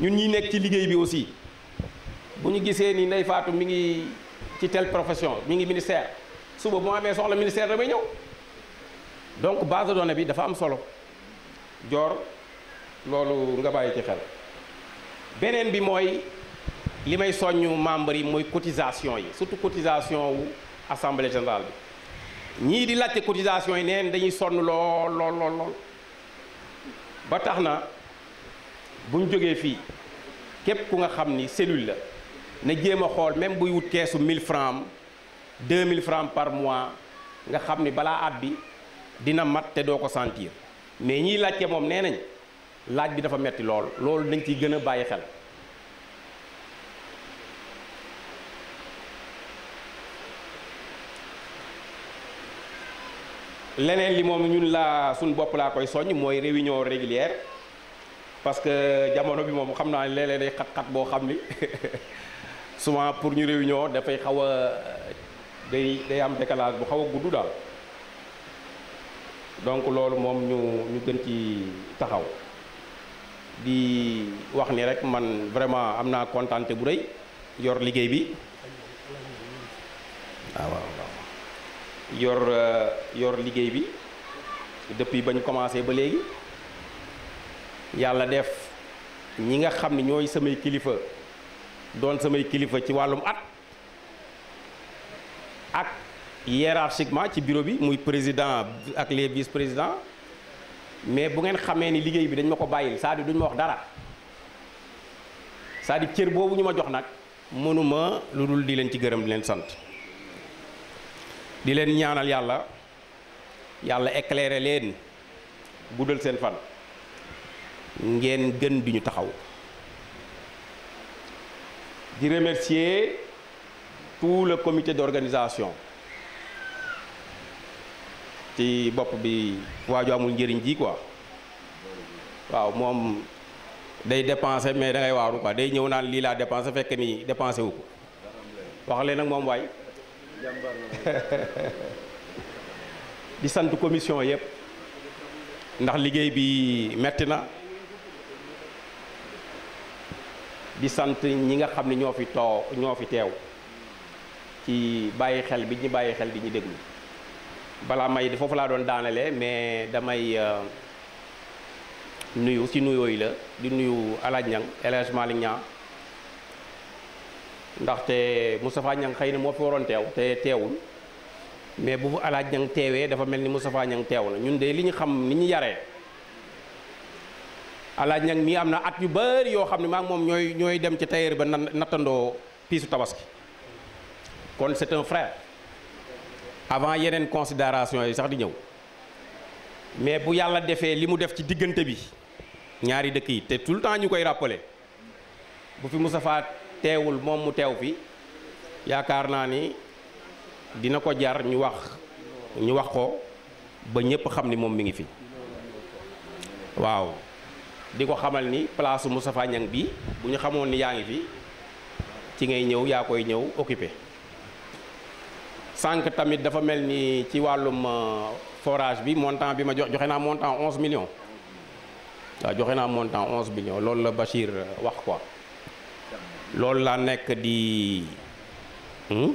[SPEAKER 9] ñun ñi nekk ci liggéey bi aussi bu ñu gisee ni Ndeye Fatou mi ngi ci telle profession mi ngi ministère suba bu ma amee soxla ministère damay ñëw donc base de données bi dafa am solo Jor, loolu nga bàyyi ci xel beneen bi mooy li may soññ membre yi mooy cotisation yi surtout cotisation wu assemblée générale bi ñii di laajte cotisation yi neen dañuy sonn lool lool lool lool ba tax na buñ ñu fi fii képp ku nga xamni cellule la na jéem xol même buy wut keesu 1000 francs 2000 francs par mois nga xamni bala abbi dina mat té doko sentir mais ñi laccé mom nénañ nañ laaj bi dafa metti lool lool dañ ci gëna bayyi xel. leneen li moom ñun la suñ bopp laa koy soññ mooy réunion régulière. parce que jamono bi moom xam naa ne léeg day xat-xat boo xam ni souvent pour ñu réunion dafay xaw a day day am décalage bu xaw a gudd daal donc loolu moom ñu ñu gën ci taxaw di wax ni rek man vraiment am naa kontaante bu rëy yor liggéey bi ah, waaw euh, yor liggéey bi depuis bañ commencé ba léegi. yàlla def ñi nga xam ne ñooy samay kilifa doon samay kilifa ci wàllum at ak hiérarchiquement ci bureau bi muy président ak les vice présidents mais bu ngeen xamee ni liggéey bi dañ ma ko bàyyil c'est-à-dire duñ ma wax dara cest à cër boobu ñu ma jox nag mënuma lu dul di leen ci gërëm leen sant di leen ñaanal yàlla yàlla éclairer leen guddal seen fan ngeen gën di taxaw di remercier tout le comité d'organisation ci bop bi waaju amul njëriñ ji quoi waaw mom day dépenser mais da ngay waru quoi day ñew naan lii laa dépensé fekk ni dépenser wu ko wax leen nag moom waay di sante commission yëpp ndax liggéey bi metti na di sant ñi nga xam ne ñoo fi too ñoo fi teew ci bàyyi xel bi ñu bàyyi xel bi ñu déglu balaa may foofu laa doon daanale mais damay euh, nuyu ci nuyoo yi la di nuyu alaaj ñang élhage Malick ñaa ndaxte Moustapha ñang xëy na moo fi waroon teew te teewul mais bu alaaj ñang teewee dafa mel ni Moustapha ñang teew la ñun de li ñu xam ni ñu yaree ala ñang mi amna na at yu beur yo xamni ma maa ngi ñoy dem ci tailleur ba natando pisu tabaski kon c'est un frère avant yenen considération yi sax di ñew mais bu yalla defé limu def ci digënté bi ñaari dëkk yi te tout temps ñukoy rappeler bu fi Moustapha téwul mom mu téw fi yaakar na ni dina ko jar ñu wax ñu wax ko ba ñepp xamni ni mi ngi fi waaw di ko xamal ni place Moustapha Niang bi ni fi ci ngay koy euh, forage bi montant montant 11 millions montant 11 millions la Bachir euh, wax quoi hmm?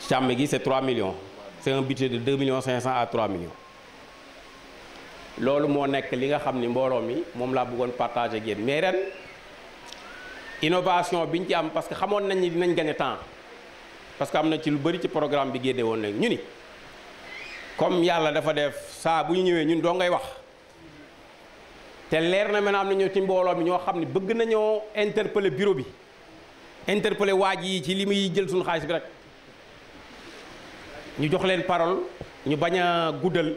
[SPEAKER 9] c'est 3 millions c'est un budget de 2 millions 500 à 3 millions. loolu moo nekk li nga xam ni mbooloo mi moom laa bëggoon partage ak mais ren innovation ñu ci am parce que xamoon nañ ni dinañ gagner temps parce que am na ci lu bëri ci programme bi génne woon léegi ñu ni comme yàlla dafa def saa bu ñu ñëwee ñun doo ngay wax te leer na maintenant am na ñoo ci mbooloo mi ñoo xam ne bëgg nañoo interpeller bureau bi interpeller waaj yi ci li muy jël suñu xaalis bi rek ñu jox leen parole ñu bañ a guddal.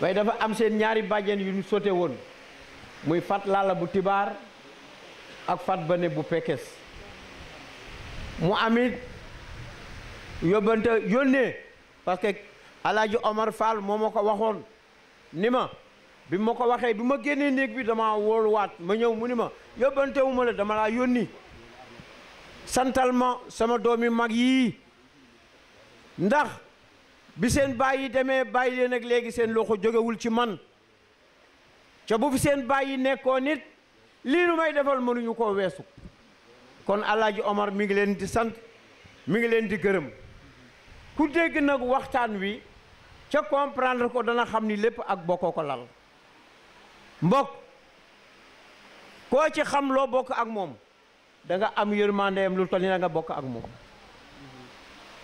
[SPEAKER 3] waaye dafa am seen ñaari bàjjen yu ñu sote woon muy fat lalla bu tibaar ak fat bane bu pekes mu amit yóbbante yónnee parce que alaaji Omar moo ma ko waxoon ni ma bi ma ko waxee du ma génnee néeg bi dama wóoluwaat ma ñëw mu ni ma yóbbante wu ma la dama laa yónni santal ma sama doomi mag yii ndax bi seen baay yi demee bàyyi leen ak léegi seen loxo jógewul ci man ca bu fi seen baay yi nekkoon nit lii nu may defal mënuñu koo weesu kon Alaaji Omar mi ngi leen di sant mi ngi leen di gërëm ku dégg nag waxtaan wi ca comprendre ko dana xam ni lépp ak bokkoo ko lal mbokk koo ci xam loo bokk ak moom danga am yërmandeem lu toll ni nga bokk ak moom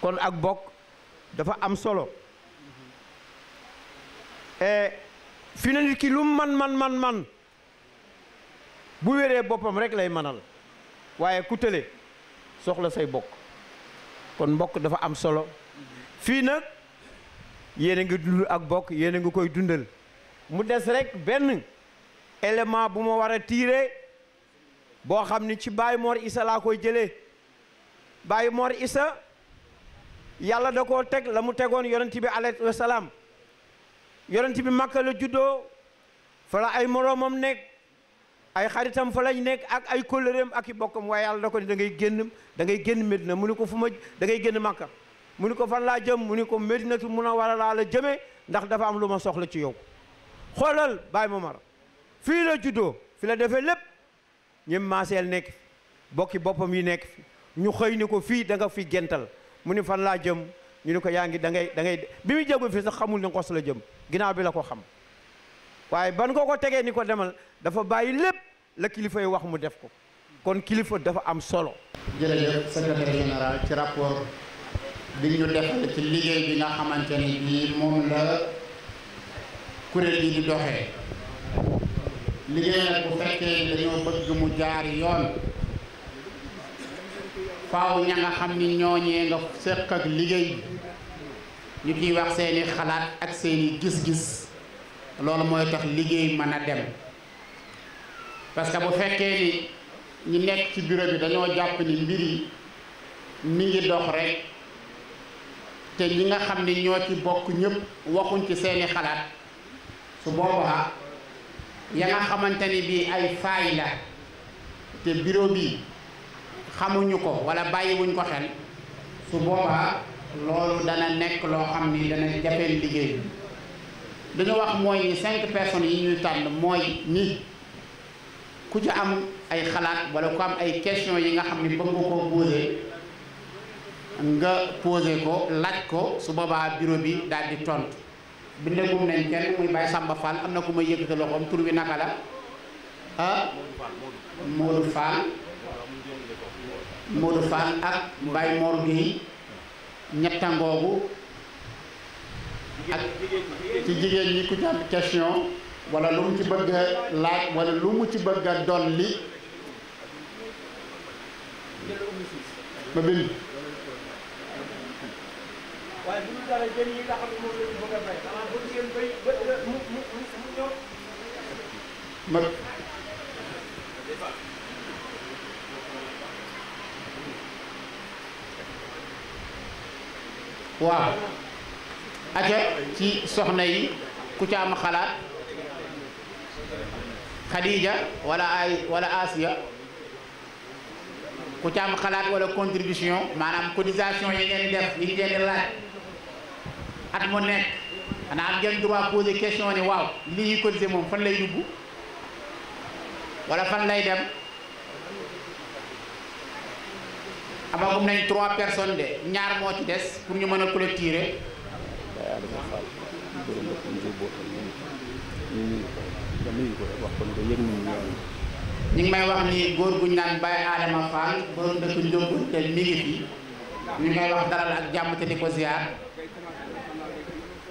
[SPEAKER 3] kon ak bokk dafa am solo eh, fi na nit ki lu man man man bu wéree boppam rek lay manal waaye ku tële soxla say bokk kon mbokk dafa am solo fii nag yéen a ngi dund ak bokk yéen a ngi koy dundal mu des rekk benn élément bu ma war a tiire boo xam ni ci Baye Mor Issa laa koy jëlee Baye Mor Issa yàlla da koo teg la mu tegoon yonent bi alayhi wa salaam yonent bi Makka la juddoo fa la ay moroomam nekk ay xaritam fa lañ nekk ak ay kóllëreem ak i bokkam waaye yàlla da ko ni da ngay génn da ngay mu ne ko fu ma dangay génn Makka mu ni ko fan laa jëm mu ni ko Medinatu Munawwara laa la jëmee ndax dafa am lu ma soxla ci yow xoolal Baye Momar fii la juddoo fi la defee lépp ñim maaseel nekk bokki boppam yi nekk fi ñu xëy ni ko fii da nga fi gental mu ni fan laa jëm ñu ni ko yaa ngi da ngay da ngay bi muy jégu fii sax xamul ni ngos la jëm ginnaaw bi la ko xam waaye ban ko ko tegee ni ko demal dafa bàyyi lépp la kilifa yi wax mu def ko
[SPEAKER 1] kon kilifa dafa am solo jërëjëf secrétaire général ci rapport bi ñu defal ci liggéey bi nga xamante ne bii moom la kuréel yi di doxee liggéey bu fekkee dañoo bëgg mu jaar yoon faaw ña nga xam ni ñooñee nga seq ak liggéey ñu ciy wax seeni xalaat ak seeni gis-gis loolu mooy tax liggéey mën a dem parce que bu fekkee ni ñi nekk ci bureau bi dañoo jàpp ni mbir yi mi ngi dox rek te ñi nga xam ni ñoo ci bokk ñëpp waxuñ ci seeni xalaat su boobaa ya nga xamante ni bii ay faay la te bureau bi xamuñu ko wala bàyyiwuñ ko xel su boobaa loolu dana nekk loo xam ni dana jafeel liggéey bi li wax mooy ni cinq personnes yi ñuy tànn mooy ni ku ci am ay xalaat wala ku am ay question yi nga xam ni bëgg nga koo posé nga posé ko laaj ko su boobaa bureau bi daal di tontu bindagum nañ kenn muy Baye Samba Fall am na ku may yëkkati loxoom tur bi naka la ah Modou Modou Fall ak Baye Mor Guèye ñettangoogu
[SPEAKER 10] ak ci
[SPEAKER 1] jigéen ñi ku ci am question lu mu ci bëgg laaj wala lu mu ci bëgg dolli
[SPEAKER 3] ma bind ma
[SPEAKER 1] waaw aca ci soxna yi ku ca am xalaat Khadija wala wala Asia ku ca am xalaat wala contribution maanaam cotisation yi ngeen def yi ngeen laaj at mu nekk xanaa am ngeen droit poser question ni waaw li ñuy cotiser moom fan lay dugg wala fan lay dem amagum nañ trois personnes de ñaar moo ci des pour ñu mën a clôturer ñu ngi may wax ni góor guñ naan Baye Adama Fall borom dëkk Ndiob te mi ngi ñu ngi may wax dalal ak jàmm te di ko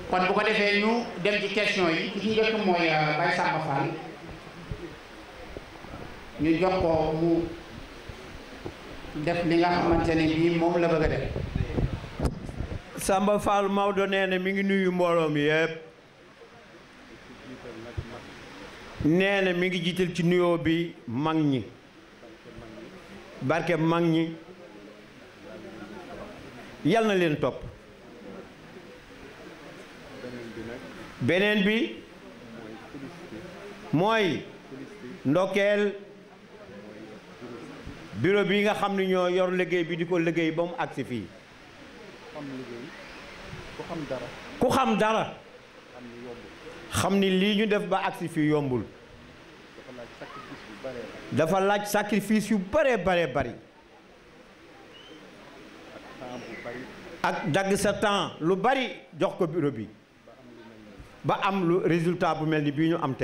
[SPEAKER 1] kon bu ko defee ñu dem ci question yi ki ci njëkk mooy euh, Baye Samba Fall ñu jox ko mu. def li nga xamante ne bii moom la bëgg a def.
[SPEAKER 3] Samba Fall Maodo nee na mi ngi nuyu mbooloo mi nee na mi ngi jiital ci nuyoo bi mag ñi barke mag ñi yal na leen topp beneen bi
[SPEAKER 2] mooy ndokkeel
[SPEAKER 3] bureau bi nga xamni yor bi diko ko fi xam dara xam dara ni ñu def ba yombul dafa laaj sacrifice yu bare bare bari ak dag sa temps lu bari jox ko bureau bi ba am lu résultat bu melni ñu am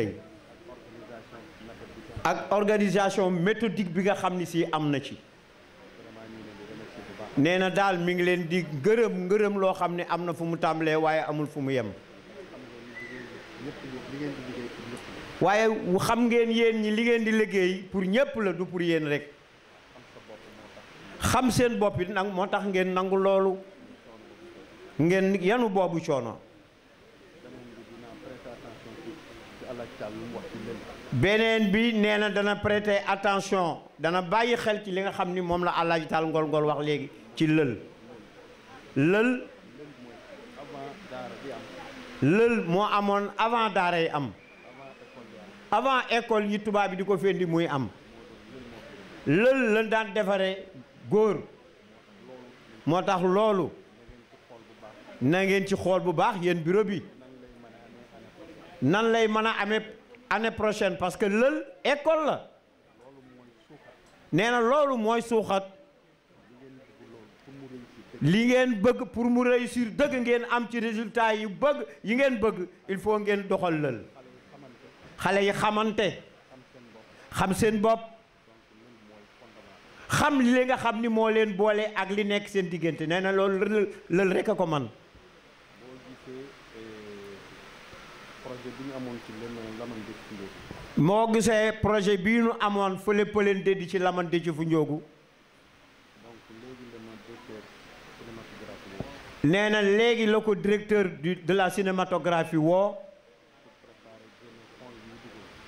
[SPEAKER 3] ak organisation méthodique bi nga xam ni sii am na ci nee na daal mi ngi leen di gërëm ngërëm loo xam ne am na fu mu tàmbalee waaye amul fu mu yem waaye xam ngeen yéen ñi li ngeen di liggéey pour ñépp la du pour yéen rek xam seen bopp it nag moo tax ngeen nangu loolu ngeen yanu boobu coono benen bi nee dana attention dana bayyi xel ci li nga xamni mom la taal ngol ngol wax avant daara am avant école yi tubaab bi diko fendi muy am leul la dan na ngeen ci bu bureau bi année prochaine parce que l'école école la nee na loolu li ngeen bëgg pour mu réussir dëgg ngeen am ci résultat yu bëgg yi ngeen bëgg il faut ngeen doxal leul. Xalé yi xamanté. xam seen bop. xam li nga xamni mo leen bolé ak li nekk seen digënté. Néna lolu leul rek a ko man Bo
[SPEAKER 11] euh projet bi ñu amoon ci lenn
[SPEAKER 3] moo gisee projet bii nu amoon fële pëlente di ci lamante ci fu njóogu nee na léegi la ko directeur de la cinématographie woo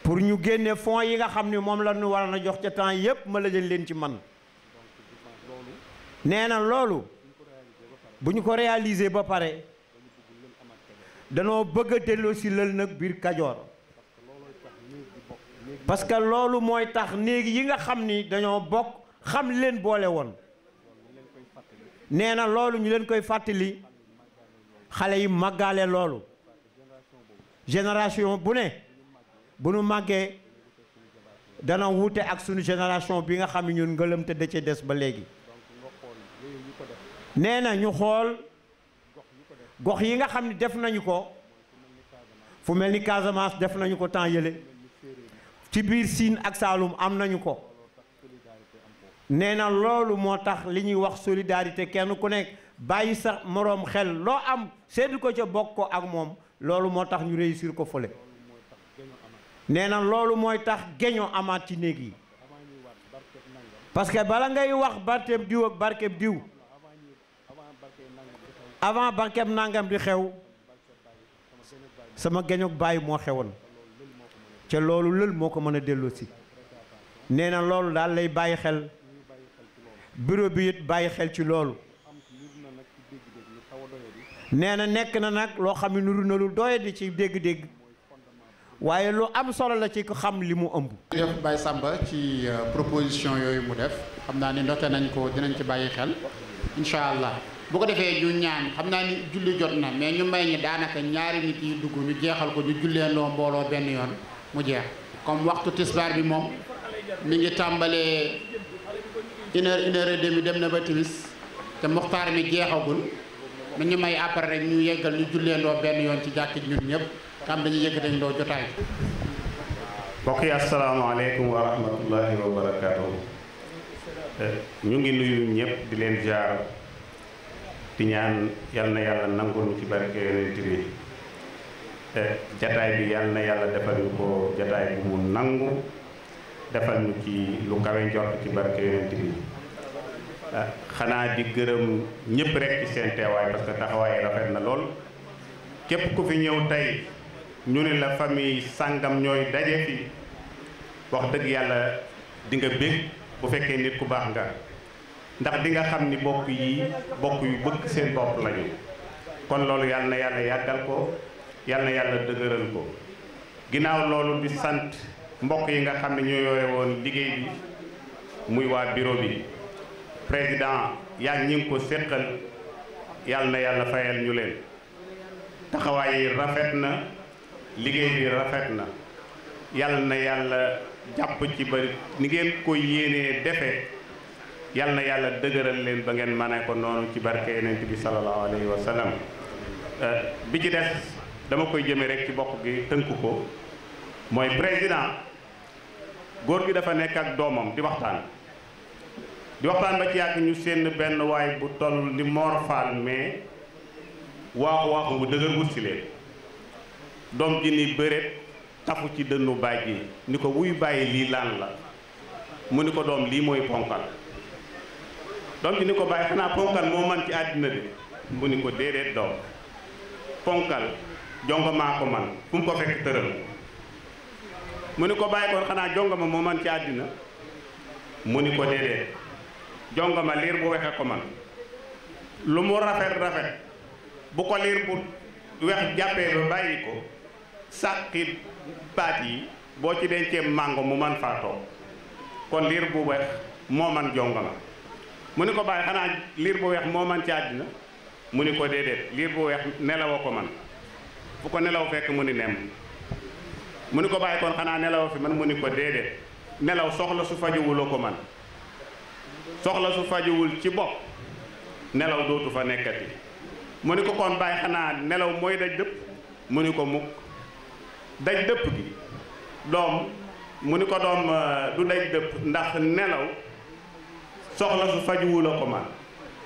[SPEAKER 3] pour ñu génne fonds yi nga xam ni moom la ñu waroon a jox ca temps yépp ma lajal leen ci man nee na loolu bu ñu ko réaliser ba pare danoo bëgg a delloosi lël nag biir Kajoor parce que loolu mooy tax néegi yi nga xam ni dañoo bokk xam leen boole woon nee na loolu ñu leen koy fàttali xale yi màggaale loolu génération bu ne bu nu màggee dana wuute ak sunu génération bi nga xam ne ñun ngëlëm te da cee des ba léegi nee na ñu xool gox yi nga xam ne def nañu ko fu mel ni Casamance def nañu ko temps yële ci biir Siin ak Saalum am nañu ko nee na loolu moo tax li ñuy wax solidarité kenn ku nekk bàyyi sa moroom xel loo am séddu ko ca bokk ko ak moom loolu moo tax ñu réussir ko fële nee na loolu mooy tax geño amaat ci néeg yi parce que bala ngay wax barkeb diw ak barkeb diw avant barkeb nangam di xew sama geñog bàyyi moo xewoon te loolu lël moo ko mën a delloosi nee na loolu daal lay bàyyi xel bureau bi it bàyyi xel ci loolu nee na nekk na nag loo xam ne nuru na lu doye di ci dégg-dégg
[SPEAKER 1] waaye lu am solo la ci xam li mu ëmb. jërëjëf Baye Samba ci euh, proposition yooyu mu def xam naa ni ndote nañ ko dinañ ci bàyyi xel incha allah bu ko defee ñu ñaan xam naa ni julli jot na mais ñu may ñi daanaka ñaari nit yi dugg ñu jeexal ko ñu julleendoo mbooloo benn yoon. mu jeex comme waxtu tisbaar bi moom mi ngi tàmbalee une heure une heure et dem na ba timis te muxtaar mi jeexagul nu ñu may après rek ñu yeggal ñu julleendoo benn yoon ci jàkki ñun ñëpp xam dañuy yëkkatañ doo jotaay
[SPEAKER 10] mbokk yi asalaamaaleykum wa rahmatullahi wa barakaatuhu ñu ngi nuyu ñëpp di leen jaar di yal na yàlla nangul ñu ci barke yonent bi jataay bi yàlla na yàlla defal ñu ko jataay bi mu nangu defal ñu ci lu kawé njort ci barké yonent bi ah, xana di gëreum ñepp rek ci sen téway parce que taxawaay rafet na lool képp ku fi ñëw tay ñu ne la famille sangam ñoy dajé fi wax dëgg yalla di nga bëgg bu fekkee nit ku baax nga ndax di nga xamni bokk yi bokk yu bëgg sen bokk lañu kon loolu yalla na yàlla yàggal ko yal na yàlla dëgëral ko ginnaaw loolu di sant mbokk yi nga xam ne ñu yore woon liggéey bi muy waa bureau bi président yaa ñi ngi ko séqal yal na yàlla fayal ñu leen taxawaay yi rafet na liggéey bi rafet na yal na yàlla jàpp ci ba ni ngeen ko yéenee defe yal na yàlla dëgëral leen ba ngeen mane ko noonu ci barke yonent bi sallallahu alayhi wa euh, bi ci des dama koy jëme rekk ci bokk gi tënk ko mooy président góor gi dafa nekk ak doomam di waxtaan di waxtaan ba ci yàgg ñu seen benn waay bu toll ni Mor Fall mais waaxu waaxu bu dëgër wut si doom ji ni bëreet tafu ci dënnu baay ji ni ko wuy bàyyi lii lan la mu ni ko doom lii mooy ponkal doom ji ni ko bàyyi xanaa ponkal moo man ci àddina bi mu ni ko déedéet doom ponkal jongo ko man fu mu ko fekk tëral mu ni ko bàyyi kon xanaa jongo moo man ci àddina mu ni ko déedéet jongo liir bu wexe ko man lu mu rafet rafet bu ko liir bu wex jàppee ba bàyyi ko sàqi baat yi boo ci dencee màngo mu man faa toog kon liir bu wex moo man jongo mu ni ko bàyyi xanaa liir bu weex moo man ci àddina mu ni ko déedéet liir bu weex nelaw ko man fu ko nelaw fekk mu ni nemm mu ni ko bàyyi kon xanaa nelaw fi man mu ni ko déedéet nelaw soxla su fajuwuloo man soxla su fajuwul ci bopp nelaw dootu fa nekkati mu ni ko kon bàyyi xanaa nelaw mooy daj dëpp mu ni ko mukk daj dëpp gi doom mu ni ko doom euh, du daj dëpp ndax nelaw soxla fajuwuloo ko man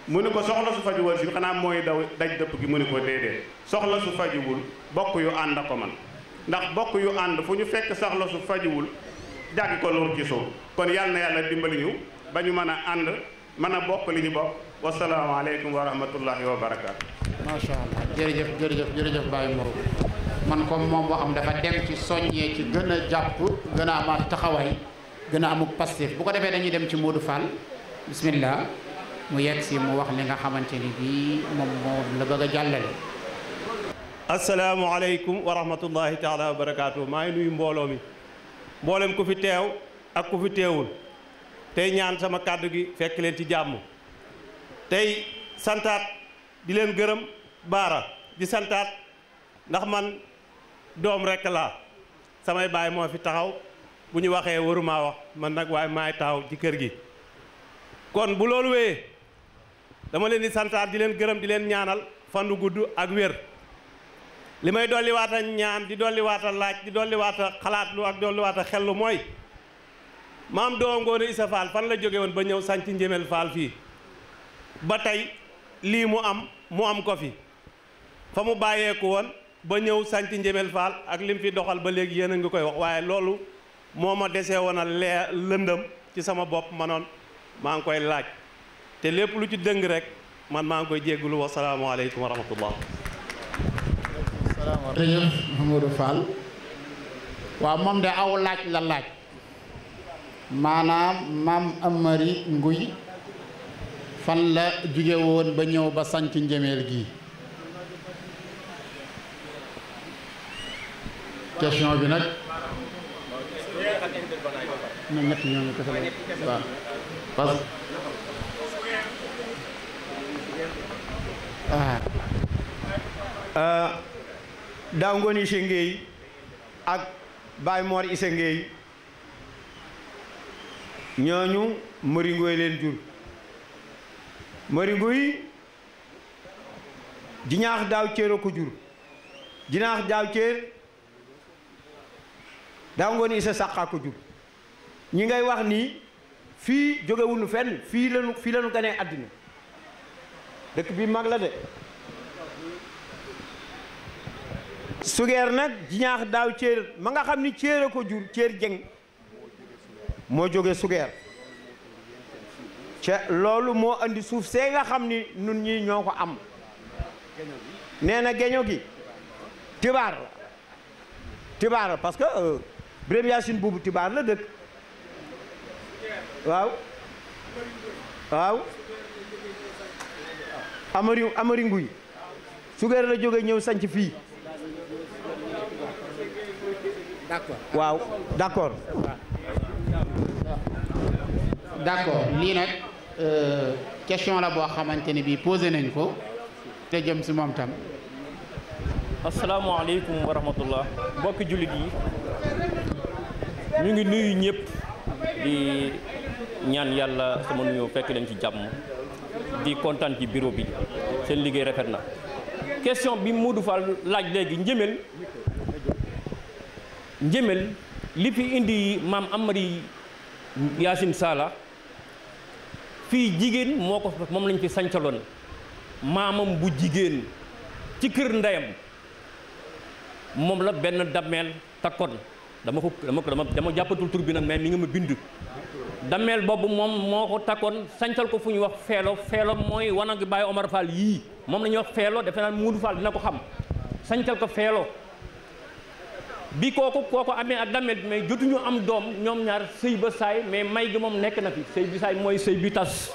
[SPEAKER 10] mu ni ko soxla su fajuwul si xanaa mooy daw daj dëpp gi mu ni ko déedéet soxla su fajuwul bokk yu ànd a ko man ndax bokk yu ànd fu ñu fekk soxla su fajuwul jàggi ko loolu ci suuf kon yàlla na yàlla dimbali ñu ba ñu mën a ànd mën a bokk li ñu bokk wasalaamaaleykum wa rahmatullahi wa barakaatu.
[SPEAKER 1] macha allah jërëjëf jërëjëf jërëjëf Baye Mourou man comme moom boo xam dafa dem ci soññee ci gën a jàpp gën a amaat taxawaay gën a amuk pastif bu ko defee dañuy dem ci Modou Fall bismillah mu yegg si mu wax li nga xamante ni bii moom moo la bëgg a jàllale.
[SPEAKER 11] Assalamualaikum warahmatullahi taala wabarakatuh. barakaatu maa ngi nuyu mbooloo mi mboolem ku fi tew ak ku fi tewul tay ñaan sama kaddu gi fekk leen ci jamm tay santat di leen gërëm baara di santat ndax man dom rek la sama baay mo fi taxaw bu ñu waruma wax man nak way may taw ci kër gi kon bu loolu wéyee dama leen di santat di leen gërëm di leen ñaanal fandu guddu ak wër li may dolli waata ñaan di dolli laaj di dolli waata ak dolli waata xellu mooy maam doo ngoone Isa Fall fan la jóge woon ba ñëw sànc Njëmel Fall fii ba tey lii mu am mu am ko fi fa mu bàyyeeku woon ba ñëw sànc Njëmel Fall ak lim fi doxal ba léegi yéen a ngi koy wax waaye loolu moo ma desee woon a leer lëndëm ci sama bopp manoon maa ngi koy laaj te lépp lu ci dëng rek man maa ngi koy jéggulu wasalaamualeykum wa
[SPEAKER 1] rahmatullah
[SPEAKER 5] jërëjëf Mamadou
[SPEAKER 1] waaw moom de aw laaj la laaj maanaam maam Amari Nguy fan la jóge woon ba ñëw ba sanc njëmeel gi question bi nag
[SPEAKER 2] na
[SPEAKER 3] ñett daaw ngoon ise ngéey ak baay moor ise ngéey ñooñu mëringooy leen jur mëringooy jinaax daaw céer a ko jur jinaax daaw céer daaw ngoon ise sàqaa jur ñi ngay wax nii fii jógewuñu fenn fii lanu fii lanu ganee àddina dëkk bi mag la de sugeer nag jiñaax daaw céer ma nga xam ni céer a ko jur céer jëng moo jóge sugeer ca loolu moo andi suuf see nga xam ni nun ñii ñoo ko am nee na geño gi tibaar la tibaar la parce que euh, Birame Yacine buubu tibaar la dëkk waaw waaw amari amari nguy sugeer la jóge ñëw sañc fii
[SPEAKER 1] D'accord. Wow. D'accord. D'accord. Ni lii nag euh, question la boo xamante bi poser posé nañ ko te jëm si
[SPEAKER 12] mom tam asalaamaaleykum wa rahmatullah mbokki julit yi ñu ngi nuyu ñepp di ñaan yalla sama nuyu fekk leen ci jamm. di kontaan ci bureau bi seen liguey rafet na question bi du fal laaj legi ñëmel njëmel li fi indi maam amari Yacine Sala fii jigéen moo ko moom lañ fi sancaloon maamam bu jigéen ci kër ndeyam moom la benn dammeel takkoon dama ko dama ko dama jàppatul tur bi nag mais mi nga ma bind dammeel boobu moom moo ko takkoon sancal ko fu ñu wax feelo feelo mooy wanag bàyyi Omar Fall yii moom lañu ñuy wax feelo defe naa Muudu Fall dina ko xam sancal ko feeloo bi kooku kooku amee ak damel mais jotuñu am doom ñoom ñaar sëy ba saay mais may gi moom nekk na fi sëy bi saay mooy sëy bi tas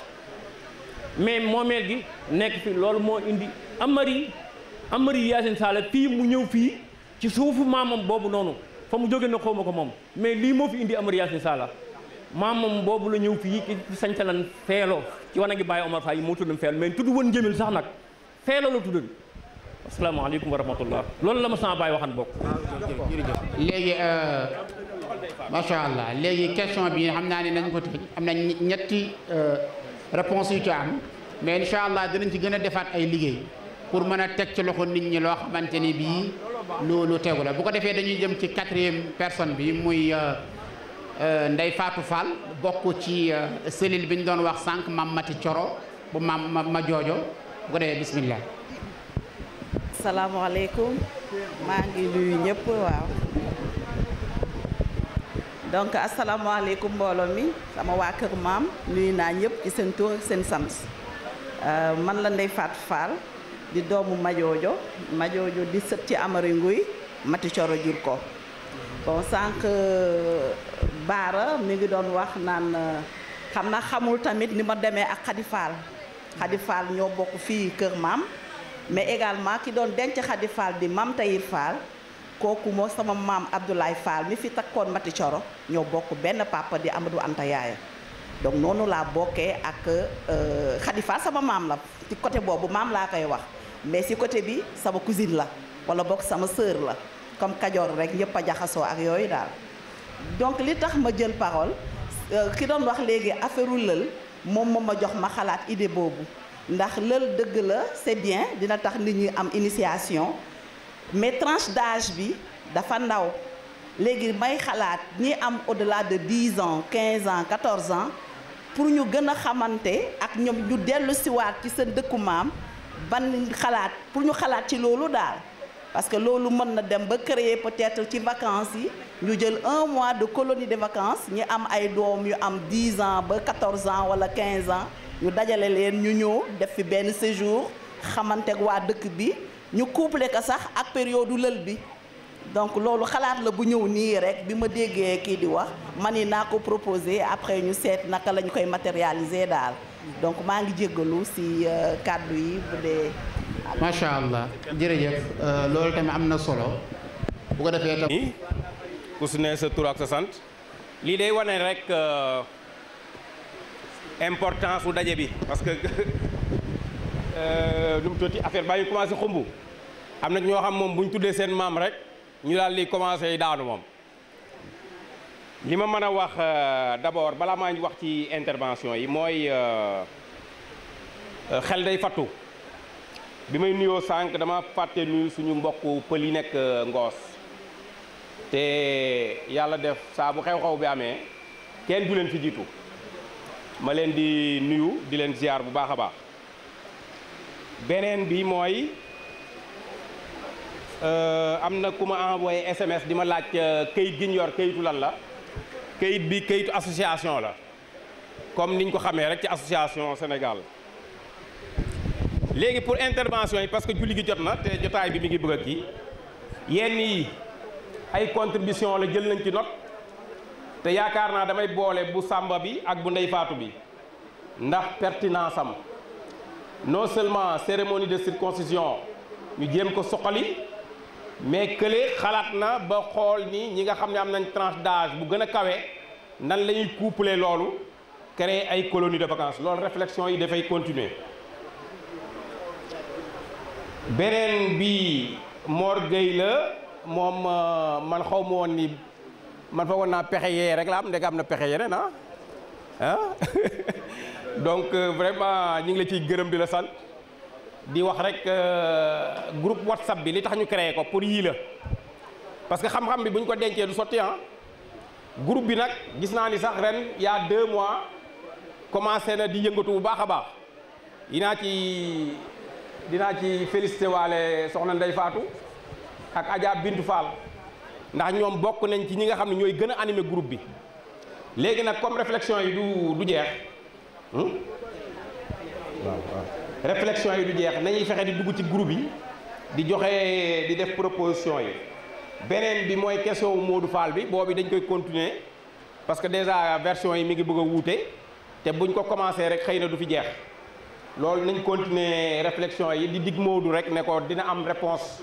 [SPEAKER 12] mais moomeel gi nekk fi loolu moo indi amari amari Yacine Sall fii mu ñëw fii ci suufu maamam boobu noonu fa mu jóge na xaw ma ko moom mais lii moo indi amari Yacine Sall maamam boobu la ñëw fii ci sañcalan feelo ci wana ngi bàyyi Omar Faye moo tuddam feelo mais tudd woon njëmil sax nag feelo la tuddal asalaamaaleykum wa rahmatullah loolu la ma sama baay waxan bokk.
[SPEAKER 1] léegi macha allah léegi question bi xam naa ne nañ ko tëj am na ñetti réponse yu ci am mais incha allah dinañ ci gën a defaat ay liggéey pour mën a teg ci loxo nit ñi loo xamante ni bii loolu tegu la bu ko defee dañuy jëm ci quatrième personne bi muy Ndey Fatou Fall bokk ci cellule bi ñu doon wax sànq Mam Mati Coro bu mam ma joojo bu ko defee bismillah
[SPEAKER 13] asalaamaaleykum maa ngi nuyu ñëpp waaw donc asalaamaaleykum mbooloo mi sama waa kër maam nuyu naa ñëpp ci seen tur ak seen sant euh, man la Ndeye Fatou Fall di doomu Majoojo Majoojo di sët ci Amari Nguy Mati Coro jur ko bon sànq euh, Baara mi ngi doon wax naan euh, xam na xamul tamit ni ma demee ak Khady Fall Khady Fall ñoo bokk fii kër maam mais également ki donne d'un Xadi Fall di Mam Tayir Fall kooku mo sama Abdoulaye Fall mi fi takkon Mati choro papa di Amadou Antayaye. donc noonu la ak euh, Fall sama mam la ci côté bobu mam la kay wax mais si côté bi sama cousine la wala sœur la comme kadior rek ñëpp a donc li tax ma parole qui euh, donne wax légui ma ndax c'est bien dina tax nit initiation mais tranche d'âge bi dafa ndaw Les may qui ñi au-delà de 10 ans 15 ans 14 ans pour nous gën a xamante ak ñoom ñu dellu siwaat ci ban pour nous faire ci loolu parce que loolu mën na dem créer peut-être des vacances Nous avons un mois de colonie de vacances ñi am ay doom am 10 ans 14 ans ou 15 ans ñu dajale leen ñu ñëw def fi benn séjour xamante wa dëkk bi ñu couplé ka sax ak période lël bi donc loolu xalaat la bu ñëw ni rek bima déggé ki di wax ma ni ko proposer après ñu sét naka lañ koy matérialiser dal donc ma ngi jéggalu si cadeau euh, yi bu dé ma sha
[SPEAKER 1] allah jërëjëf euh, loolu tamit am na solo. bu ko défé tam.
[SPEAKER 9] ku su ne sa tur ak sa sant. lii day wane rek. Euh, importance su daje bi parce que nu euh, mu tuuti affaire baa ngi commencé xumb am na ñoo xam moom bu ñu tuddee seen maam rek ñu daal di commencé daanu moom. li ma mën wax euh, d'abord balaa maa ngi wax ci intervention yi mooy euh, xel day fatou bi may nuyoo sànq dama fàtte nuyu suñu mbokk pël yi nekk ngoos te yàlla def sa bu xew-xew bi amé kenn du len fi jitu ma leen di nuyu di leen ziar bu baax a baax beneen bi mooy euh, am na ku ma envoyé SMS di ma laaj euh, kayit gi ñu yor kayitu lan la kayit bi kayitu association la comme niñ ko xamee rek ci association Sénégal léegi pour intervention yi parce que julli gi jot na te jotaay bi mi ngi bëgg a kii yenn yi ay contribution la jël nañ ci note te yaakaar naa damay boole bu Samba bi ak bu Ndey Faatu bi ndax pertinence am non seulement cérémonie de circoncision ñu jéem ko suqali mais kële xalaat na ba xool ni ñi nga xam ne am nañ tranche d'âge bu gën a kawe nan la ñuy coupler loolu créer ay colonie de vacances loolu réflexion yi dafay continuer beneen bi Mor Gueye la moom euh, man xaw ma woon ni man foogoon naa pexe yee rek la am ndeg am na pexe yeneen ah ah donc euh, vraiment ñu ngi la ciy gërëm di la sant di wax rek euh, groupe whatsapp bi li tax ñu créé ko pour yii parce que xam-xam bi bu ñu ko dencee du sotti ah groupe bi nag gis naa ni sax ren y a mois commencé na di yëngatu bu baax a baax dinaa ci dinaa ci félicité waale soxna Ndey Faatu ak Adja Bintu Fall Nous avons bokk nañ ci ñi nga nous de groupe bi nous comme réflexion yi du du hmm? réflexion yi du jeex di dugg groupe di proposition question Modou Fall continuer parce que déjà version yi mi ngi vous buñ ko commencé rek du continuer réflexion yi di dig Modou rek réponse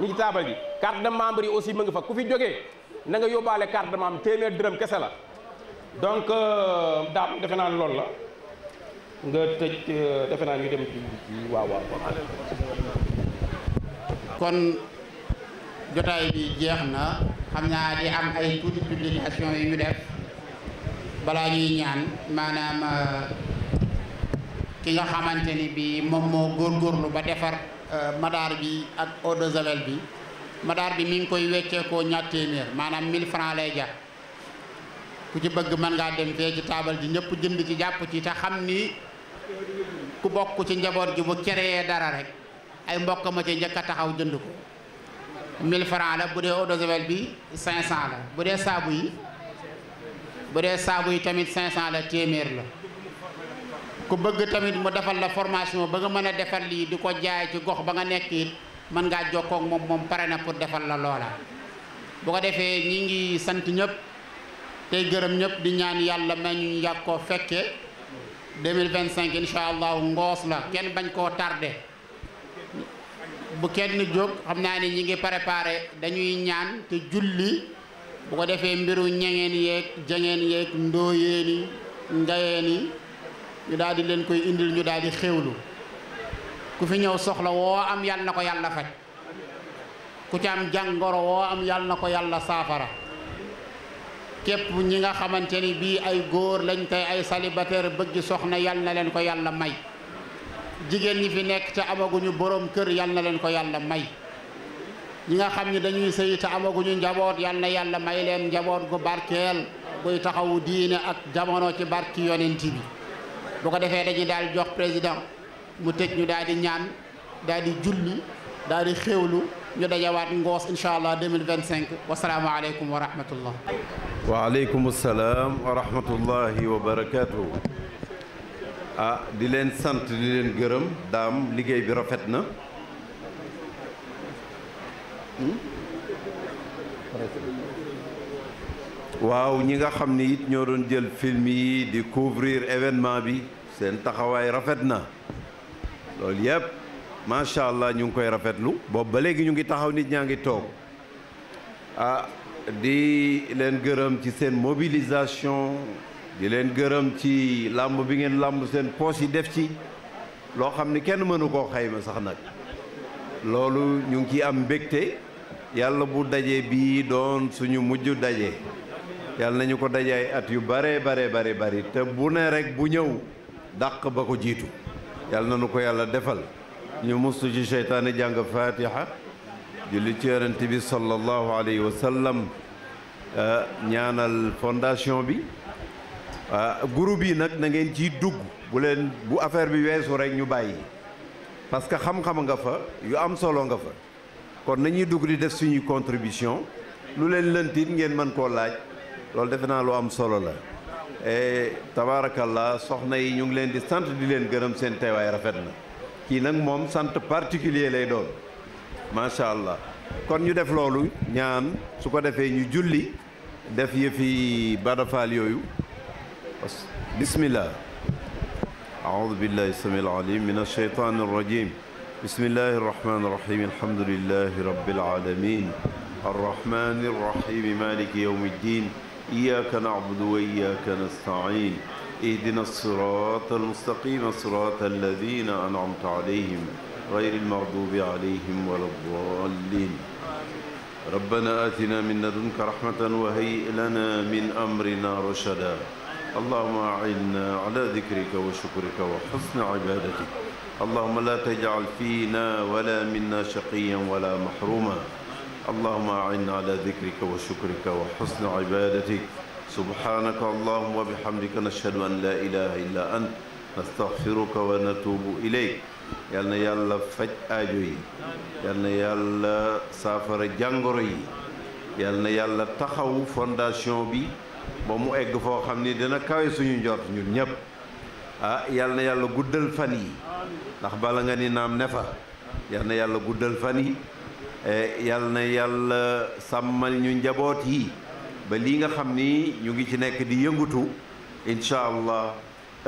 [SPEAKER 9] ñu ngi taabal ji carte de membre aussi mu ngi fa ku fi joggé na nga yóbbaale carte de membre témer dërëm kessa la donc euh, daam defe naa loolu la
[SPEAKER 1] nga tejj euh, defe ñu dem ci wa wa kon jotay bi jeexna xamna di am ay tout publication yu ñu def bala ñuy ñaan manam euh, ki nga xamante ni bi moom gor góorgóorlu ba defar Euh, madaar bi ak eau de javel bi madaar bi mi ngi koy wecceekoo ñaar téeméer maanaam 1000 francs lay jar ku ci bëgg man ngaa dem fee ci taabal ji ñëpp jënd ci jàpp ci te xam ni ku bokk ci njaboot gi bu keree dara rek ay mbokk ma ci njëkk taxaw jënd ko 1000 francs la bu dee eau de javel bi 500 la bu dee saabu yi bu dee saabu yi tamit 500 la téeméer la. ku bëgg tamit mu defal la formation ba nga mëna a defal lii di jaay ci gox ba nga nekk mom na pour defal la lola bu ko defee ñi ngi sant ñëpp tay gëreem ñëpp di ñaan yalla ma ñu fekke 2025 inshallah ngoss la kenn bañ ko tardé bu kenn jóg xamna ni ñi ngi préparé dañuy ñaan te julli bu ko defee mbiru ñangeen yeeg jangeen ñu daal di leen koy indil ñu daal di xéewlu ku fi ñëw soxla woo am yàlla na ko yàlla faj ku ci am woo am yàlla na ko yàlla saafara képp ñi nga xamante ni bii ay góor lañ tey ay célibataire bëgg soxna yàlla na leen ko yàlla may jigéen ñi fi nekk te amaguñu borom kër yàlla na leen ko yàlla may ñi nga xam ni dañuy sëy te amaguñu njaboot yàlla na yàlla may leen njaboot gu barkeel koy taxawu diine ak jamono ci ci yonent bi bu ko defee dañuy daal jox président mu tëj ñu daal di ñaan daal di julli daal di xéewlu ñu dajawaat ngoos incha allah 2025 wasalaamaaleykum wa rahmatullah
[SPEAKER 7] waaleykum salaam wa rahmatullahi wa barakaatu. ah di leen sant di leen gërëm daam liggéey bi rafet waaw ñi nga xam it ñoo doon jël film yi di couvrir événement bi seen taxawaay rafet na loolu yëpp macha allah ñu ngi koy rafetlu boobu ba léegi ñu ngi taxaw nit ñaa ngi toog ah di leen gërëm ci seen mobilisation di leen gërëm ci làmb bi ngeen làmb seen poos yi def ci loo xam ni kenn mënu koo xayma sax nag loolu ñu ngi ciy am mbégte yàlla bu daje bii doon suñu mujj daje yàlla nañu ko daje at yu bare bare bare bari te bu ne rek bu ñëw داق بكو جيتو يالنا نكو يالا دفل نمستو جي شيطاني جانغ فاتحة جلي تيران تبي صلى الله عليه وسلم نيانا الفونداشيون بي غورو بي نك نغين جي دوغ بولين بو افير بي ويسو ري نيو باي باسكا خام خام نغا فا يو ام سولو نغا فا كون نانيي دوغ لي ديف سيني كونتريبيسيون لولين لنتين نين مان كو لاج لول ديفنا لو ام سولو لا Eh, tabaarakallaa soxna yi ñu ngi leen di sant di leen gërëm seen teewaay rafet na kii nag moom sant particulier lay doon macha allah kon ñu def loolu ñaan su ko defee ñu julli def yëfi badafaal yooyu bismillah أعوذ بالله السميع العليم من الشيطان الرجيم بسم الله الرحمن الرحيم الحمد لله رب العالمين الرحمن الرحيم مالك يوم الدين إياك نعبد وإياك نستعين اهدنا الصراط المستقيم صراط الذين أنعمت عليهم غير المغضوب عليهم ولا الضالين ربنا آتنا من لدنك رحمة وهيئ لنا من أمرنا رشدا اللهم أعنا على ذكرك وشكرك وحسن عبادتك اللهم لا تجعل فينا ولا منا شقيا ولا محروما اللهم أعنا على ذكرك وشكرك وحسن عبادتك سبحانك اللهم وبحمدك نشهد أن لا إله إلا أنت نستغفرك ونتوب إليك يالنا يالا فجأة جوي يالنا يالا سافر جنغري يالنا يالا تخاو فونداسيون بي بمو إيك فو خامني دينا كاوي سونيو نجور نيب نيب آه، يالنا يالا غودل فاني نخبالا غاني نام نفا يالنا يالا غودل فاني E, yal na yàlla sàmmal ñu njaboot yi ba lii nga xam ni ñu ngi ci nekk di yëngutu incha allah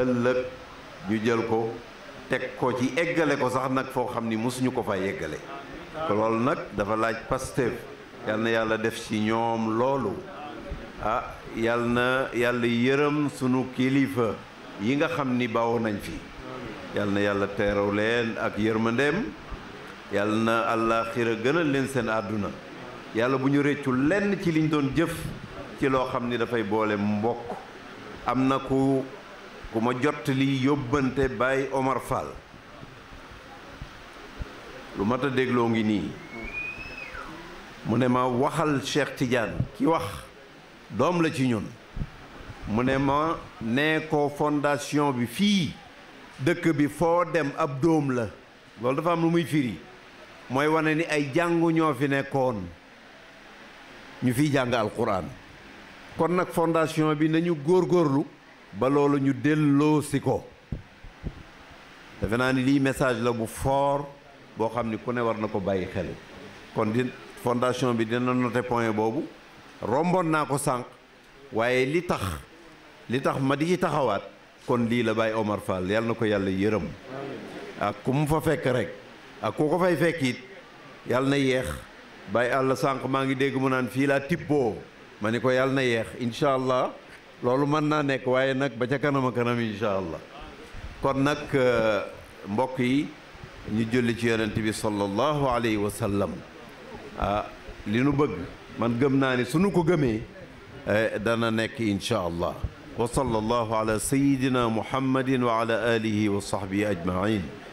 [SPEAKER 7] ëllëg ñu jël ko teg ko ci eggale ko sax nag foo xam ni mosuñu ko fa yeggale ko loolu nag dafa laaj Pastef yal na yàlla def ci ñoom loolu ah yal na yàlla yërëm sunu kilifa yi nga xam ni bawoo nañ fi yal na yàlla teeraw leen ak yërmandeem yàlla na àllaaxira gënal leen seen àdduna yàlla bu ñu réccu lenn ci liñ doon jëf ci loo xam ni dafay boole mbokk am na ku ku ma jot li yóbbante Baye Omar Fall lu mat a dégloo ngi nii mu ne ma waxal Cheikh Tidiane ki wax doom la ci ñun mu ne ma nee ko fondation bi fii dëkk bi foo dem ab doom la loolu dafa am lu muy firi mooy wane ni ay jàngu ñoo fi nekkoon ñu fiy jàng alquran kon nag fondation bi nañu góor góorlu ba loolu ñu delloo si ko defe naa ni lii message la bu foor boo xam ni ku ne war na ko bàyyi xel kon di fondation bi dina noté point boobu romboon naa ko sànq waaye li tax li tax ma di ci taxawaat kon lii la bàyyi Omar Fall na ko yàlla yërëm ak ku mu fa fekk rek ak ko fay fekkit yàlla na yeex bay àll sank ma ngi deg mu nan fi la tipo maniko yàlla na yeex inshallah allah man na nek waye nak ba ca kanam kanam inshallah kon nak mbok yi ñu jël ci yaronte bi sallallahu alayhi wa sallam ah li nu bëgg man gëm na ni suñu ko gëmé dana nekk incha allah wa sallallahu ala sayidina muhammadin wa ala alihi wa ajmain